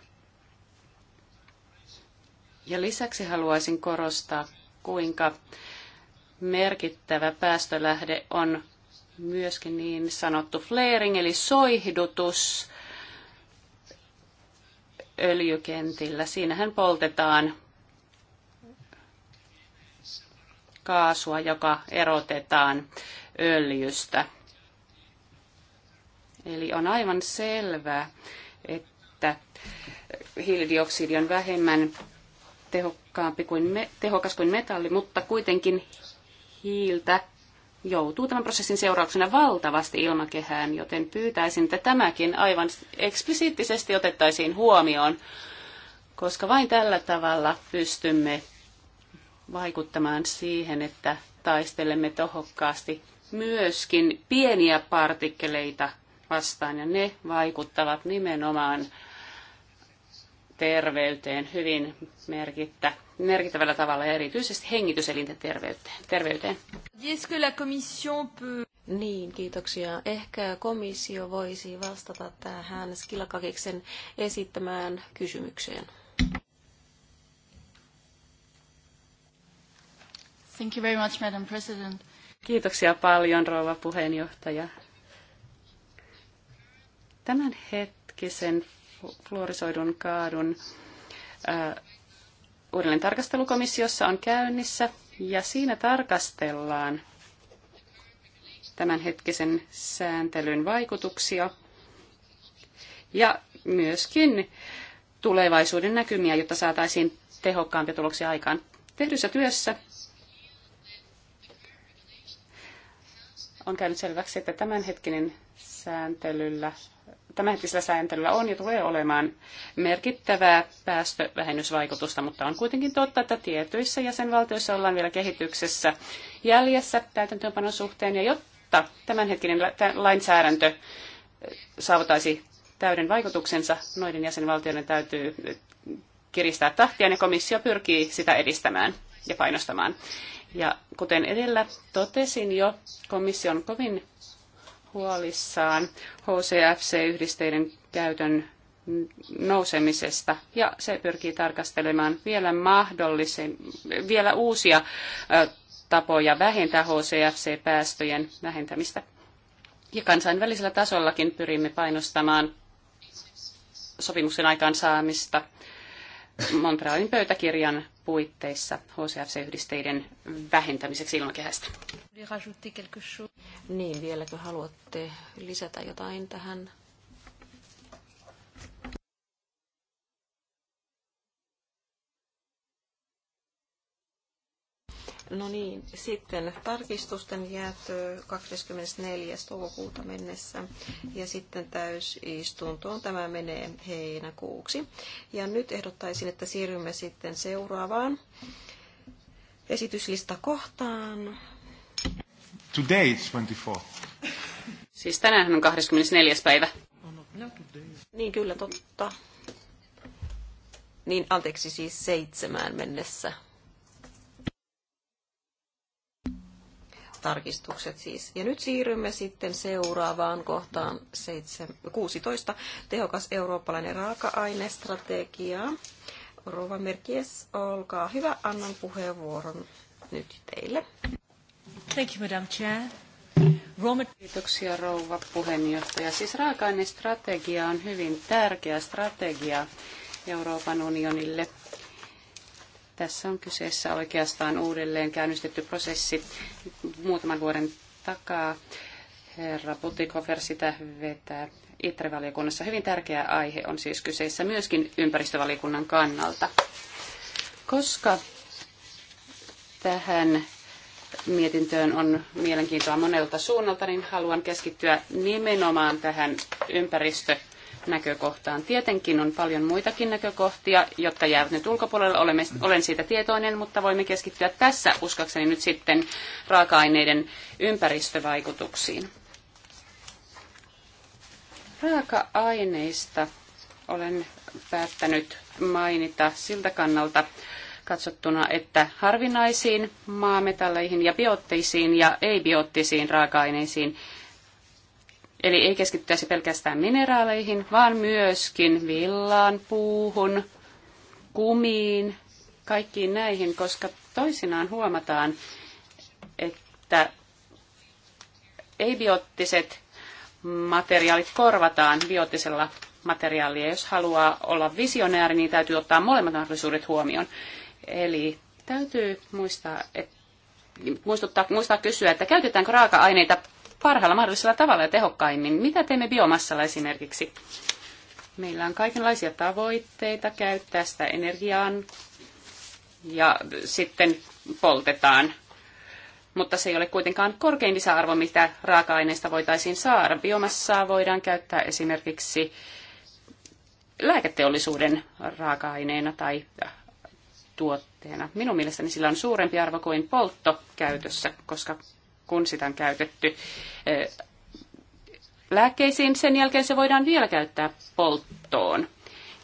Ja lisäksi haluaisin korostaa, kuinka merkittävä päästölähde on myöskin niin sanottu flaring eli soihdutus öljykentillä. Siinähän poltetaan kaasua, joka erotetaan öljystä. Eli on aivan selvää, että hiilidioksidi on vähemmän tehokkaampi kuin me, tehokas kuin metalli, mutta kuitenkin hiiltä joutuu tämän prosessin seurauksena valtavasti ilmakehään, joten pyytäisin, että tämäkin aivan eksplisiittisesti otettaisiin huomioon, koska vain tällä tavalla pystymme vaikuttamaan siihen, että taistelemme tohokkaasti myöskin pieniä partikkeleita vastaan, ja ne vaikuttavat nimenomaan terveyteen hyvin merkittä, merkittävällä tavalla ja erityisesti hengityselinten terveyteen. terveyteen. Niin, kiitoksia. Ehkä komissio voisi vastata tähän Skilakakiksen esittämään kysymykseen. Thank you very much, Madam President. Kiitoksia paljon, rouva puheenjohtaja. Tämänhetkisen fluorisoidun kaadun äh, uudelleen tarkastelukomissiossa on käynnissä ja siinä tarkastellaan tämänhetkisen sääntelyn vaikutuksia ja myöskin tulevaisuuden näkymiä, jotta saataisiin tehokkaampia tuloksia aikaan. Tehdyssä työssä on käynyt selväksi, että tämänhetkinen sääntelyllä, tämänhetkisellä sääntelyllä on ja tulee olemaan merkittävää päästövähennysvaikutusta, mutta on kuitenkin totta, että tietyissä jäsenvaltioissa ollaan vielä kehityksessä jäljessä täytäntöönpanon suhteen, ja jotta tämänhetkinen lainsäädäntö eh, saavutaisi täyden vaikutuksensa, noiden jäsenvaltioiden täytyy eh, kiristää tahtia, ja komissio pyrkii sitä edistämään ja painostamaan. Ja kuten edellä totesin jo, komission kovin huolissaan HCFC-yhdisteiden käytön nousemisesta ja se pyrkii tarkastelemaan vielä mahdollisen, vielä uusia tapoja vähentää HCFC-päästöjen vähentämistä. Ja kansainvälisellä tasollakin pyrimme painostamaan sopimuksen aikaansaamista Montrealin pöytäkirjan puitteissa HCFC-yhdisteiden vähentämiseksi ilmakehästä. Niin, vieläkö haluatte lisätä jotain tähän No niin, sitten tarkistusten jäätö 24. toukokuuta mennessä ja sitten täysistuntoon tämä menee heinäkuuksi. Ja nyt ehdottaisin, että siirrymme sitten seuraavaan kohtaan. Today is 24. Siis tänään on 24. päivä. Niin kyllä, totta. Niin anteeksi, siis seitsemään mennessä. tarkistukset siis. Ja nyt siirrymme sitten seuraavaan kohtaan 7, 16. Tehokas eurooppalainen raaka-ainestrategia. Rova Merkies, olkaa hyvä. Annan puheenvuoron nyt teille. Thank you, Madam Chair. Roma... Kiitoksia rouva puheenjohtaja. Siis raaka-ainestrategia on hyvin tärkeä strategia Euroopan unionille – tässä on kyseessä oikeastaan uudelleen käynnistetty prosessi muutaman vuoden takaa. Herra Butikofer sitä vetää ITRE-valiokunnassa. Hyvin tärkeä aihe on siis kyseessä myöskin ympäristövaliokunnan kannalta. Koska tähän mietintöön on mielenkiintoa monelta suunnalta, niin haluan keskittyä nimenomaan tähän ympäristö- näkökohtaan. Tietenkin on paljon muitakin näkökohtia, jotka jäävät nyt ulkopuolelle. Olemme, olen siitä tietoinen, mutta voimme keskittyä tässä uskakseni nyt sitten raaka-aineiden ympäristövaikutuksiin. Raaka-aineista olen päättänyt mainita siltä kannalta katsottuna, että harvinaisiin maametalleihin ja biotteisiin ja ei-biottisiin raaka-aineisiin – Eli ei keskittyisi pelkästään mineraaleihin, vaan myöskin villaan, puuhun, kumiin, kaikkiin näihin, koska toisinaan huomataan, että ei biottiset materiaalit korvataan biottisella materiaalia. Jos haluaa olla visionääri, niin täytyy ottaa molemmat mahdollisuudet huomioon. Eli täytyy muistaa, että muistuttaa, muistaa kysyä, että käytetäänkö raaka-aineita parhaalla mahdollisella tavalla ja tehokkaimmin. Mitä teemme biomassalla esimerkiksi? Meillä on kaikenlaisia tavoitteita käyttää sitä energiaan ja sitten poltetaan. Mutta se ei ole kuitenkaan korkein lisäarvo, mitä raaka-aineista voitaisiin saada. Biomassaa voidaan käyttää esimerkiksi lääketeollisuuden raaka-aineena tai tuotteena. Minun mielestäni sillä on suurempi arvo kuin poltto käytössä, koska kun sitä on käytetty eh, lääkkeisiin. Sen jälkeen se voidaan vielä käyttää polttoon.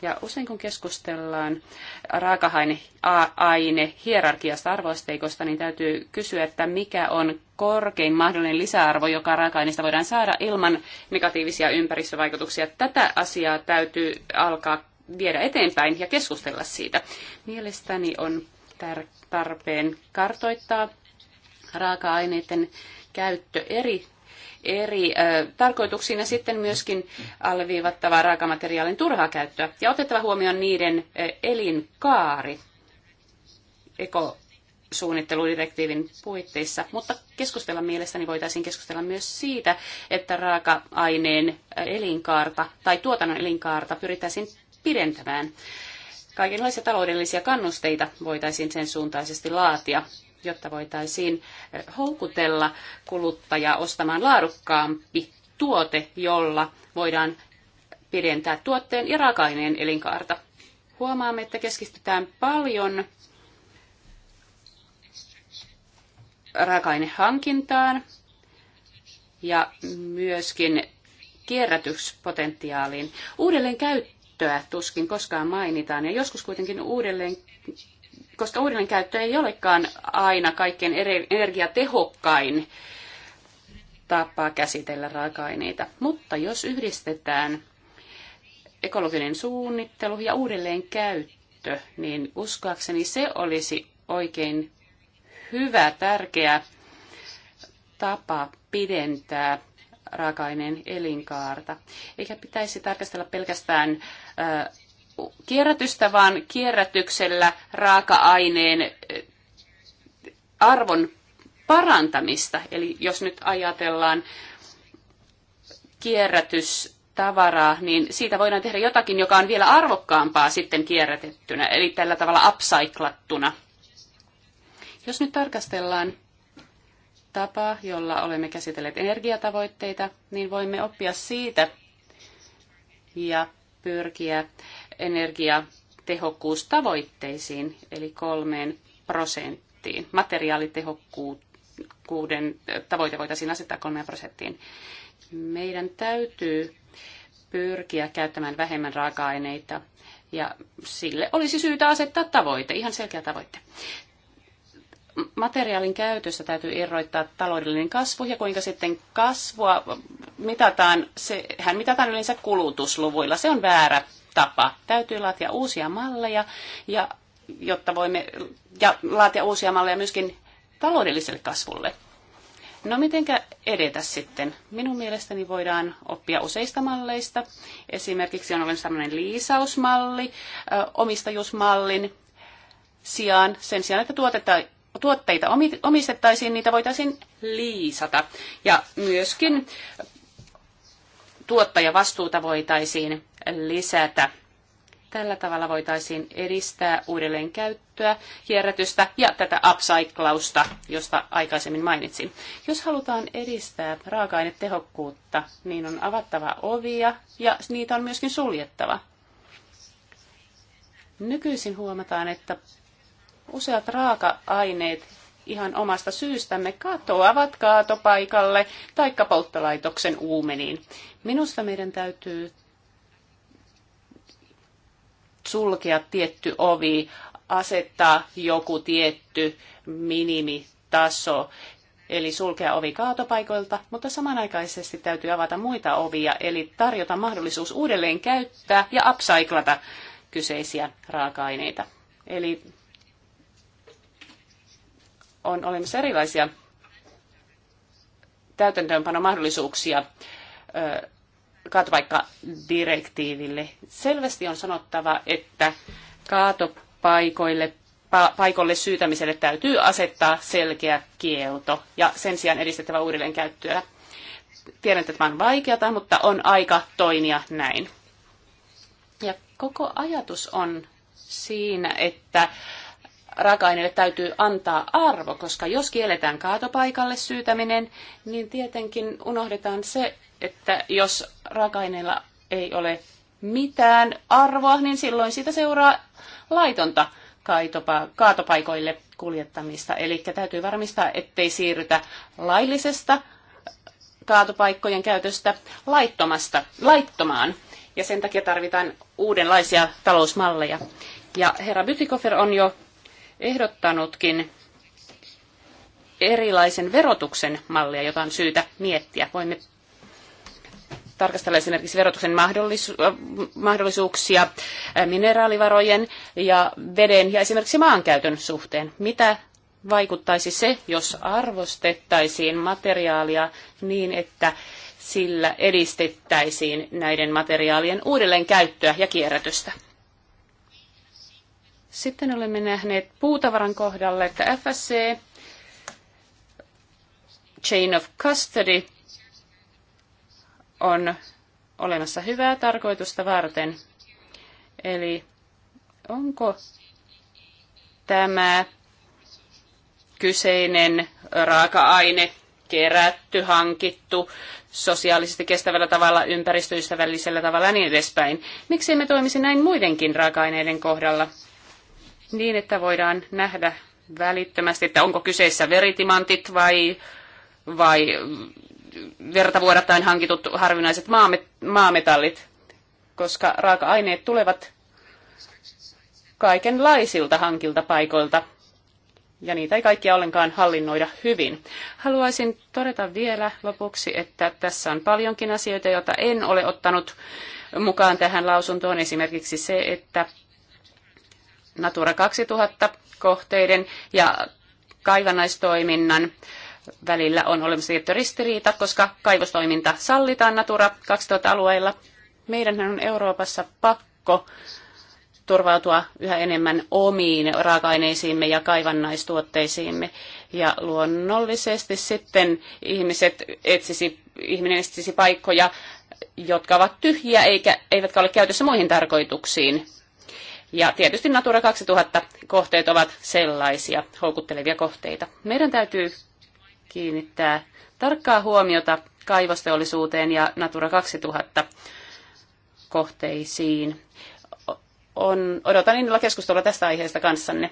Ja usein kun keskustellaan raaka-aine hierarkiasta arvoasteikosta, niin täytyy kysyä, että mikä on korkein mahdollinen lisäarvo, joka raaka-aineista voidaan saada ilman negatiivisia ympäristövaikutuksia. Tätä asiaa täytyy alkaa viedä eteenpäin ja keskustella siitä. Mielestäni on tarpeen kartoittaa raaka-aineiden käyttö eri eri ö, tarkoituksiin ja sitten myöskin alleviivattava raakamateriaalin turhaa käyttöä ja otettava huomioon niiden ö, elinkaari ekosuunnitteludirektiivin puitteissa. Mutta keskustella mielestäni voitaisiin keskustella myös siitä, että raaka-aineen elinkaarta tai tuotannon elinkaarta pyrittäisiin pidentämään. Kaikenlaisia taloudellisia kannusteita voitaisiin sen suuntaisesti laatia jotta voitaisiin eh, houkutella kuluttajaa ostamaan laadukkaampi tuote, jolla voidaan pidentää tuotteen ja raaka-aineen elinkaarta. Huomaamme, että keskitytään paljon raaka-ainehankintaan ja myöskin kierrätyspotentiaaliin. Uudelleen käyttöä tuskin koskaan mainitaan ja joskus kuitenkin uudelleen koska uudelleenkäyttö ei olekaan aina kaikkein energiatehokkain tapa käsitellä raaka-aineita. Mutta jos yhdistetään ekologinen suunnittelu ja uudelleenkäyttö, niin uskoakseni se olisi oikein hyvä, tärkeä tapa pidentää raaka-aineen elinkaarta. Eikä pitäisi tarkastella pelkästään kierrätystä, vaan kierrätyksellä raaka-aineen arvon parantamista. Eli jos nyt ajatellaan tavaraa, niin siitä voidaan tehdä jotakin, joka on vielä arvokkaampaa sitten kierrätettynä, eli tällä tavalla upcyclattuna. Jos nyt tarkastellaan tapaa, jolla olemme käsitelleet energiatavoitteita, niin voimme oppia siitä ja pyrkiä energiatehokkuustavoitteisiin, eli kolmeen prosenttiin. Materiaalitehokkuuden tavoite voitaisiin asettaa kolmeen prosenttiin. Meidän täytyy pyrkiä käyttämään vähemmän raaka-aineita ja sille olisi syytä asettaa tavoite, ihan selkeä tavoite. Materiaalin käytössä täytyy erottaa taloudellinen kasvu ja kuinka sitten kasvua mitataan, sehän mitataan yleensä kulutusluvuilla. Se on väärä tapa. Täytyy laatia uusia malleja, ja, jotta voimme ja laatia uusia malleja myöskin taloudelliselle kasvulle. No mitenkä edetä sitten? Minun mielestäni voidaan oppia useista malleista. Esimerkiksi on olemassa sellainen liisausmalli omistajuusmallin sijaan. Sen sijaan, että tuotetta, tuotteita omistettaisiin, niitä voitaisiin liisata. Ja myöskin tuottajavastuuta voitaisiin lisätä. Tällä tavalla voitaisiin edistää uudelleenkäyttöä, kierrätystä ja tätä upcyclausta, josta aikaisemmin mainitsin. Jos halutaan edistää raaka-ainetehokkuutta, niin on avattava ovia ja niitä on myöskin suljettava. Nykyisin huomataan, että useat raaka-aineet ihan omasta syystämme katoavat kaatopaikalle tai polttolaitoksen uumeniin. Minusta meidän täytyy sulkea tietty ovi, asettaa joku tietty minimitaso, eli sulkea ovi kaatopaikoilta, mutta samanaikaisesti täytyy avata muita ovia, eli tarjota mahdollisuus uudelleen käyttää ja upcyclata kyseisiä raaka-aineita. Eli on olemassa erilaisia täytäntöönpanomahdollisuuksia direktiiville Selvästi on sanottava, että kaatopaikoille paikolle syytämiselle täytyy asettaa selkeä kielto ja sen sijaan edistettävä uudelleenkäyttöä. Tiedän, että tämä on vaikeata, mutta on aika toimia näin. Ja koko ajatus on siinä, että raaka-aineille täytyy antaa arvo, koska jos kielletään kaatopaikalle syytäminen, niin tietenkin unohdetaan se, että jos raaka-aineilla ei ole mitään arvoa, niin silloin siitä seuraa laitonta kaatopaikoille kuljettamista. Eli täytyy varmistaa, ettei siirrytä laillisesta kaatopaikkojen käytöstä laittomasta, laittomaan. Ja sen takia tarvitaan uudenlaisia talousmalleja. Ja herra Bytikofer on jo ehdottanutkin erilaisen verotuksen mallia, jota on syytä miettiä. Voimme tarkastella esimerkiksi verotuksen äh, mahdollisuuksia äh, mineraalivarojen ja veden ja esimerkiksi maankäytön suhteen. Mitä vaikuttaisi se, jos arvostettaisiin materiaalia niin, että sillä edistettäisiin näiden materiaalien uudelleen käyttöä ja kierrätystä? Sitten olemme nähneet puutavaran kohdalla, että FSC, Chain of Custody, on olemassa hyvää tarkoitusta varten. Eli onko tämä kyseinen raaka-aine kerätty, hankittu sosiaalisesti kestävällä tavalla, ympäristöystävällisellä tavalla ja niin edespäin. Miksi emme toimisi näin muidenkin raaka-aineiden kohdalla? niin, että voidaan nähdä välittömästi, että onko kyseessä veritimantit vai, vai verta vuodattain hankitut harvinaiset maamet maametallit, koska raaka-aineet tulevat kaikenlaisilta hankilta paikoilta ja niitä ei kaikkia ollenkaan hallinnoida hyvin. Haluaisin todeta vielä lopuksi, että tässä on paljonkin asioita, joita en ole ottanut mukaan tähän lausuntoon. Esimerkiksi se, että Natura 2000 kohteiden ja kaivannaistoiminnan välillä on olemassa tietty ristiriita, koska kaivostoiminta sallitaan Natura 2000-alueilla. Meidän on Euroopassa pakko turvautua yhä enemmän omiin raaka-aineisiimme ja kaivannaistuotteisiimme. Ja luonnollisesti sitten ihmiset etsisi, ihminen etsisi paikkoja, jotka ovat tyhjiä eikä, eivätkä ole käytössä muihin tarkoituksiin ja tietysti Natura 2000 kohteet ovat sellaisia houkuttelevia kohteita. Meidän täytyy kiinnittää tarkkaa huomiota kaivosteollisuuteen ja Natura 2000 kohteisiin. On, odotan innolla keskustelua tästä aiheesta kanssanne.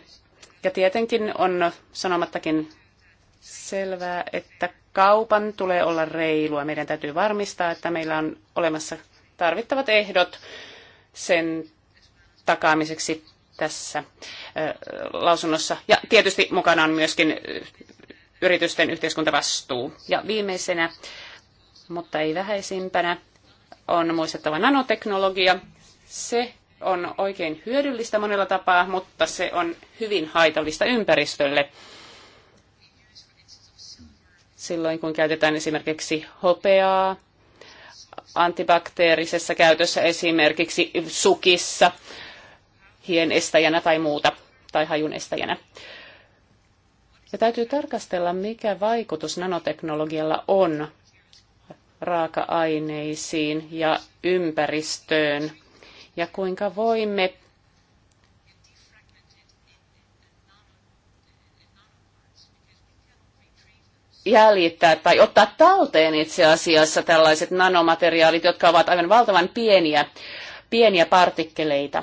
Ja tietenkin on sanomattakin selvää, että kaupan tulee olla reilua. Meidän täytyy varmistaa, että meillä on olemassa tarvittavat ehdot sen takaamiseksi tässä lausunnossa. Ja tietysti mukana on myöskin yritysten yhteiskuntavastuu. Ja viimeisenä, mutta ei vähäisimpänä, on muistettava nanoteknologia. Se on oikein hyödyllistä monella tapaa, mutta se on hyvin haitallista ympäristölle. Silloin kun käytetään esimerkiksi hopeaa, antibakteerisessa käytössä esimerkiksi sukissa hien estäjänä tai muuta, tai hajun estäjänä. Ja täytyy tarkastella, mikä vaikutus nanoteknologialla on raaka-aineisiin ja ympäristöön, ja kuinka voimme jäljittää tai ottaa talteen itse asiassa tällaiset nanomateriaalit, jotka ovat aivan valtavan pieniä, pieniä partikkeleita.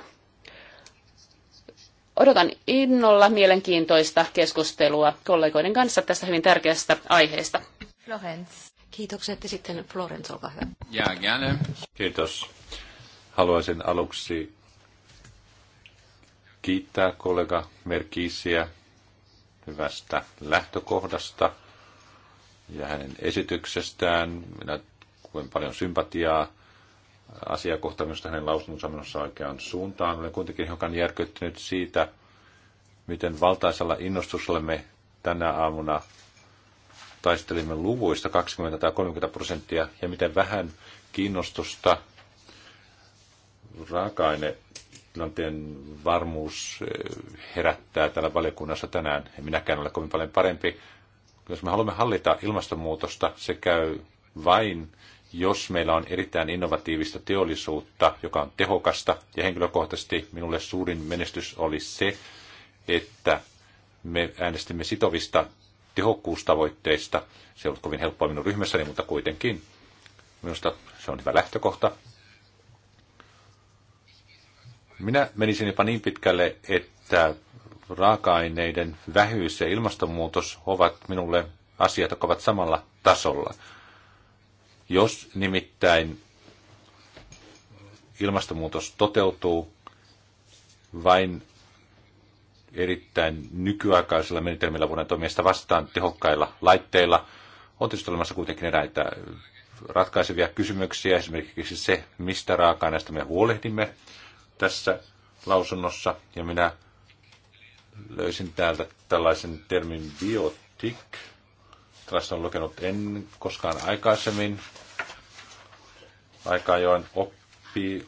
Odotan innolla mielenkiintoista keskustelua kollegoiden kanssa tästä hyvin tärkeästä aiheesta. Florence. Kiitokset ja sitten Florence, olkaa hyvä. Ja, gerne. Kiitos. Haluaisin aluksi kiittää kollega Merkiisiä hyvästä lähtökohdasta ja hänen esityksestään. Minä koen paljon sympatiaa asiakohta minusta hänen lausunnonsa menossa oikeaan suuntaan. Olen kuitenkin hiukan järkyttynyt siitä, miten valtaisella me tänä aamuna taistelimme luvuista 20 tai 30 prosenttia ja miten vähän kiinnostusta raaka-aine tilanteen varmuus eh, herättää täällä valiokunnassa tänään. En minäkään ole kovin paljon parempi. Jos me haluamme hallita ilmastonmuutosta, se käy vain, jos meillä on erittäin innovatiivista teollisuutta, joka on tehokasta, ja henkilökohtaisesti minulle suurin menestys oli se, että me äänestimme sitovista tehokkuustavoitteista. Se on kovin helppoa minun ryhmässäni, mutta kuitenkin minusta se on hyvä lähtökohta. Minä menisin jopa niin pitkälle, että raaka-aineiden vähyys ja ilmastonmuutos ovat minulle asiat, jotka ovat samalla tasolla. Jos nimittäin ilmastonmuutos toteutuu vain erittäin nykyaikaisilla menetelmillä voidaan toimia sitä vastaan tehokkailla laitteilla, on tietysti olemassa kuitenkin eräitä ratkaisevia kysymyksiä, esimerkiksi se, mistä raaka-aineista me huolehdimme tässä lausunnossa, ja minä löysin täältä tällaisen termin biotik, Tällaista on lukenut en koskaan aikaisemmin. Aika ajoin oppii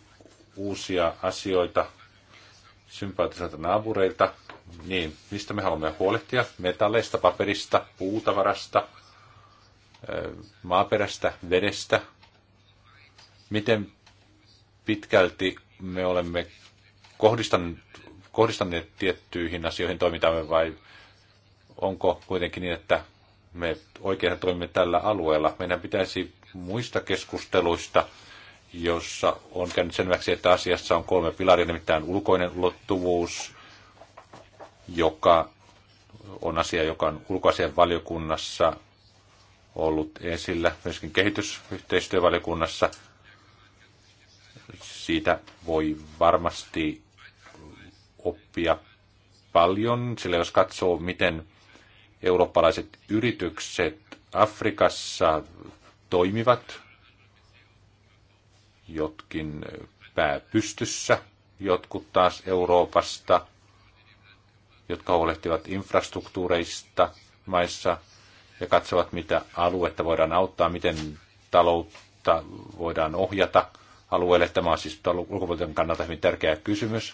uusia asioita sympaattisilta naapureilta. Niin, mistä me haluamme huolehtia? Metalleista, paperista, puutavarasta, maaperästä, vedestä. Miten pitkälti me olemme kohdistaneet, kohdistaneet tiettyihin asioihin toimintaamme vai onko kuitenkin niin, että me oikein toimimme tällä alueella. Meidän pitäisi muista keskusteluista, jossa on käynyt selväksi, että asiassa on kolme pilaria, nimittäin ulkoinen ulottuvuus, joka on asia, joka on ulkoasian valiokunnassa ollut esillä, myöskin kehitysyhteistyövaliokunnassa. Siitä voi varmasti oppia paljon, sillä jos katsoo, miten eurooppalaiset yritykset Afrikassa toimivat jotkin pää pystyssä, jotkut taas Euroopasta, jotka huolehtivat infrastruktuureista maissa ja katsovat, mitä aluetta voidaan auttaa, miten taloutta voidaan ohjata alueelle. Tämä on siis ulkopuolisen kannalta hyvin tärkeä kysymys.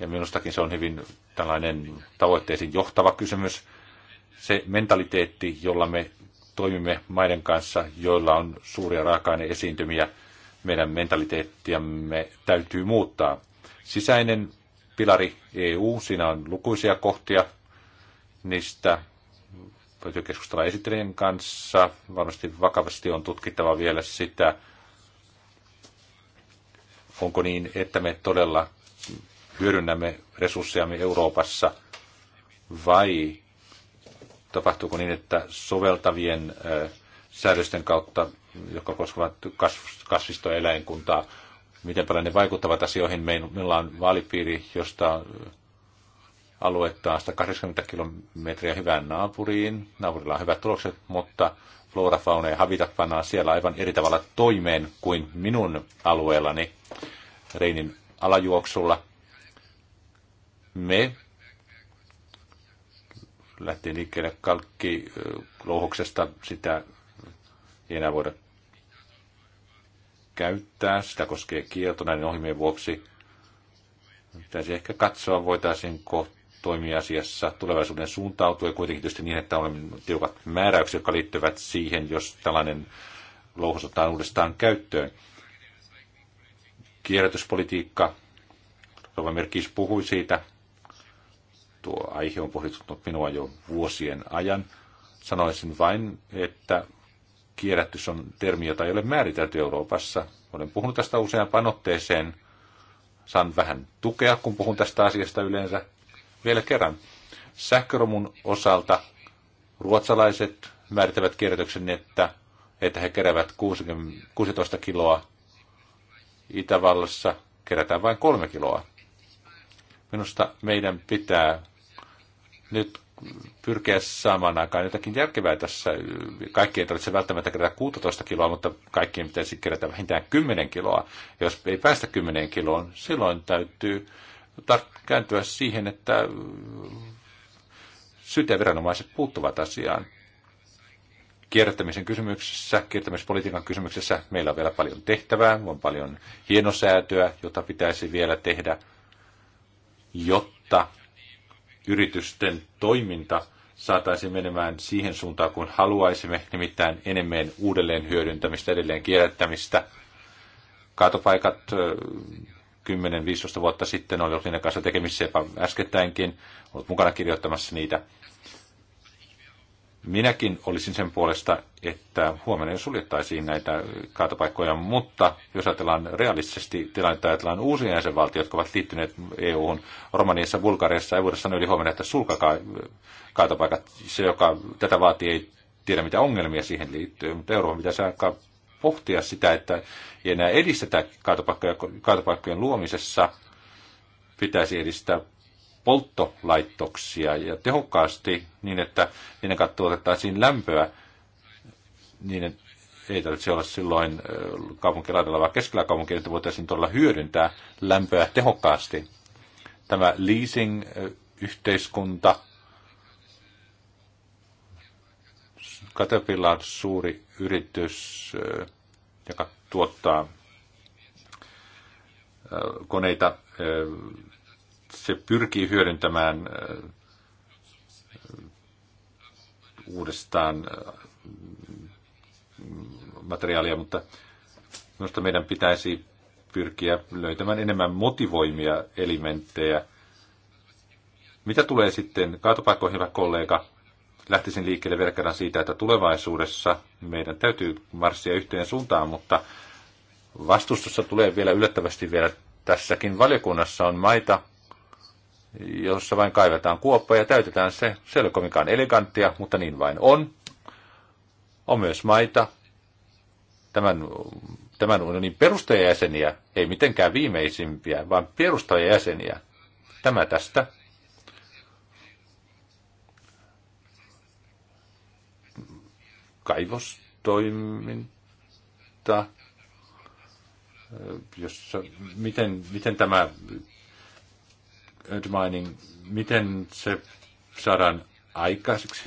Ja minustakin se on hyvin tällainen tavoitteisiin johtava kysymys. Se mentaliteetti, jolla me toimimme maiden kanssa, joilla on suuria raaka esiintymiä, meidän mentaliteettiamme täytyy muuttaa. Sisäinen pilari EU, siinä on lukuisia kohtia, niistä täytyy keskustella esittelijän kanssa. Varmasti vakavasti on tutkittava vielä sitä, onko niin, että me todella hyödynnämme resurssejamme Euroopassa, vai tapahtuuko niin, että soveltavien säädösten kautta, jotka koskevat kasvistoeläinkuntaa, miten paljon ne vaikuttavat asioihin. Meillä on vaalipiiri, josta on aluetta 180 kilometriä hyvään naapuriin. Naapurilla on hyvät tulokset, mutta flora, fauna ja habitat pannaan siellä aivan eri tavalla toimeen kuin minun alueellani Reinin alajuoksulla me lähti liikkeelle kalkki louhoksesta, sitä ei enää voida käyttää, sitä koskee kielto näiden ohjelmien vuoksi. Pitäisi ehkä katsoa, voitaisiin toimia asiassa tulevaisuuden suuntautua ja kuitenkin tietysti niin, että olemme tiukat määräykset, jotka liittyvät siihen, jos tällainen louhos otetaan uudestaan käyttöön. Kierrätyspolitiikka, Rova Merkis puhui siitä, Tuo aihe on pohdituttanut minua jo vuosien ajan. Sanoisin vain, että kierrätys on termi, jota ei ole määritelty Euroopassa. Olen puhunut tästä usean panotteeseen. Saan vähän tukea, kun puhun tästä asiasta yleensä. Vielä kerran. Sähköromun osalta ruotsalaiset määrittävät kierrätyksen, että, että he keräävät 60, 16 kiloa. Itävallassa kerätään vain kolme kiloa. Minusta meidän pitää nyt pyrkiä saamaan aikaan jotakin järkevää tässä. Kaikki ei tarvitse välttämättä kerätä 16 kiloa, mutta kaikkien pitäisi kerätä vähintään 10 kiloa. Jos ei päästä 10 kiloon, silloin täytyy kääntyä siihen, että syyteviranomaiset puuttuvat asiaan. Kiertämisen kysymyksessä, kiertämispolitiikan kysymyksessä meillä on vielä paljon tehtävää, on paljon hienosäätöä, jota pitäisi vielä tehdä – jotta yritysten toiminta saataisiin menemään siihen suuntaan, kun haluaisimme, nimittäin enemmän uudelleen hyödyntämistä, edelleen kierrättämistä. Kaatopaikat 10-15 vuotta sitten oli siinä kanssa tekemisissä jopa äskettäinkin, ollut mukana kirjoittamassa niitä. Minäkin olisin sen puolesta, että huomenna suljettaisiin näitä kaatopaikkoja, mutta jos ajatellaan realistisesti tilannetta, ajatellaan uusia jäsenvaltioita, jotka ovat liittyneet EU-hun, Romaniassa, Bulgariassa, ei voida sanoa yli huomenna, että sulkakaa äh, kaatopaikat. Se, joka tätä vaatii, ei tiedä, mitä ongelmia siihen liittyy, mutta Euroopan pitäisi alkaa pohtia sitä, että ei enää edistetä kaatopaikkojen luomisessa, pitäisi edistää polttolaitoksia ja tehokkaasti niin, että niiden kautta tuotettaisiin lämpöä, niin ei tarvitse olla silloin kaupunkilaidalla, vaan keskellä kaupunkia, että voitaisiin todella hyödyntää lämpöä tehokkaasti. Tämä leasing-yhteiskunta, Caterpillar suuri yritys, joka tuottaa koneita se pyrkii hyödyntämään äh, uudestaan äh, materiaalia, mutta minusta meidän pitäisi pyrkiä löytämään enemmän motivoimia elementtejä. Mitä tulee sitten kaatopaikkoihin, hyvä kollega? Lähtisin liikkeelle vielä kerran siitä, että tulevaisuudessa meidän täytyy marssia yhteen suuntaan, mutta vastustussa tulee vielä yllättävästi vielä tässäkin valiokunnassa on maita, jossa vain kaivetaan kuoppa ja täytetään se. Se ei ole kovinkaan eleganttia, mutta niin vain on. On myös maita, tämän, tämän unionin perustajajäseniä, ei mitenkään viimeisimpiä, vaan perustajajäseniä. Tämä tästä. Kaivostoiminta, jossa, miten, miten tämä Ödmainin, miten se saadaan aikaiseksi?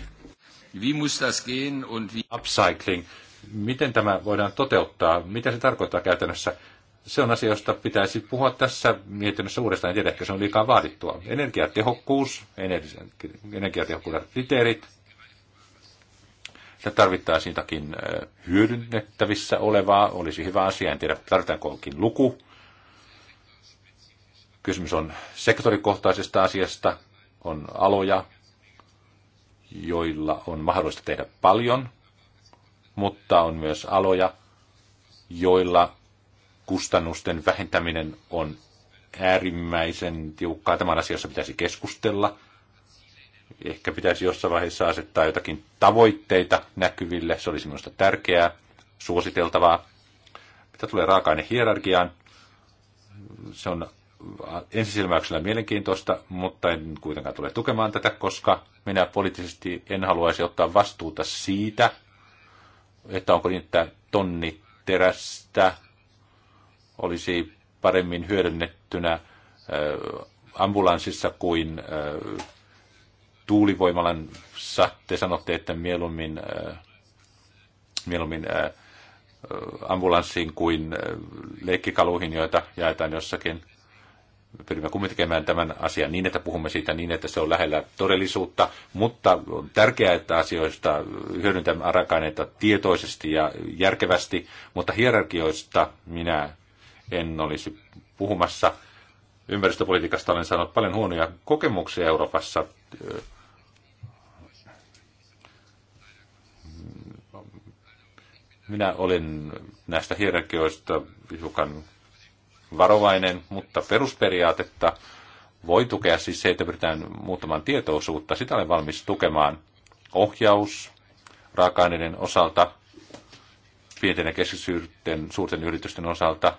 Wie muss das gehen und wie... Upcycling. Miten tämä voidaan toteuttaa? Mitä se tarkoittaa käytännössä? Se on asia, josta pitäisi puhua tässä mietinnössä uudestaan. En tiedä, ehkä se on liikaa vaadittua. Energiatehokkuus, energiatehokkuuden kriteerit. Se tarvittaisiin jotakin hyödynnettävissä olevaa. Olisi hyvä asia. En tiedä, tarvitaanko onkin luku Kysymys on sektorikohtaisesta asiasta, on aloja, joilla on mahdollista tehdä paljon, mutta on myös aloja, joilla kustannusten vähentäminen on äärimmäisen tiukkaa. Tämän asiassa pitäisi keskustella. Ehkä pitäisi jossain vaiheessa asettaa jotakin tavoitteita näkyville. Se olisi minusta tärkeää, suositeltavaa. Mitä tulee raaka-ainehierarkiaan, se on ensisilmäyksellä mielenkiintoista, mutta en kuitenkaan tule tukemaan tätä, koska minä poliittisesti en haluaisi ottaa vastuuta siitä, että onko niin, että tonni terästä olisi paremmin hyödynnettynä äh, ambulanssissa kuin äh, tuulivoimalan satte. sanotte, että mieluummin, äh, mieluummin ambulanssiin kuin leikkikaluihin, joita jaetaan jossakin pyrimme kumminkin tekemään tämän asian niin, että puhumme siitä niin, että se on lähellä todellisuutta, mutta on tärkeää, että asioista hyödyntämme arakaineita tietoisesti ja järkevästi, mutta hierarkioista minä en olisi puhumassa. Ympäristöpolitiikasta olen saanut paljon huonoja kokemuksia Euroopassa. Minä olen näistä hierarkioista hiukan varovainen, mutta perusperiaatetta voi tukea siis se, että pyritään muuttamaan tietoisuutta. Sitä olen valmis tukemaan. Ohjaus raaka osalta, pienten ja keskisyyden suurten yritysten osalta,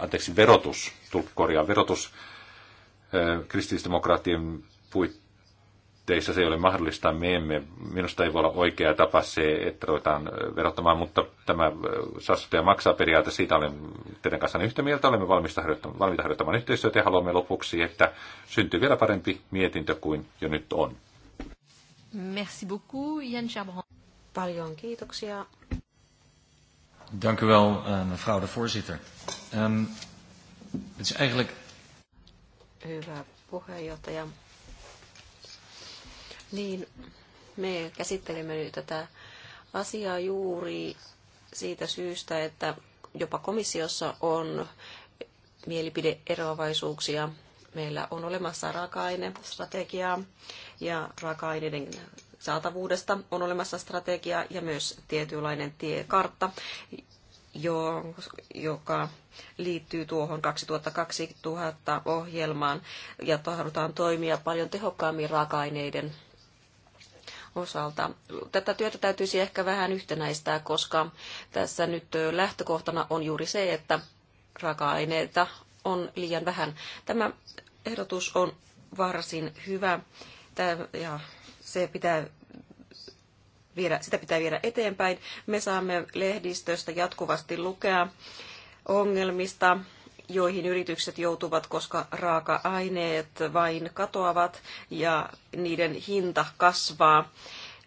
anteeksi, verotus, korjaa, verotus kristillisdemokraattien puitteissa teissä se ei ole mahdollista. Me emme, minusta ei voi olla oikea tapa se, että ruvetaan verottamaan, mutta tämä saastuttaja maksaa periaate, siitä olen teidän kanssa yhtä mieltä. Olemme valmiita harjoittamaan, valmiita harjoittamaan yhteistyötä ja haluamme lopuksi, että syntyy vielä parempi mietintö kuin jo nyt on. Merci beaucoup, Jan Chabron. Paljon kiitoksia. Dank u wel, eh, mevrouw de voorzitter. Um, het is eigenlijk... Hyvä puheenjohtaja niin, me käsittelemme nyt tätä asiaa juuri siitä syystä, että jopa komissiossa on mielipideeroavaisuuksia. Meillä on olemassa raaka-ainestrategiaa ja raaka-aineiden saatavuudesta on olemassa strategia ja myös tietynlainen tiekartta, joka liittyy tuohon 2020 ohjelmaan ja tahdotaan toimia paljon tehokkaammin raaka-aineiden osalta. Tätä työtä täytyisi ehkä vähän yhtenäistää, koska tässä nyt lähtökohtana on juuri se, että raaka-aineita on liian vähän. Tämä ehdotus on varsin hyvä ja se pitää viedä, sitä pitää viedä eteenpäin. Me saamme lehdistöstä jatkuvasti lukea ongelmista, joihin yritykset joutuvat, koska raaka-aineet vain katoavat ja niiden hinta kasvaa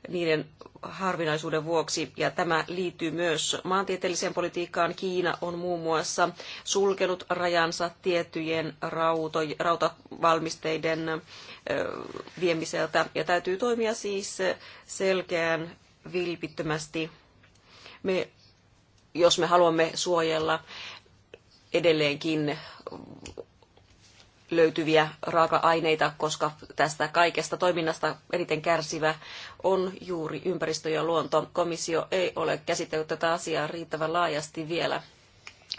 niiden harvinaisuuden vuoksi. Ja tämä liittyy myös maantieteelliseen politiikkaan. Kiina on muun muassa sulkenut rajansa tiettyjen rauto, rautavalmisteiden viemiseltä. Ja täytyy toimia siis selkeän vilpittömästi. Me, jos me haluamme suojella edelleenkin löytyviä raaka-aineita, koska tästä kaikesta toiminnasta eriten kärsivä on juuri ympäristö ja luonto. Komissio ei ole käsitellyt tätä asiaa riittävän laajasti vielä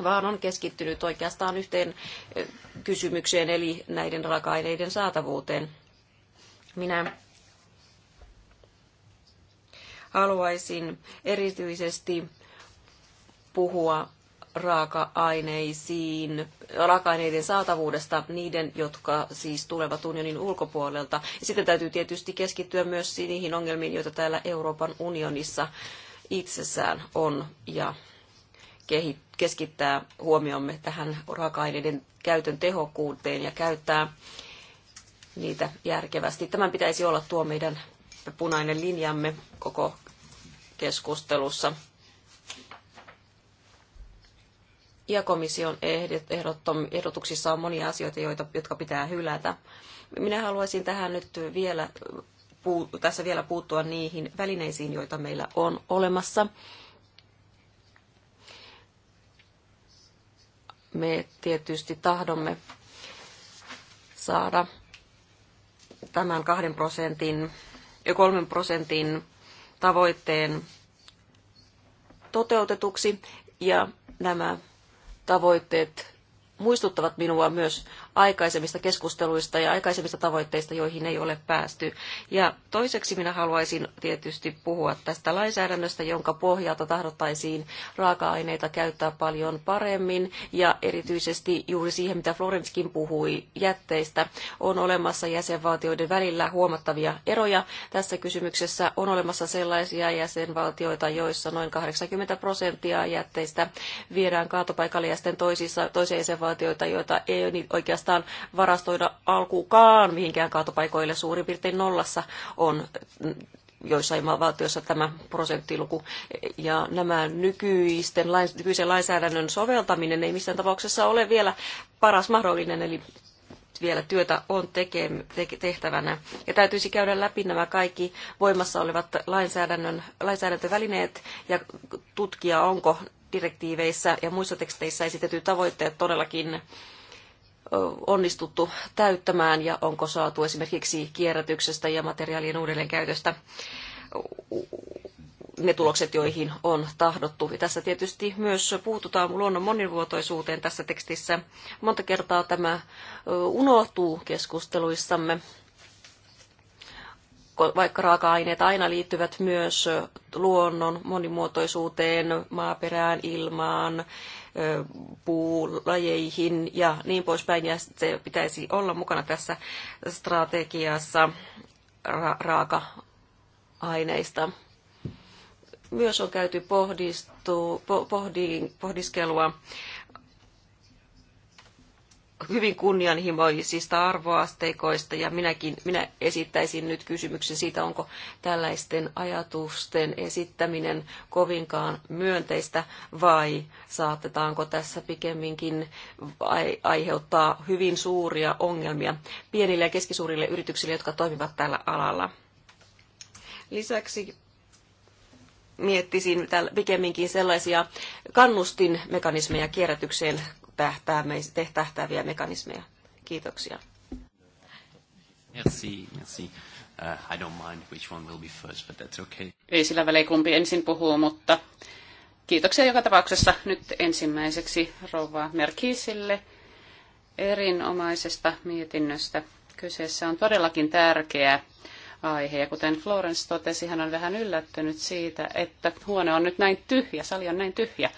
vaan on keskittynyt oikeastaan yhteen eh, kysymykseen, eli näiden raaka-aineiden saatavuuteen. Minä haluaisin erityisesti puhua raaka-aineisiin, raaka-aineiden saatavuudesta niiden, jotka siis tulevat unionin ulkopuolelta. Ja sitten täytyy tietysti keskittyä myös niihin ongelmiin, joita täällä Euroopan unionissa itsessään on ja keskittää huomiomme tähän raaka-aineiden käytön tehokkuuteen ja käyttää niitä järkevästi. Tämän pitäisi olla tuo meidän punainen linjamme koko keskustelussa. ja komission ehdotuksissa on monia asioita, joita, jotka pitää hylätä. Minä haluaisin tähän nyt vielä, tässä vielä puuttua niihin välineisiin, joita meillä on olemassa. Me tietysti tahdomme saada tämän kahden prosentin ja kolmen prosentin tavoitteen toteutetuksi ja nämä tavoitteet muistuttavat minua myös aikaisemmista keskusteluista ja aikaisemmista tavoitteista, joihin ei ole päästy. Ja toiseksi minä haluaisin tietysti puhua tästä lainsäädännöstä, jonka pohjalta tahdottaisiin raaka-aineita käyttää paljon paremmin ja erityisesti juuri siihen, mitä Florenskin puhui jätteistä, on olemassa jäsenvaltioiden välillä huomattavia eroja. Tässä kysymyksessä on olemassa sellaisia jäsenvaltioita, joissa noin 80 prosenttia jätteistä viedään kaatopaikalle ja sitten toisissa, toisia jäsenvaltioita, joita ei oikeastaan oikeastaan varastoida alkuukaan mihinkään kaatopaikoille. Suurin piirtein nollassa on joissain valtioissa tämä prosenttiluku. Ja nämä nykyisten, nykyisen lainsäädännön soveltaminen ei missään tapauksessa ole vielä paras mahdollinen, eli vielä työtä on teke, te, tehtävänä. Ja täytyisi käydä läpi nämä kaikki voimassa olevat lainsäädännön, lainsäädäntövälineet ja tutkia, onko direktiiveissä ja muissa teksteissä esitetyt tavoitteet todellakin onnistuttu täyttämään ja onko saatu esimerkiksi kierrätyksestä ja materiaalien uudelleenkäytöstä ne tulokset, joihin on tahdottu. Ja tässä tietysti myös puututaan luonnon monivuotoisuuteen tässä tekstissä. Monta kertaa tämä unohtuu keskusteluissamme vaikka raaka-aineet aina liittyvät myös luonnon monimuotoisuuteen, maaperään, ilmaan, puulajeihin ja niin poispäin, ja se pitäisi olla mukana tässä strategiassa ra- raaka-aineista. Myös on käyty pohdistu, po- pohdi- pohdiskelua hyvin kunnianhimoisista arvoasteikoista ja minäkin, minä esittäisin nyt kysymyksen siitä, onko tällaisten ajatusten esittäminen kovinkaan myönteistä vai saatetaanko tässä pikemminkin aiheuttaa hyvin suuria ongelmia pienille ja keskisuurille yrityksille, jotka toimivat tällä alalla. Lisäksi miettisin pikemminkin sellaisia kannustinmekanismeja kierrätykseen tähtääviä mekanismeja. Kiitoksia. Merci, merci. Uh, I don't mind which one will be first, but that's okay. Ei sillä välein kumpi ensin puhuu, mutta kiitoksia joka tapauksessa nyt ensimmäiseksi rouva Merkisille erinomaisesta mietinnöstä. Kyseessä on todellakin tärkeä aihe. Ja kuten Florence totesi, hän on vähän yllättynyt siitä, että huone on nyt näin tyhjä, sali on näin tyhjä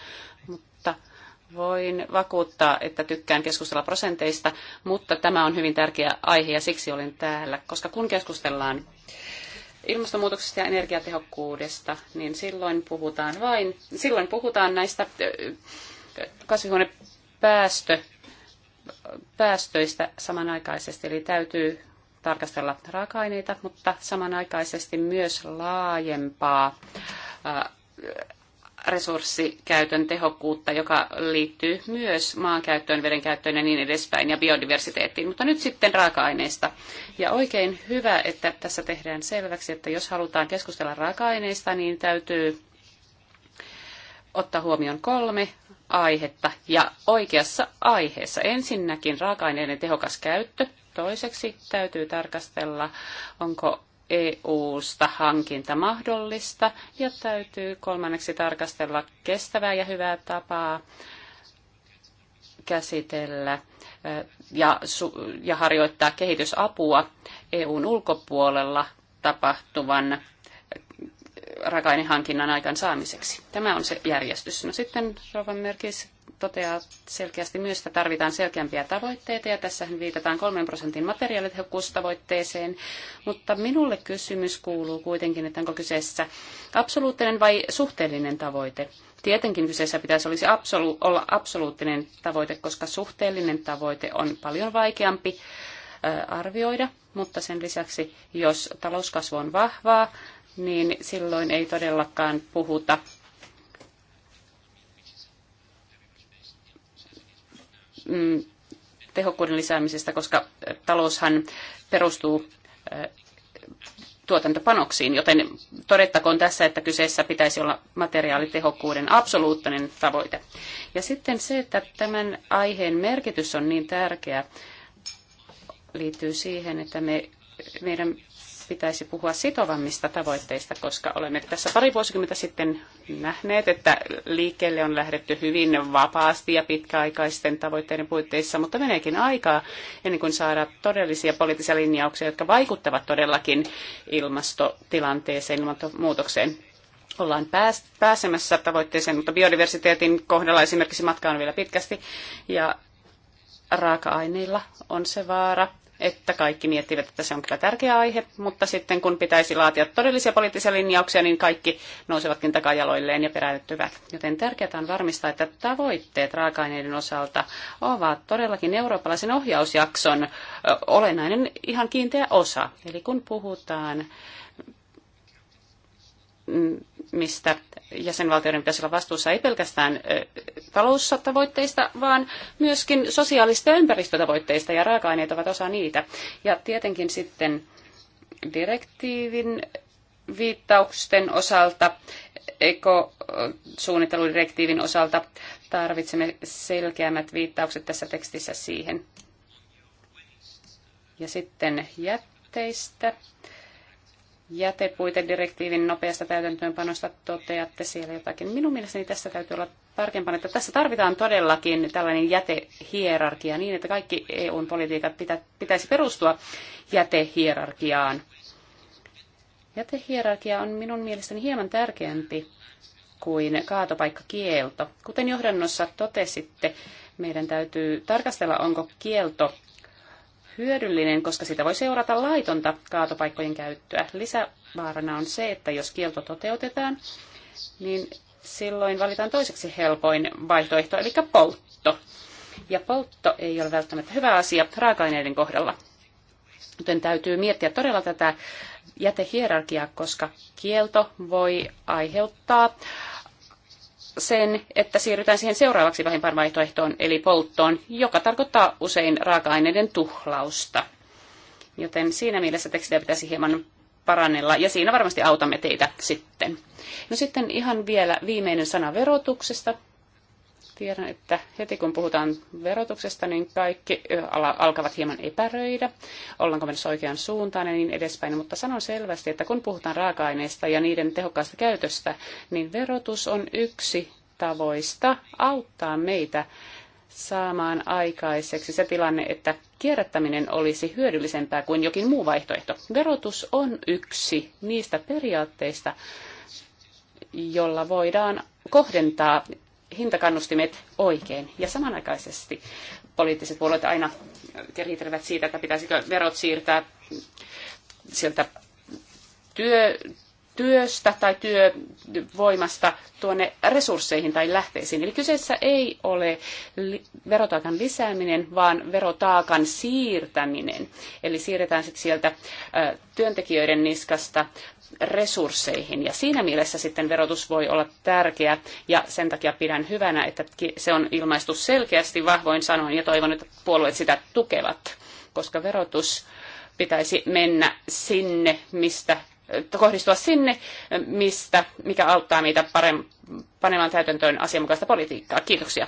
voin vakuuttaa, että tykkään keskustella prosenteista, mutta tämä on hyvin tärkeä aihe ja siksi olen täällä, koska kun keskustellaan ilmastonmuutoksesta ja energiatehokkuudesta, niin silloin puhutaan vain, silloin puhutaan näistä kasvihuonepäästö, päästöistä samanaikaisesti, eli täytyy tarkastella raaka-aineita, mutta samanaikaisesti myös laajempaa resurssikäytön tehokkuutta, joka liittyy myös maankäyttöön, vedenkäyttöön ja niin edespäin ja biodiversiteettiin. Mutta nyt sitten raaka-aineista. Ja oikein hyvä, että tässä tehdään selväksi, että jos halutaan keskustella raaka-aineista, niin täytyy ottaa huomioon kolme aihetta ja oikeassa aiheessa. Ensinnäkin raaka-aineiden tehokas käyttö. Toiseksi täytyy tarkastella, onko EU-sta hankinta mahdollista ja täytyy kolmanneksi tarkastella kestävää ja hyvää tapaa käsitellä ja, ja harjoittaa kehitysapua EUn ulkopuolella tapahtuvan rakainen hankinnan aikaan saamiseksi. Tämä on se järjestys. No sitten Rovan merkis toteaa selkeästi myös, että tarvitaan selkeämpiä tavoitteita, ja tässä viitataan 3 prosentin materiaalitehokkuustavoitteeseen, mutta minulle kysymys kuuluu kuitenkin, että onko kyseessä absoluuttinen vai suhteellinen tavoite. Tietenkin kyseessä pitäisi olisi absolu- olla absoluuttinen tavoite, koska suhteellinen tavoite on paljon vaikeampi arvioida, mutta sen lisäksi, jos talouskasvu on vahvaa, niin silloin ei todellakaan puhuta mm, tehokkuuden lisäämisestä, koska äh, taloushan perustuu äh, tuotantopanoksiin, joten todettakoon tässä, että kyseessä pitäisi olla materiaalitehokkuuden absoluuttinen tavoite. Ja sitten se, että tämän aiheen merkitys on niin tärkeä, liittyy siihen, että me, meidän pitäisi puhua sitovammista tavoitteista, koska olemme tässä pari vuosikymmentä sitten nähneet, että liikkeelle on lähdetty hyvin vapaasti ja pitkäaikaisten tavoitteiden puitteissa, mutta meneekin aikaa ennen kuin saadaan todellisia poliittisia linjauksia, jotka vaikuttavat todellakin ilmastotilanteeseen, ilmastonmuutokseen ollaan pääs, pääsemässä tavoitteeseen, mutta biodiversiteetin kohdalla esimerkiksi matka on vielä pitkästi ja raaka-aineilla on se vaara, että kaikki miettivät, että se on kyllä tärkeä aihe, mutta sitten kun pitäisi laatia todellisia poliittisia linjauksia, niin kaikki nousevatkin takajaloilleen ja peräyttyvät. Joten tärkeää on varmistaa, että tavoitteet raaka-aineiden osalta ovat todellakin eurooppalaisen ohjausjakson olennainen ihan kiinteä osa. Eli kun puhutaan mistä jäsenvaltioiden pitäisi olla vastuussa ei pelkästään taloustavoitteista, vaan myöskin sosiaalista ja ympäristötavoitteista, ja raaka-aineet ovat osa niitä. Ja tietenkin sitten direktiivin viittausten osalta, ekosuunnitteludirektiivin osalta tarvitsemme selkeämmät viittaukset tässä tekstissä siihen. Ja sitten jätteistä jätepuitedirektiivin nopeasta täytäntöönpanosta toteatte siellä jotakin. Minun mielestäni tässä täytyy olla tarkempana, että tässä tarvitaan todellakin tällainen jätehierarkia niin, että kaikki EUn politiikat pitä, pitäisi perustua jätehierarkiaan. Jätehierarkia on minun mielestäni hieman tärkeämpi kuin kaatopaikkakielto. Kuten johdannossa totesitte, meidän täytyy tarkastella, onko kielto hyödyllinen, koska sitä voi seurata laitonta kaatopaikkojen käyttöä. Lisävaarana on se, että jos kielto toteutetaan, niin silloin valitaan toiseksi helpoin vaihtoehto, eli poltto. Ja poltto ei ole välttämättä hyvä asia raaka-aineiden kohdalla. Joten täytyy miettiä todella tätä jätehierarkiaa, koska kielto voi aiheuttaa sen, että siirrytään siihen seuraavaksi vähimpään vaihtoehtoon, eli polttoon, joka tarkoittaa usein raaka-aineiden tuhlausta. Joten siinä mielessä tekstiä pitäisi hieman parannella, ja siinä varmasti autamme teitä sitten. No sitten ihan vielä viimeinen sana verotuksesta tiedän, että heti kun puhutaan verotuksesta, niin kaikki alkavat hieman epäröidä, ollaanko menossa oikeaan suuntaan ja niin edespäin. Mutta sanon selvästi, että kun puhutaan raaka-aineista ja niiden tehokkaasta käytöstä, niin verotus on yksi tavoista auttaa meitä saamaan aikaiseksi se tilanne, että kierrättäminen olisi hyödyllisempää kuin jokin muu vaihtoehto. Verotus on yksi niistä periaatteista, jolla voidaan kohdentaa hintakannustimet oikein. Ja samanaikaisesti poliittiset puolueet aina riitelevät siitä, että pitäisikö verot siirtää sieltä työ, työstä tai työvoimasta tuonne resursseihin tai lähteisiin. Eli kyseessä ei ole verotaakan lisääminen, vaan verotaakan siirtäminen. Eli siirretään se sieltä työntekijöiden niskasta resursseihin. Ja siinä mielessä sitten verotus voi olla tärkeä ja sen takia pidän hyvänä, että se on ilmaistu selkeästi vahvoin sanoin ja toivon, että puolueet sitä tukevat, koska verotus pitäisi mennä sinne, mistä kohdistua sinne, mistä, mikä auttaa meitä parem- panemaan täytäntöön asianmukaista politiikkaa. Kiitoksia.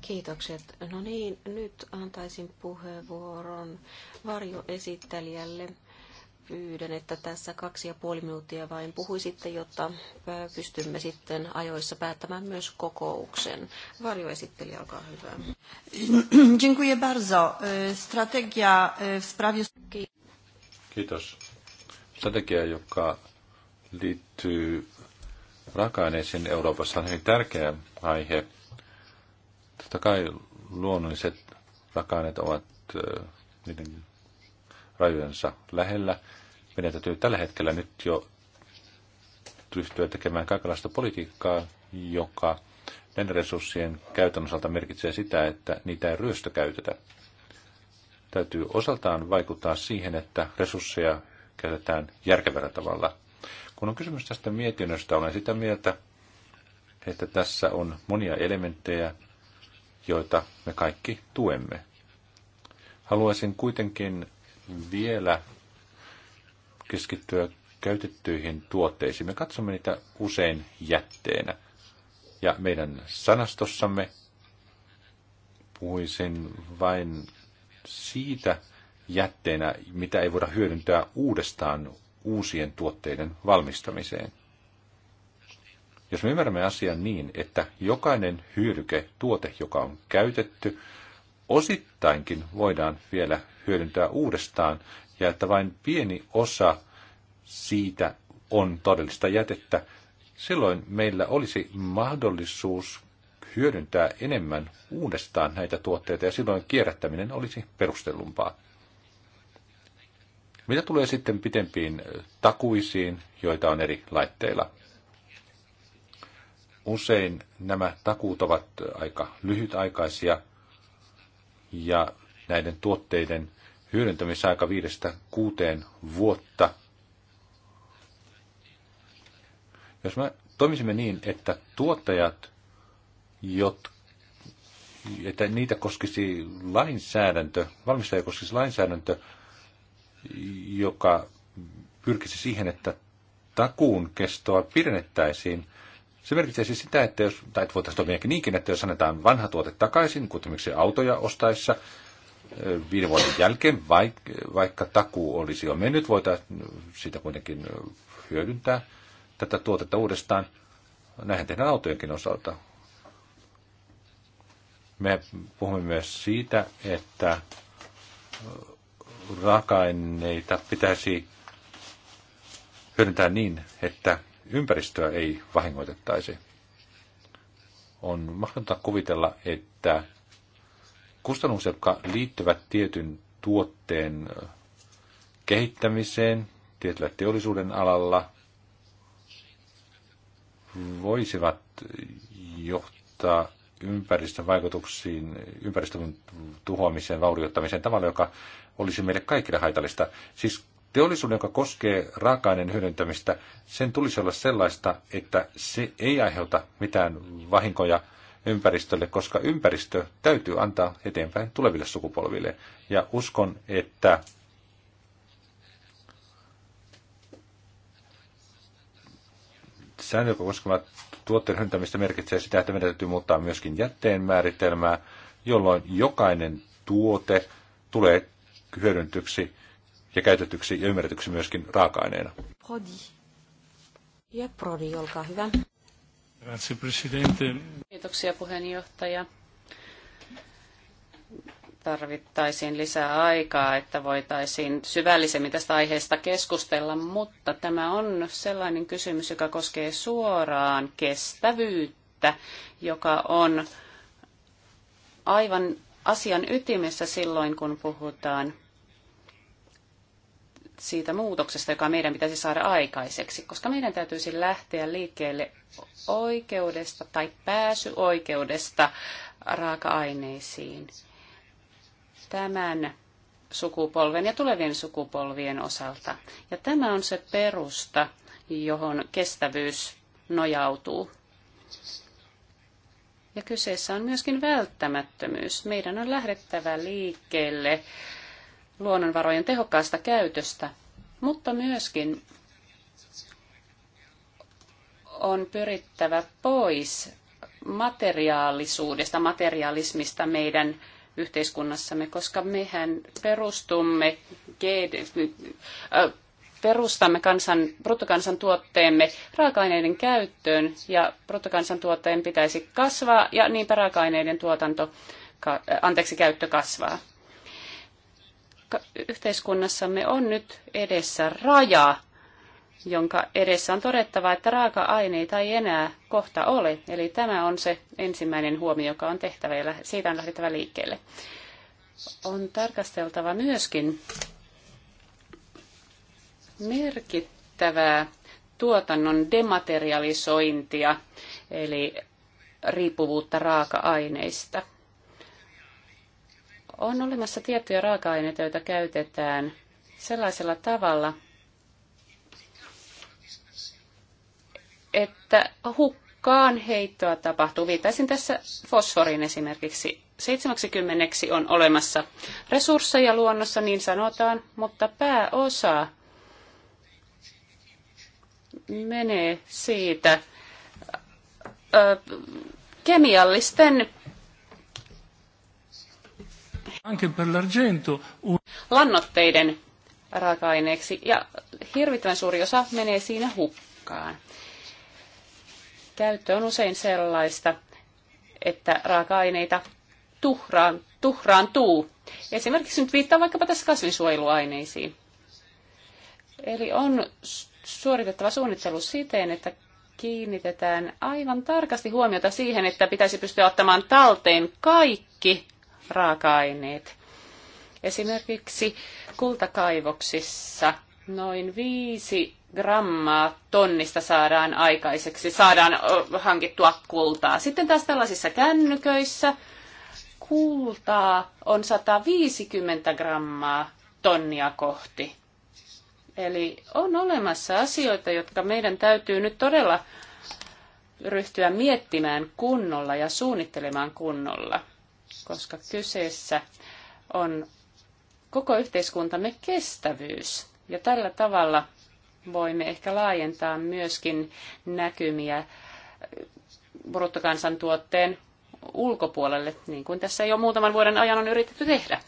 Kiitokset. No niin, nyt antaisin puheenvuoron varjoesittelijälle pyydän, että tässä kaksi ja puoli minuuttia vain puhuisitte, jotta pystymme sitten ajoissa päättämään myös kokouksen. Varjoesittelijä, olkaa hyvä. Dziękuję bardzo. E, strategia e, w sprawie... Kiitos. Strategia, joka liittyy raaka-aineisiin Euroopassa, on hyvin tärkeä aihe. Totta kai luonnolliset raaka-aineet ovat niiden rajojensa lähellä. Meidän täytyy tällä hetkellä nyt jo ryhtyä tekemään kaikenlaista politiikkaa, joka näiden resurssien käytön osalta merkitsee sitä, että niitä ei ryöstökäytetä. Täytyy osaltaan vaikuttaa siihen, että resursseja käytetään järkevällä tavalla. Kun on kysymys tästä mietinnöstä, olen sitä mieltä, että tässä on monia elementtejä, joita me kaikki tuemme. Haluaisin kuitenkin vielä keskittyä käytettyihin tuotteisiin. Me katsomme niitä usein jätteenä. Ja meidän sanastossamme puhuisin vain siitä jätteenä, mitä ei voida hyödyntää uudestaan uusien tuotteiden valmistamiseen. Jos me ymmärrämme asian niin, että jokainen hyödyke, tuote, joka on käytetty, osittainkin voidaan vielä hyödyntää uudestaan ja että vain pieni osa siitä on todellista jätettä, silloin meillä olisi mahdollisuus hyödyntää enemmän uudestaan näitä tuotteita ja silloin kierrättäminen olisi perustellumpaa. Mitä tulee sitten pitempiin takuisiin, joita on eri laitteilla? Usein nämä takuut ovat aika lyhytaikaisia ja näiden tuotteiden hyödyntämisaika viidestä kuuteen vuotta. Jos me toimisimme niin, että tuottajat, jotka että niitä koskisi lainsäädäntö, valmistaja koskisi lainsäädäntö, joka pyrkisi siihen, että takuun kestoa pidennettäisiin. Se merkitsee sitä, että jos, tai voitaisiin toimia niinkin, että jos annetaan vanha tuote takaisin, kuten esimerkiksi autoja ostaessa, viiden vuoden jälkeen, vaikka takuu olisi jo mennyt, voitaisiin sitä kuitenkin hyödyntää tätä tuotetta uudestaan. Näinhän tehdään autojenkin osalta. Me puhumme myös siitä, että raaka-aineita pitäisi hyödyntää niin, että ympäristöä ei vahingoitettaisi. On mahdotonta kuvitella, että kustannukset, jotka liittyvät tietyn tuotteen kehittämiseen tietyllä teollisuuden alalla, voisivat johtaa ympäristövaikutuksiin, ympäristön tuhoamiseen, vaurioittamiseen tavalla, joka olisi meille kaikille haitallista. Siis teollisuuden, joka koskee raaka-aineen hyödyntämistä, sen tulisi olla sellaista, että se ei aiheuta mitään vahinkoja – ympäristölle, koska ympäristö täytyy antaa eteenpäin tuleville sukupolville. Ja uskon, että säännöt, jotka koskevat tuotteen hyödyntämistä, merkitsee sitä, että meidän täytyy muuttaa myöskin jätteen määritelmää, jolloin jokainen tuote tulee hyödyntyksi ja käytetyksi ja ymmärretyksi myöskin raaka-aineena. Prodi. Ja Prodi, olkaa hyvä. Grazie, presidente. Kiitoksia puheenjohtaja. Tarvittaisiin lisää aikaa, että voitaisiin syvällisemmin tästä aiheesta keskustella, mutta tämä on sellainen kysymys, joka koskee suoraan kestävyyttä, joka on aivan asian ytimessä silloin, kun puhutaan siitä muutoksesta, joka meidän pitäisi saada aikaiseksi, koska meidän täytyisi lähteä liikkeelle oikeudesta tai pääsyoikeudesta raaka-aineisiin tämän sukupolven ja tulevien sukupolvien osalta. Ja tämä on se perusta, johon kestävyys nojautuu. Ja kyseessä on myöskin välttämättömyys. Meidän on lähdettävä liikkeelle luonnonvarojen tehokkaasta käytöstä, mutta myöskin on pyrittävä pois materiaalisuudesta, materialismista meidän yhteiskunnassamme, koska mehän perustumme, äh, perustamme kansan, bruttokansantuotteemme raaka-aineiden käyttöön ja bruttokansantuotteen pitäisi kasvaa ja niinpä raaka-aineiden tuotanto, äh, anteeksi, käyttö kasvaa yhteiskunnassamme on nyt edessä raja, jonka edessä on todettava, että raaka-aineita ei enää kohta ole. Eli tämä on se ensimmäinen huomio, joka on tehtävä ja siitä on lähdettävä liikkeelle. On tarkasteltava myöskin merkittävää tuotannon dematerialisointia, eli riippuvuutta raaka-aineista. On olemassa tiettyjä raaka-aineita, joita käytetään sellaisella tavalla, että hukkaan heittoa tapahtuu. Viitaisin tässä fosforiin esimerkiksi. 70 on olemassa resursseja luonnossa, niin sanotaan, mutta pääosa menee siitä ö, kemiallisten Lannotteiden raaka-aineeksi ja hirvittävän suuri osa menee siinä hukkaan. Käyttö on usein sellaista, että raaka-aineita tuhraan, tuhraantuu. Esimerkiksi nyt viittaa vaikkapa tässä kasvinsuojeluaineisiin. Eli on suoritettava suunnittelu siten, että kiinnitetään aivan tarkasti huomiota siihen, että pitäisi pystyä ottamaan talteen kaikki raaka-aineet. Esimerkiksi kultakaivoksissa noin viisi grammaa tonnista saadaan aikaiseksi, saadaan hankittua kultaa. Sitten taas tällaisissa kännyköissä kultaa on 150 grammaa tonnia kohti. Eli on olemassa asioita, jotka meidän täytyy nyt todella ryhtyä miettimään kunnolla ja suunnittelemaan kunnolla koska kyseessä on koko yhteiskuntamme kestävyys. Ja tällä tavalla voimme ehkä laajentaa myöskin näkymiä bruttokansantuotteen ulkopuolelle, niin kuin tässä jo muutaman vuoden ajan on yritetty tehdä.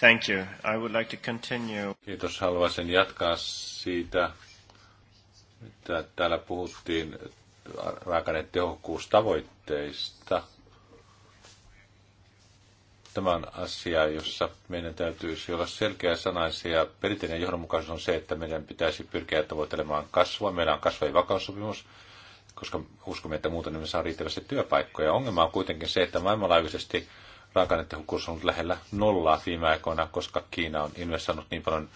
Thank you. I would like to continue. Kiitos. Haluaisin jatkaa siitä, mitä täällä puhuttiin raaka tehokkuustavoitteista. Tämä on asia, jossa meidän täytyisi olla selkeä sanaisia. Perinteinen johdonmukaisuus on se, että meidän pitäisi pyrkiä tavoittelemaan kasvua. Meillä on kasva- ja vakaussopimus, koska uskomme, että muuten me saa riittävästi työpaikkoja. Ongelma on kuitenkin se, että maailmanlaajuisesti raaka-ainetehokkuus on ollut lähellä nollaa viime aikoina, koska Kiina on investoinut niin paljon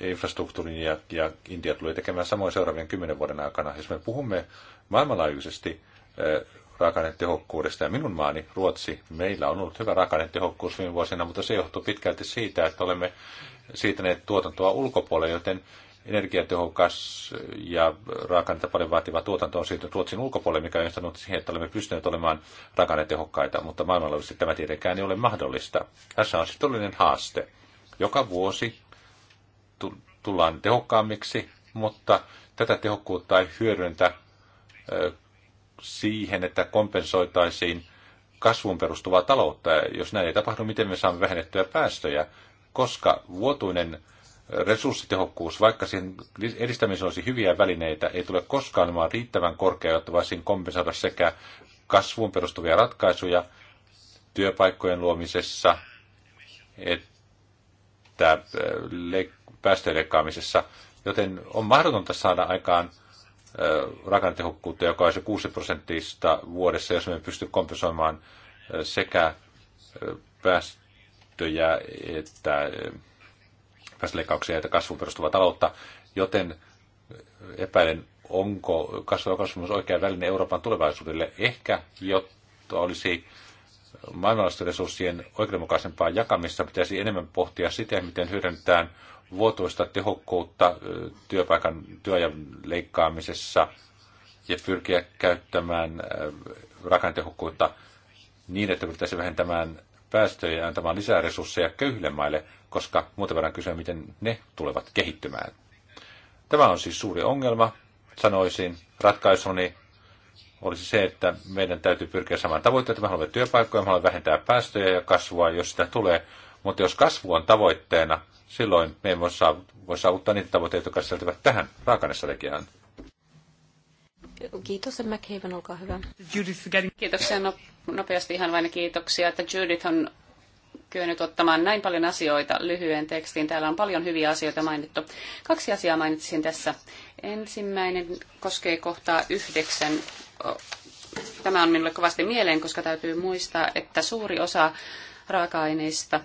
infrastruktuurin ja, ja Intia tulee tekemään samoin seuraavien kymmenen vuoden aikana. Jos me puhumme maailmanlaajuisesti eh, raaka-ainetehokkuudesta. Ja minun maani, Ruotsi, meillä on ollut hyvä raaka-ainetehokkuus viime vuosina, mutta se johtuu pitkälti siitä, että olemme siirtäneet tuotantoa ulkopuolelle, joten energiatehokas ja raaka paljon vaativa tuotanto on siirtynyt Ruotsin ulkopuolelle, mikä on johtanut siihen, että olemme pystyneet olemaan raaka-ainetehokkaita, mutta maailmanlaajuisesti tämä tietenkään ei ole mahdollista. Tässä on sitten todellinen haaste. Joka vuosi tullaan tehokkaammiksi, mutta tätä tehokkuutta ei hyödyntä siihen, että kompensoitaisiin kasvun perustuvaa taloutta. Jos näin ei tapahdu, miten me saamme vähennettyä päästöjä? Koska vuotuinen resurssitehokkuus, vaikka siihen edistämiseen olisi hyviä välineitä, ei tule koskaan olemaan riittävän korkea, jotta voisin kompensoida sekä kasvuun perustuvia ratkaisuja työpaikkojen luomisessa että päästöjen leikkaamisessa. Joten on mahdotonta saada aikaan rakennetehokkuutta, joka olisi 6 prosenttista vuodessa, jos me pysty kompensoimaan sekä päästöjä että päästöleikkauksia että kasvun perustuvaa taloutta, joten epäilen, onko kasvava kasvamus oikea väline Euroopan tulevaisuudelle. Ehkä, jotta olisi maailmanlaisten resurssien oikeudenmukaisempaa jakamista pitäisi enemmän pohtia sitä, miten hyödynnetään vuotuista tehokkuutta työpaikan työajan leikkaamisessa ja pyrkiä käyttämään rakentehokkuutta niin, että pitäisi vähentämään päästöjä ja antamaan lisää resursseja köyhille maille, koska muuten voidaan kysyä, miten ne tulevat kehittymään. Tämä on siis suuri ongelma, sanoisin. Ratkaisuni olisi se, että meidän täytyy pyrkiä samaan että Me haluamme työpaikkoja, me haluamme vähentää päästöjä ja kasvua, jos sitä tulee. Mutta jos kasvu on tavoitteena, silloin me ei voi saavuttaa niitä tavoitteita, jotka sisältyvät tähän raakanestrategiaan. Kiitos, McHaven, olkaa hyvä. Judith, Kiitoksia no, nopeasti ihan vain kiitoksia, että Judith on kyennyt ottamaan näin paljon asioita lyhyen tekstiin. Täällä on paljon hyviä asioita mainittu. Kaksi asiaa mainitsin tässä. Ensimmäinen koskee kohtaa yhdeksän tämä on minulle kovasti mieleen, koska täytyy muistaa, että suuri osa raaka-aineista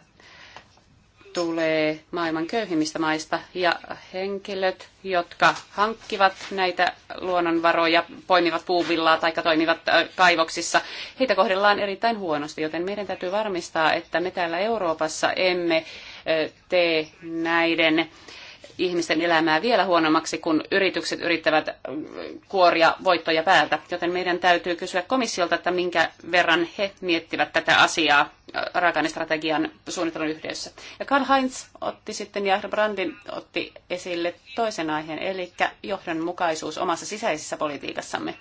tulee maailman köyhimmistä maista ja henkilöt, jotka hankkivat näitä luonnonvaroja, poimivat puuvillaa tai toimivat kaivoksissa, heitä kohdellaan erittäin huonosti, joten meidän täytyy varmistaa, että me täällä Euroopassa emme tee näiden ihmisten elämää vielä huonommaksi, kun yritykset yrittävät mm, kuoria voittoja päältä. Joten meidän täytyy kysyä komissiolta, että minkä verran he miettivät tätä asiaa raaka-ainestrategian suunnittelun yhdessä. Ja Karl Heinz otti sitten ja Brandin otti esille toisen aiheen, eli johdonmukaisuus omassa sisäisessä politiikassamme.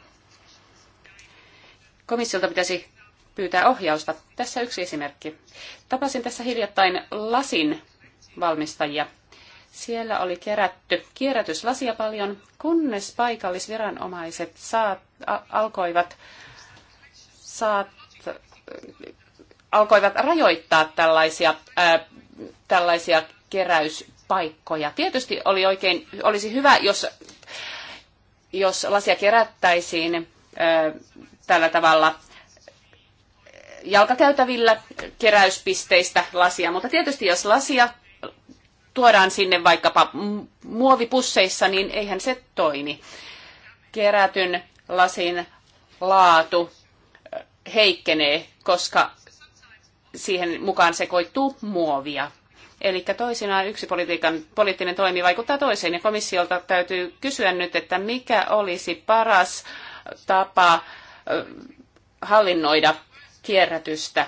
Komissiolta pitäisi pyytää ohjausta. Tässä yksi esimerkki. Tapasin tässä hiljattain lasin valmistajia siellä oli kerätty kierrätyslasia paljon, kunnes paikallisviranomaiset saat, a, alkoivat, saat, alkoivat rajoittaa tällaisia, ää, tällaisia keräyspaikkoja. Tietysti oli oikein, olisi hyvä, jos, jos lasia kerättäisiin ää, tällä tavalla jalkakäytävillä keräyspisteistä lasia, mutta tietysti jos lasia tuodaan sinne vaikkapa muovipusseissa, niin eihän se toimi. Kerätyn lasin laatu heikkenee, koska siihen mukaan sekoittuu muovia. Eli toisinaan yksi politiikan, poliittinen toimi vaikuttaa toiseen, ja komissiolta täytyy kysyä nyt, että mikä olisi paras tapa hallinnoida kierrätystä.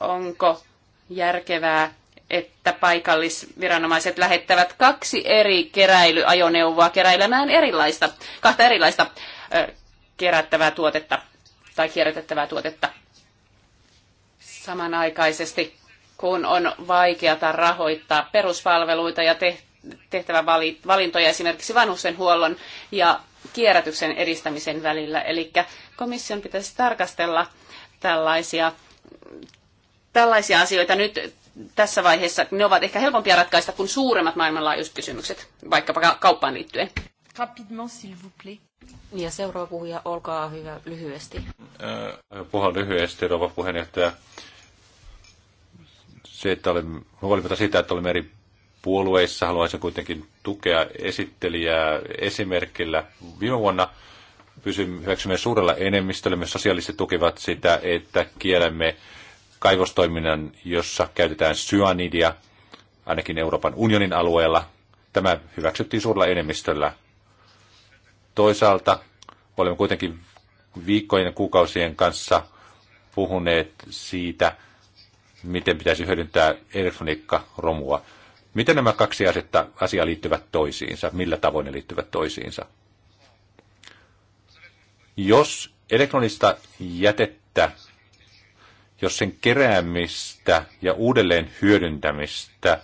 Onko järkevää että paikallisviranomaiset lähettävät kaksi eri keräilyajoneuvoa keräilemään erilaista, kahta erilaista ö, kerättävää tuotetta tai kierrätettävää tuotetta samanaikaisesti, kun on vaikeata rahoittaa peruspalveluita ja tehtävä valintoja esimerkiksi vanhustenhuollon ja kierrätyksen edistämisen välillä. Eli komission pitäisi tarkastella tällaisia, tällaisia asioita nyt tässä vaiheessa ne ovat ehkä helpompia ratkaista kuin suuremmat maailmanlaajuiset kysymykset, vaikkapa kauppaan liittyen. Rapidement, s'il vous plaît. Ja seuraava puhuja, olkaa hyvä lyhyesti. Äh, puhun lyhyesti, rouva puheenjohtaja. Se, että olen, huolimatta siitä, että olemme eri puolueissa, haluaisin kuitenkin tukea esittelijää esimerkillä. Viime vuonna pysymme, hyväksymme suurella enemmistöllä, myös sosiaaliset tukivat sitä, että kielemme kaivostoiminnan, jossa käytetään syanidia, ainakin Euroopan unionin alueella. Tämä hyväksyttiin suurella enemmistöllä. Toisaalta olemme kuitenkin viikkojen ja kuukausien kanssa puhuneet siitä, miten pitäisi hyödyntää elektroniikkaromua. Miten nämä kaksi asetta, asiaa liittyvät toisiinsa? Millä tavoin ne liittyvät toisiinsa? Jos elektronista jätettä jos sen keräämistä ja uudelleen hyödyntämistä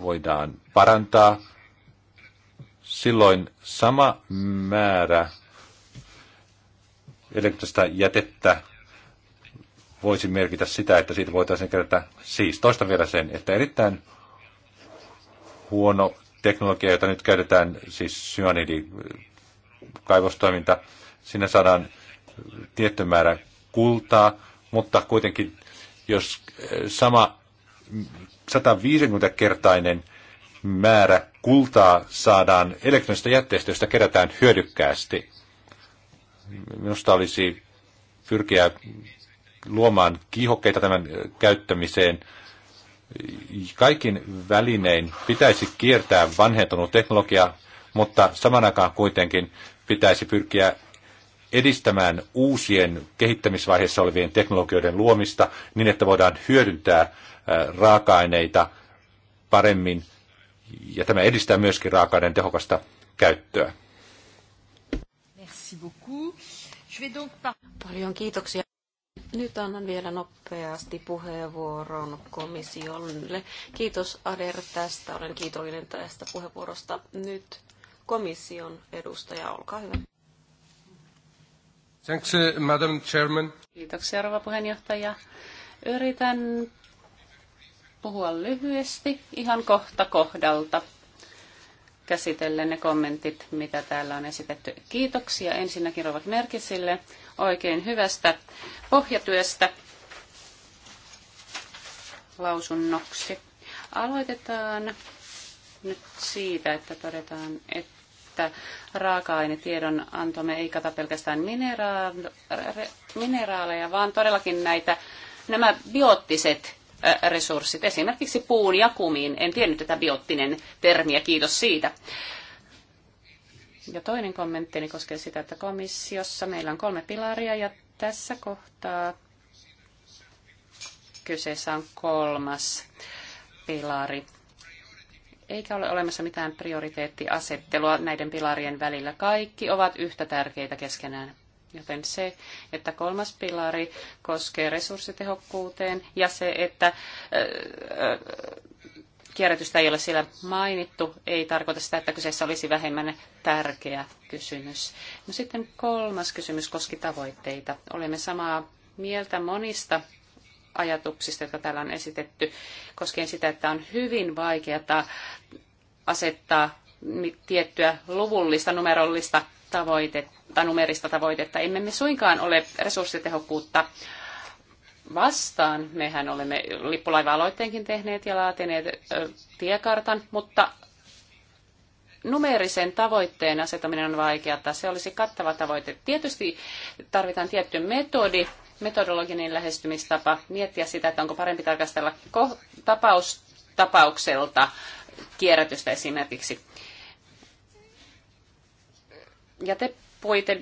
voidaan parantaa, silloin sama määrä elektrista jätettä voisi merkitä sitä, että siitä voitaisiin kerätä, siis toista vielä sen, että erittäin huono teknologia, jota nyt käytetään, siis syanidi, kaivostoiminta, siinä saadaan tietty määrä kultaa, mutta kuitenkin jos eh, sama 150-kertainen määrä kultaa saadaan elektronista jätteestä, josta kerätään hyödykkäästi. Minusta olisi pyrkiä luomaan kiihokkeita tämän eh, käyttämiseen. Kaikin välinein pitäisi kiertää vanhentunut teknologia, mutta saman aikaan kuitenkin pitäisi pyrkiä edistämään uusien kehittämisvaiheessa olevien teknologioiden luomista niin, että voidaan hyödyntää raaka-aineita paremmin ja tämä edistää myöskin raaka-aineen tehokasta käyttöä. Merci beaucoup. Paljon kiitoksia. Nyt annan vielä nopeasti puheenvuoron komissiolle. Kiitos Ader tästä. Olen kiitollinen tästä puheenvuorosta. Nyt komission edustaja, olkaa hyvä. Thanks, uh, Madam Chairman. Kiitoksia, rouva puheenjohtaja. Yritän puhua lyhyesti ihan kohta kohdalta käsitellen ne kommentit, mitä täällä on esitetty. Kiitoksia ensinnäkin Rovat Merkisille oikein hyvästä pohjatyöstä lausunnoksi. Aloitetaan nyt siitä, että todetaan, että että raaka-ainetiedon antomme ei kata pelkästään mineraaleja, vaan todellakin näitä, nämä biottiset resurssit, esimerkiksi puun jakumiin. En tiennyt tätä biottinen termiä, kiitos siitä. Ja toinen kommenttini koskee sitä, että komissiossa meillä on kolme pilaria ja tässä kohtaa kyseessä on kolmas pilari eikä ole olemassa mitään prioriteettiasettelua näiden pilarien välillä. Kaikki ovat yhtä tärkeitä keskenään. Joten se, että kolmas pilari koskee resurssitehokkuuteen ja se, että kierrätystä ei ole siellä mainittu, ei tarkoita sitä, että kyseessä olisi vähemmän tärkeä kysymys. No sitten kolmas kysymys koski tavoitteita. Olemme samaa mieltä monista ajatuksista, jotka täällä on esitetty, koskien sitä, että on hyvin vaikeata asettaa tiettyä luvullista, numerollista tavoitetta, numerista tavoitetta. Emme me suinkaan ole resurssitehokkuutta vastaan. Mehän olemme lippulaiva-aloitteenkin tehneet ja laatineet tiekartan, mutta numeerisen tavoitteen asettaminen on vaikeaa. Se olisi kattava tavoite. Tietysti tarvitaan tietty metodi metodologinen lähestymistapa, miettiä sitä, että onko parempi tarkastella tapaus tapaukselta kierrätystä esimerkiksi. ja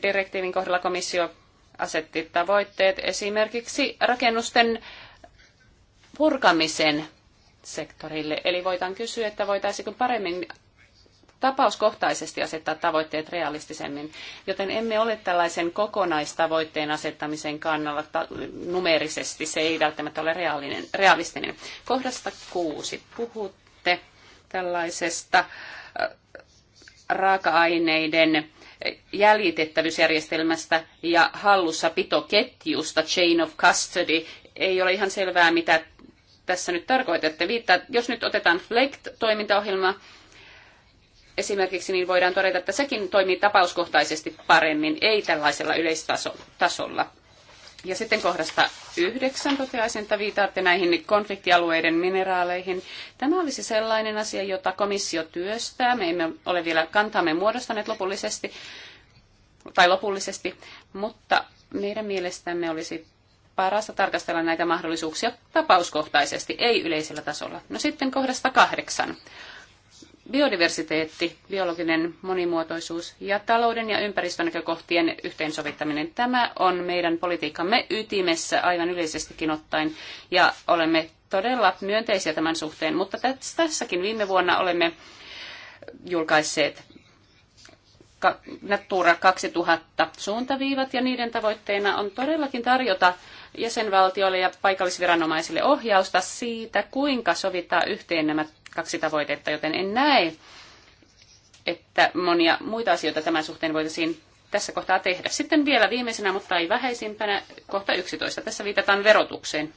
direktiivin kohdalla komissio asetti tavoitteet esimerkiksi rakennusten purkamisen sektorille. Eli voidaan kysyä, että voitaisiinko paremmin tapauskohtaisesti asettaa tavoitteet realistisemmin, joten emme ole tällaisen kokonaistavoitteen asettamisen kannalla ta- numerisesti. Se ei välttämättä ole reaalinen, realistinen. Kohdasta kuusi. Puhutte tällaisesta äh, raaka-aineiden jäljitettävyysjärjestelmästä ja hallussa pitoketjusta, chain of custody. Ei ole ihan selvää, mitä tässä nyt tarkoitatte. Viittaa, jos nyt otetaan FLECT-toimintaohjelma, esimerkiksi, niin voidaan todeta, että sekin toimii tapauskohtaisesti paremmin, ei tällaisella yleistasolla. Ja sitten kohdasta yhdeksän toteaisin, että viitaatte näihin konfliktialueiden mineraaleihin. Tämä olisi sellainen asia, jota komissio työstää. Me emme ole vielä kantaamme muodostaneet lopullisesti, tai lopullisesti, mutta meidän mielestämme olisi parasta tarkastella näitä mahdollisuuksia tapauskohtaisesti, ei yleisellä tasolla. No sitten kohdasta kahdeksan biodiversiteetti, biologinen monimuotoisuus ja talouden ja ympäristönäkökohtien yhteensovittaminen. Tämä on meidän politiikkamme ytimessä aivan yleisestikin ottaen ja olemme todella myönteisiä tämän suhteen, mutta tässäkin viime vuonna olemme julkaisseet Natura 2000 suuntaviivat ja niiden tavoitteena on todellakin tarjota jäsenvaltioille ja paikallisviranomaisille ohjausta siitä, kuinka sovittaa yhteen nämä kaksi tavoitetta, joten en näe, että monia muita asioita tämän suhteen voitaisiin tässä kohtaa tehdä. Sitten vielä viimeisenä, mutta ei vähäisimpänä, kohta 11. Tässä viitataan verotukseen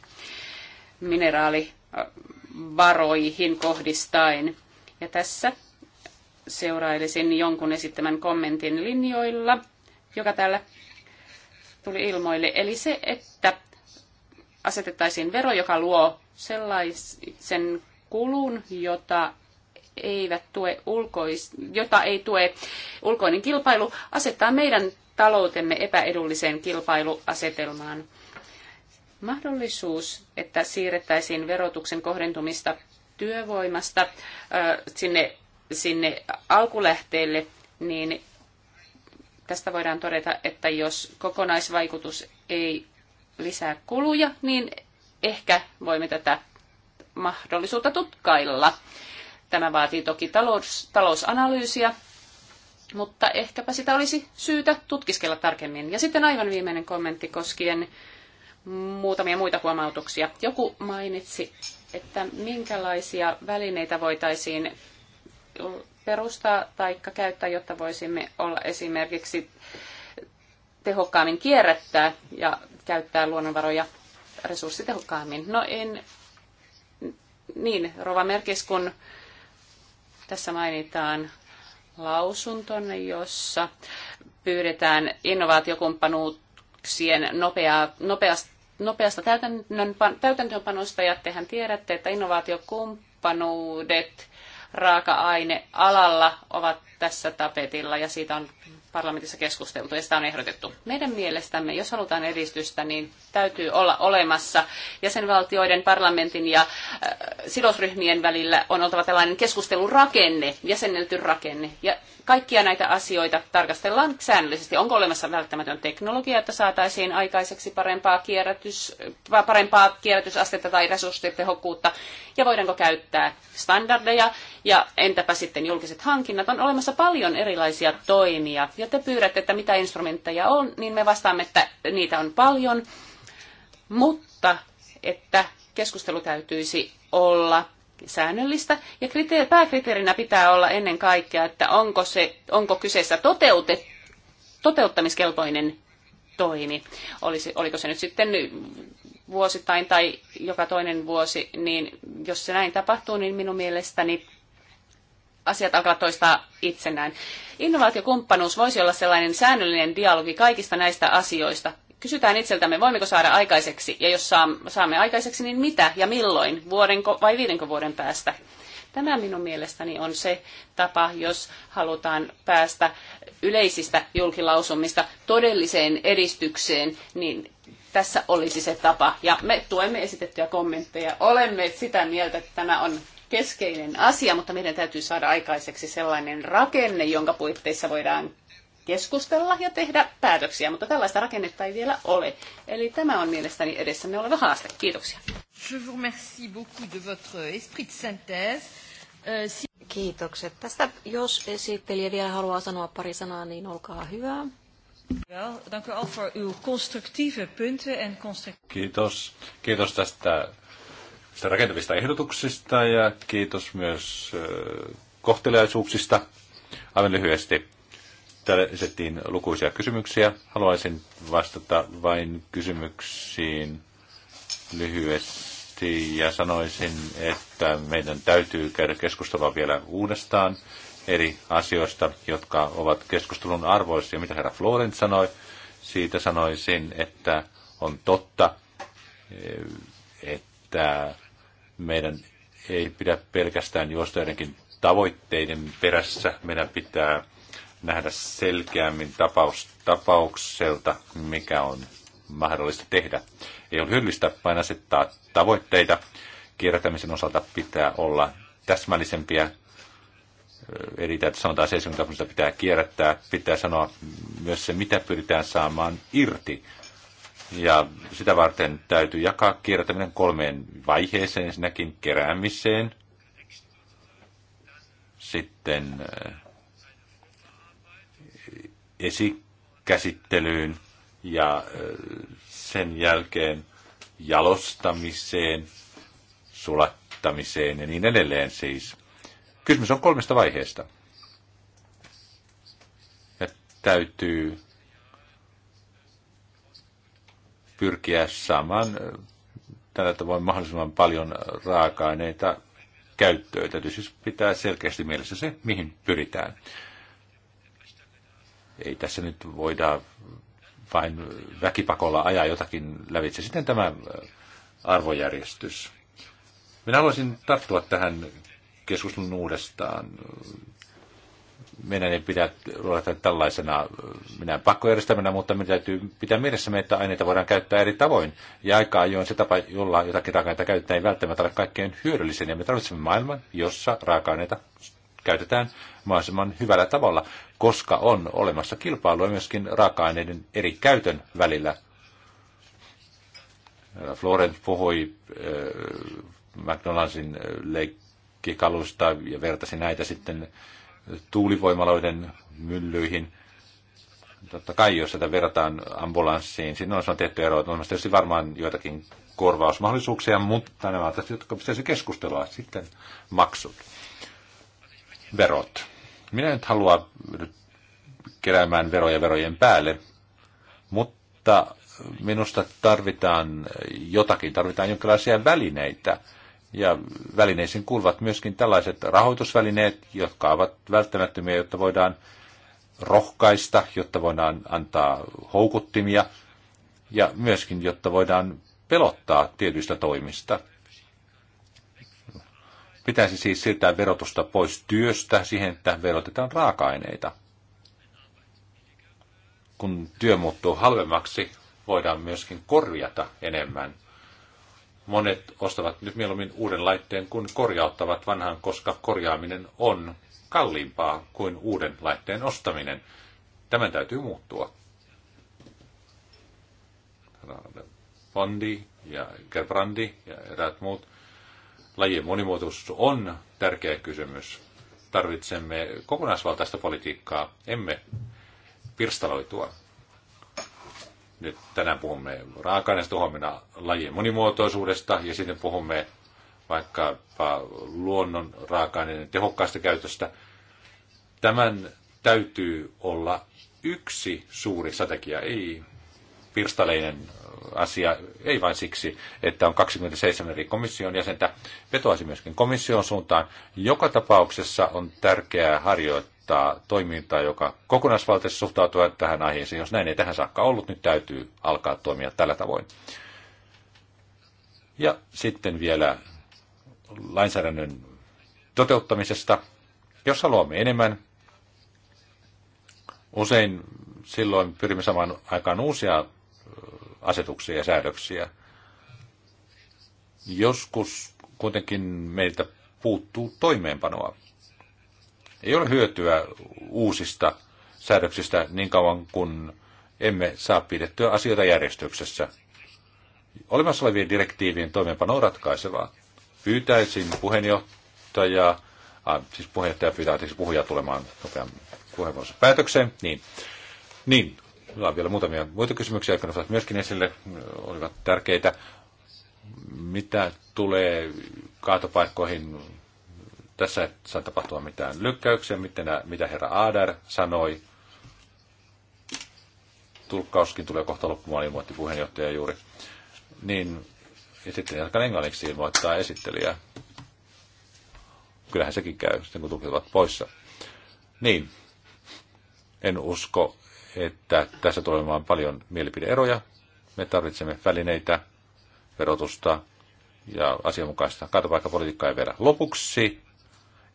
mineraalivaroihin kohdistaen. Ja tässä seurailisin jonkun esittämän kommentin linjoilla, joka täällä tuli ilmoille. Eli se, että asetettaisiin vero, joka luo sellaisen kulun, jota eivät tue ulkois, jota ei tue ulkoinen kilpailu, asettaa meidän taloutemme epäedulliseen kilpailuasetelmaan. Mahdollisuus, että siirrettäisiin verotuksen kohdentumista työvoimasta sinne, sinne alkulähteelle, niin tästä voidaan todeta, että jos kokonaisvaikutus ei lisää kuluja, niin ehkä voimme tätä mahdollisuutta tutkailla. Tämä vaatii toki talous, talousanalyysiä, mutta ehkäpä sitä olisi syytä tutkiskella tarkemmin. Ja sitten aivan viimeinen kommentti koskien muutamia muita huomautuksia. Joku mainitsi, että minkälaisia välineitä voitaisiin perustaa tai käyttää, jotta voisimme olla esimerkiksi tehokkaammin kierrättää ja käyttää luonnonvaroja resurssitehokkaammin. No en, niin, Rova Merkis, kun tässä mainitaan lausunton, jossa pyydetään innovaatiokumppanuuksien nopeaa, nopeasta, nopeasta täytäntöönpanosta, ja tehän tiedätte, että innovaatiokumppanuudet raaka-ainealalla ovat tässä tapetilla, ja siitä on parlamentissa keskusteltu ja sitä on ehdotettu. Meidän mielestämme, jos halutaan edistystä, niin täytyy olla olemassa jäsenvaltioiden, parlamentin ja äh, sidosryhmien välillä on oltava tällainen keskustelurakenne, jäsennelty rakenne. Ja kaikkia näitä asioita tarkastellaan säännöllisesti. Onko olemassa välttämätön teknologia, että saataisiin aikaiseksi parempaa, kierrätys, äh, parempaa kierrätysastetta tai resurssitehokkuutta, ja voidaanko käyttää standardeja, ja entäpä sitten julkiset hankinnat. On olemassa paljon erilaisia toimia, ja te pyydätte, että mitä instrumentteja on, niin me vastaamme, että niitä on paljon, mutta että keskustelu täytyisi olla säännöllistä. Ja kriteer, pääkriteerinä pitää olla ennen kaikkea, että onko, se, onko kyseessä toteute- toteuttamiskelpoinen toimi. Olisi, oliko se nyt sitten vuosittain tai joka toinen vuosi, niin jos se näin tapahtuu, niin minun mielestäni asiat alkavat toistaa itsenään. Innovaatiokumppanuus voisi olla sellainen säännöllinen dialogi kaikista näistä asioista. Kysytään itseltämme, voimmeko saada aikaiseksi, ja jos saamme aikaiseksi, niin mitä ja milloin, vuodenko vai viidenko vuoden päästä. Tämä minun mielestäni on se tapa, jos halutaan päästä yleisistä julkilausumista todelliseen edistykseen, niin tässä olisi se tapa. Ja me tuemme esitettyjä kommentteja. Olemme sitä mieltä, että tämä on keskeinen asia, mutta meidän täytyy saada aikaiseksi sellainen rakenne, jonka puitteissa voidaan keskustella ja tehdä päätöksiä, mutta tällaista rakennetta ei vielä ole. Eli tämä on mielestäni edessämme oleva haaste. Kiitoksia. Euh, Kiitokset tästä. Jos esittelijä vielä haluaa sanoa pari sanaa, niin olkaa hyvä. Kiitos. Kiitos tästä rakentavista ehdotuksista ja kiitos myös kohteliaisuuksista. Aivan lyhyesti. Täällä esitettiin lukuisia kysymyksiä. Haluaisin vastata vain kysymyksiin lyhyesti ja sanoisin, että meidän täytyy käydä keskustelua vielä uudestaan eri asioista, jotka ovat keskustelun arvoisia. Mitä herra Florent sanoi, siitä sanoisin, että on totta, että meidän ei pidä pelkästään juosta joidenkin tavoitteiden perässä. Meidän pitää nähdä selkeämmin tapaus, tapaukselta, mikä on mahdollista tehdä. Ei ole hyllistä vain asettaa tavoitteita. Kierrätämisen osalta pitää olla täsmällisempiä. Eli että sanotaan 70 pitää kierrättää. Pitää sanoa myös se, mitä pyritään saamaan irti ja sitä varten täytyy jakaa kiertäminen kolmeen vaiheeseen, ensinnäkin keräämiseen, sitten äh, esikäsittelyyn ja äh, sen jälkeen jalostamiseen, sulattamiseen ja niin edelleen siis. Kysymys on kolmesta vaiheesta. Ja täytyy pyrkiä saamaan tällä tavoin mahdollisimman paljon raaka-aineita käyttöön. Täytyy siis pitää selkeästi mielessä se, mihin pyritään. Ei tässä nyt voida vain väkipakolla ajaa jotakin lävitse. Sitten tämä arvojärjestys. Minä haluaisin tarttua tähän keskustelun uudestaan meidän ei pidä luoda tällaisena minä pakkojärjestelmänä, mutta meidän täytyy pitää me, että aineita voidaan käyttää eri tavoin. Ja aika ajoin se tapa, jolla jotakin raaka-aineita käytetään, ei välttämättä ole kaikkein hyödyllisin. Ja me tarvitsemme maailman, jossa raaka-aineita käytetään mahdollisimman hyvällä tavalla, koska on olemassa kilpailua myöskin raaka-aineiden eri käytön välillä. Florent puhui äh, McDonaldsin äh, leikkikalusta ja vertasi näitä sitten äh, tuulivoimaloiden myllyihin. Totta kai, jos sitä verrataan ambulanssiin, siinä on tietty ero, että on tietysti varmaan joitakin korvausmahdollisuuksia, mutta nämä ovat jotka pitäisi keskustella. Sitten maksut, verot. Minä en halua keräämään veroja verojen päälle, mutta minusta tarvitaan jotakin, tarvitaan jonkinlaisia välineitä – ja välineisiin kuuluvat myöskin tällaiset rahoitusvälineet, jotka ovat välttämättömiä, jotta voidaan rohkaista, jotta voidaan antaa houkuttimia ja myöskin, jotta voidaan pelottaa tietyistä toimista. Pitäisi siis siirtää verotusta pois työstä siihen, että verotetaan raaka-aineita. Kun työ muuttuu halvemmaksi, voidaan myöskin korjata enemmän – Monet ostavat nyt mieluummin uuden laitteen kuin korjauttavat vanhan, koska korjaaminen on kalliimpaa kuin uuden laitteen ostaminen. Tämän täytyy muuttua. Fondi ja Gerbrandi ja eräät muut. Lajien monimuotoisuus on tärkeä kysymys. Tarvitsemme kokonaisvaltaista politiikkaa, emme pirstaloitua. Nyt tänään puhumme raaka aineista huomenna lajien monimuotoisuudesta ja sitten puhumme vaikka äh, luonnon raaka-aineiden tehokkaasta käytöstä. Tämän täytyy olla yksi suuri strategia, ei pirstaleinen asia, ei vain siksi, että on 27 eri komission jäsentä, vetoaisi myöskin komission suuntaan. Joka tapauksessa on tärkeää harjoittaa aloittaa toimintaa, joka kokonaisvaltaisesti suhtautuu tähän aiheeseen. Jos näin ei tähän saakka ollut, nyt täytyy alkaa toimia tällä tavoin. Ja sitten vielä lainsäädännön toteuttamisesta. Jos haluamme enemmän, usein silloin pyrimme samaan aikaan uusia asetuksia ja säädöksiä. Joskus kuitenkin meiltä puuttuu toimeenpanoa. Ei ole hyötyä uusista säädöksistä niin kauan, kun emme saa pidettyä asioita järjestyksessä. Olemassa olevien direktiivien toimeenpano on ratkaisevaa. Pyytäisin puheenjohtajaa, a, siis puheenjohtaja pyytää siis puhujaa tulemaan nopean puheenvuoronsa päätökseen. Niin. niin, Meillä on vielä muutamia muita kysymyksiä, jotka nousivat myöskin esille, olivat tärkeitä. Mitä tulee kaatopaikkoihin, tässä ei saa tapahtua mitään lykkäyksiä, mitä herra Aadar sanoi. Tulkkauskin tulee kohta loppumaan, ilmoitti puheenjohtaja juuri. Niin sitten jatkan englanniksi ilmoittaa esittelijää. Kyllähän sekin käy, sitten kun tulkit ovat poissa. Niin, en usko, että tässä tulee olemaan paljon mielipideeroja. Me tarvitsemme välineitä, verotusta ja asianmukaista kaatopaikkapolitiikkaa ja vielä lopuksi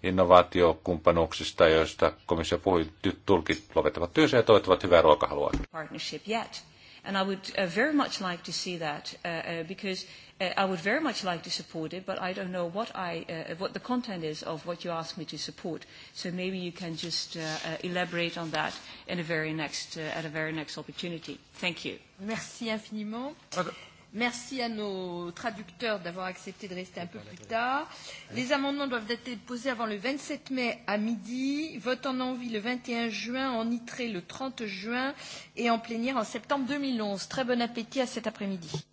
innovaatiokumppanuuksista, joista komissio puhui, nyt tulkit lopettavat työnsä ja toivottavat hyvää ruokahalua. Partnership yet. And I would uh, very much like to see that uh, uh, because uh, I would very much like to support it, but I don't know what, I, uh, uh what the content is of what you asked me to support. So maybe you can just uh, uh, elaborate on that in a very next, uh, at a very next opportunity. Thank you. Merci infiniment. Merci à nos traducteurs d'avoir accepté de rester un peu plus tard. Les amendements doivent être déposés avant le 27 mai à midi, vote en envie le 21 juin, en nitré le 30 juin et en plénière en septembre 2011. Très bon appétit à cet après-midi.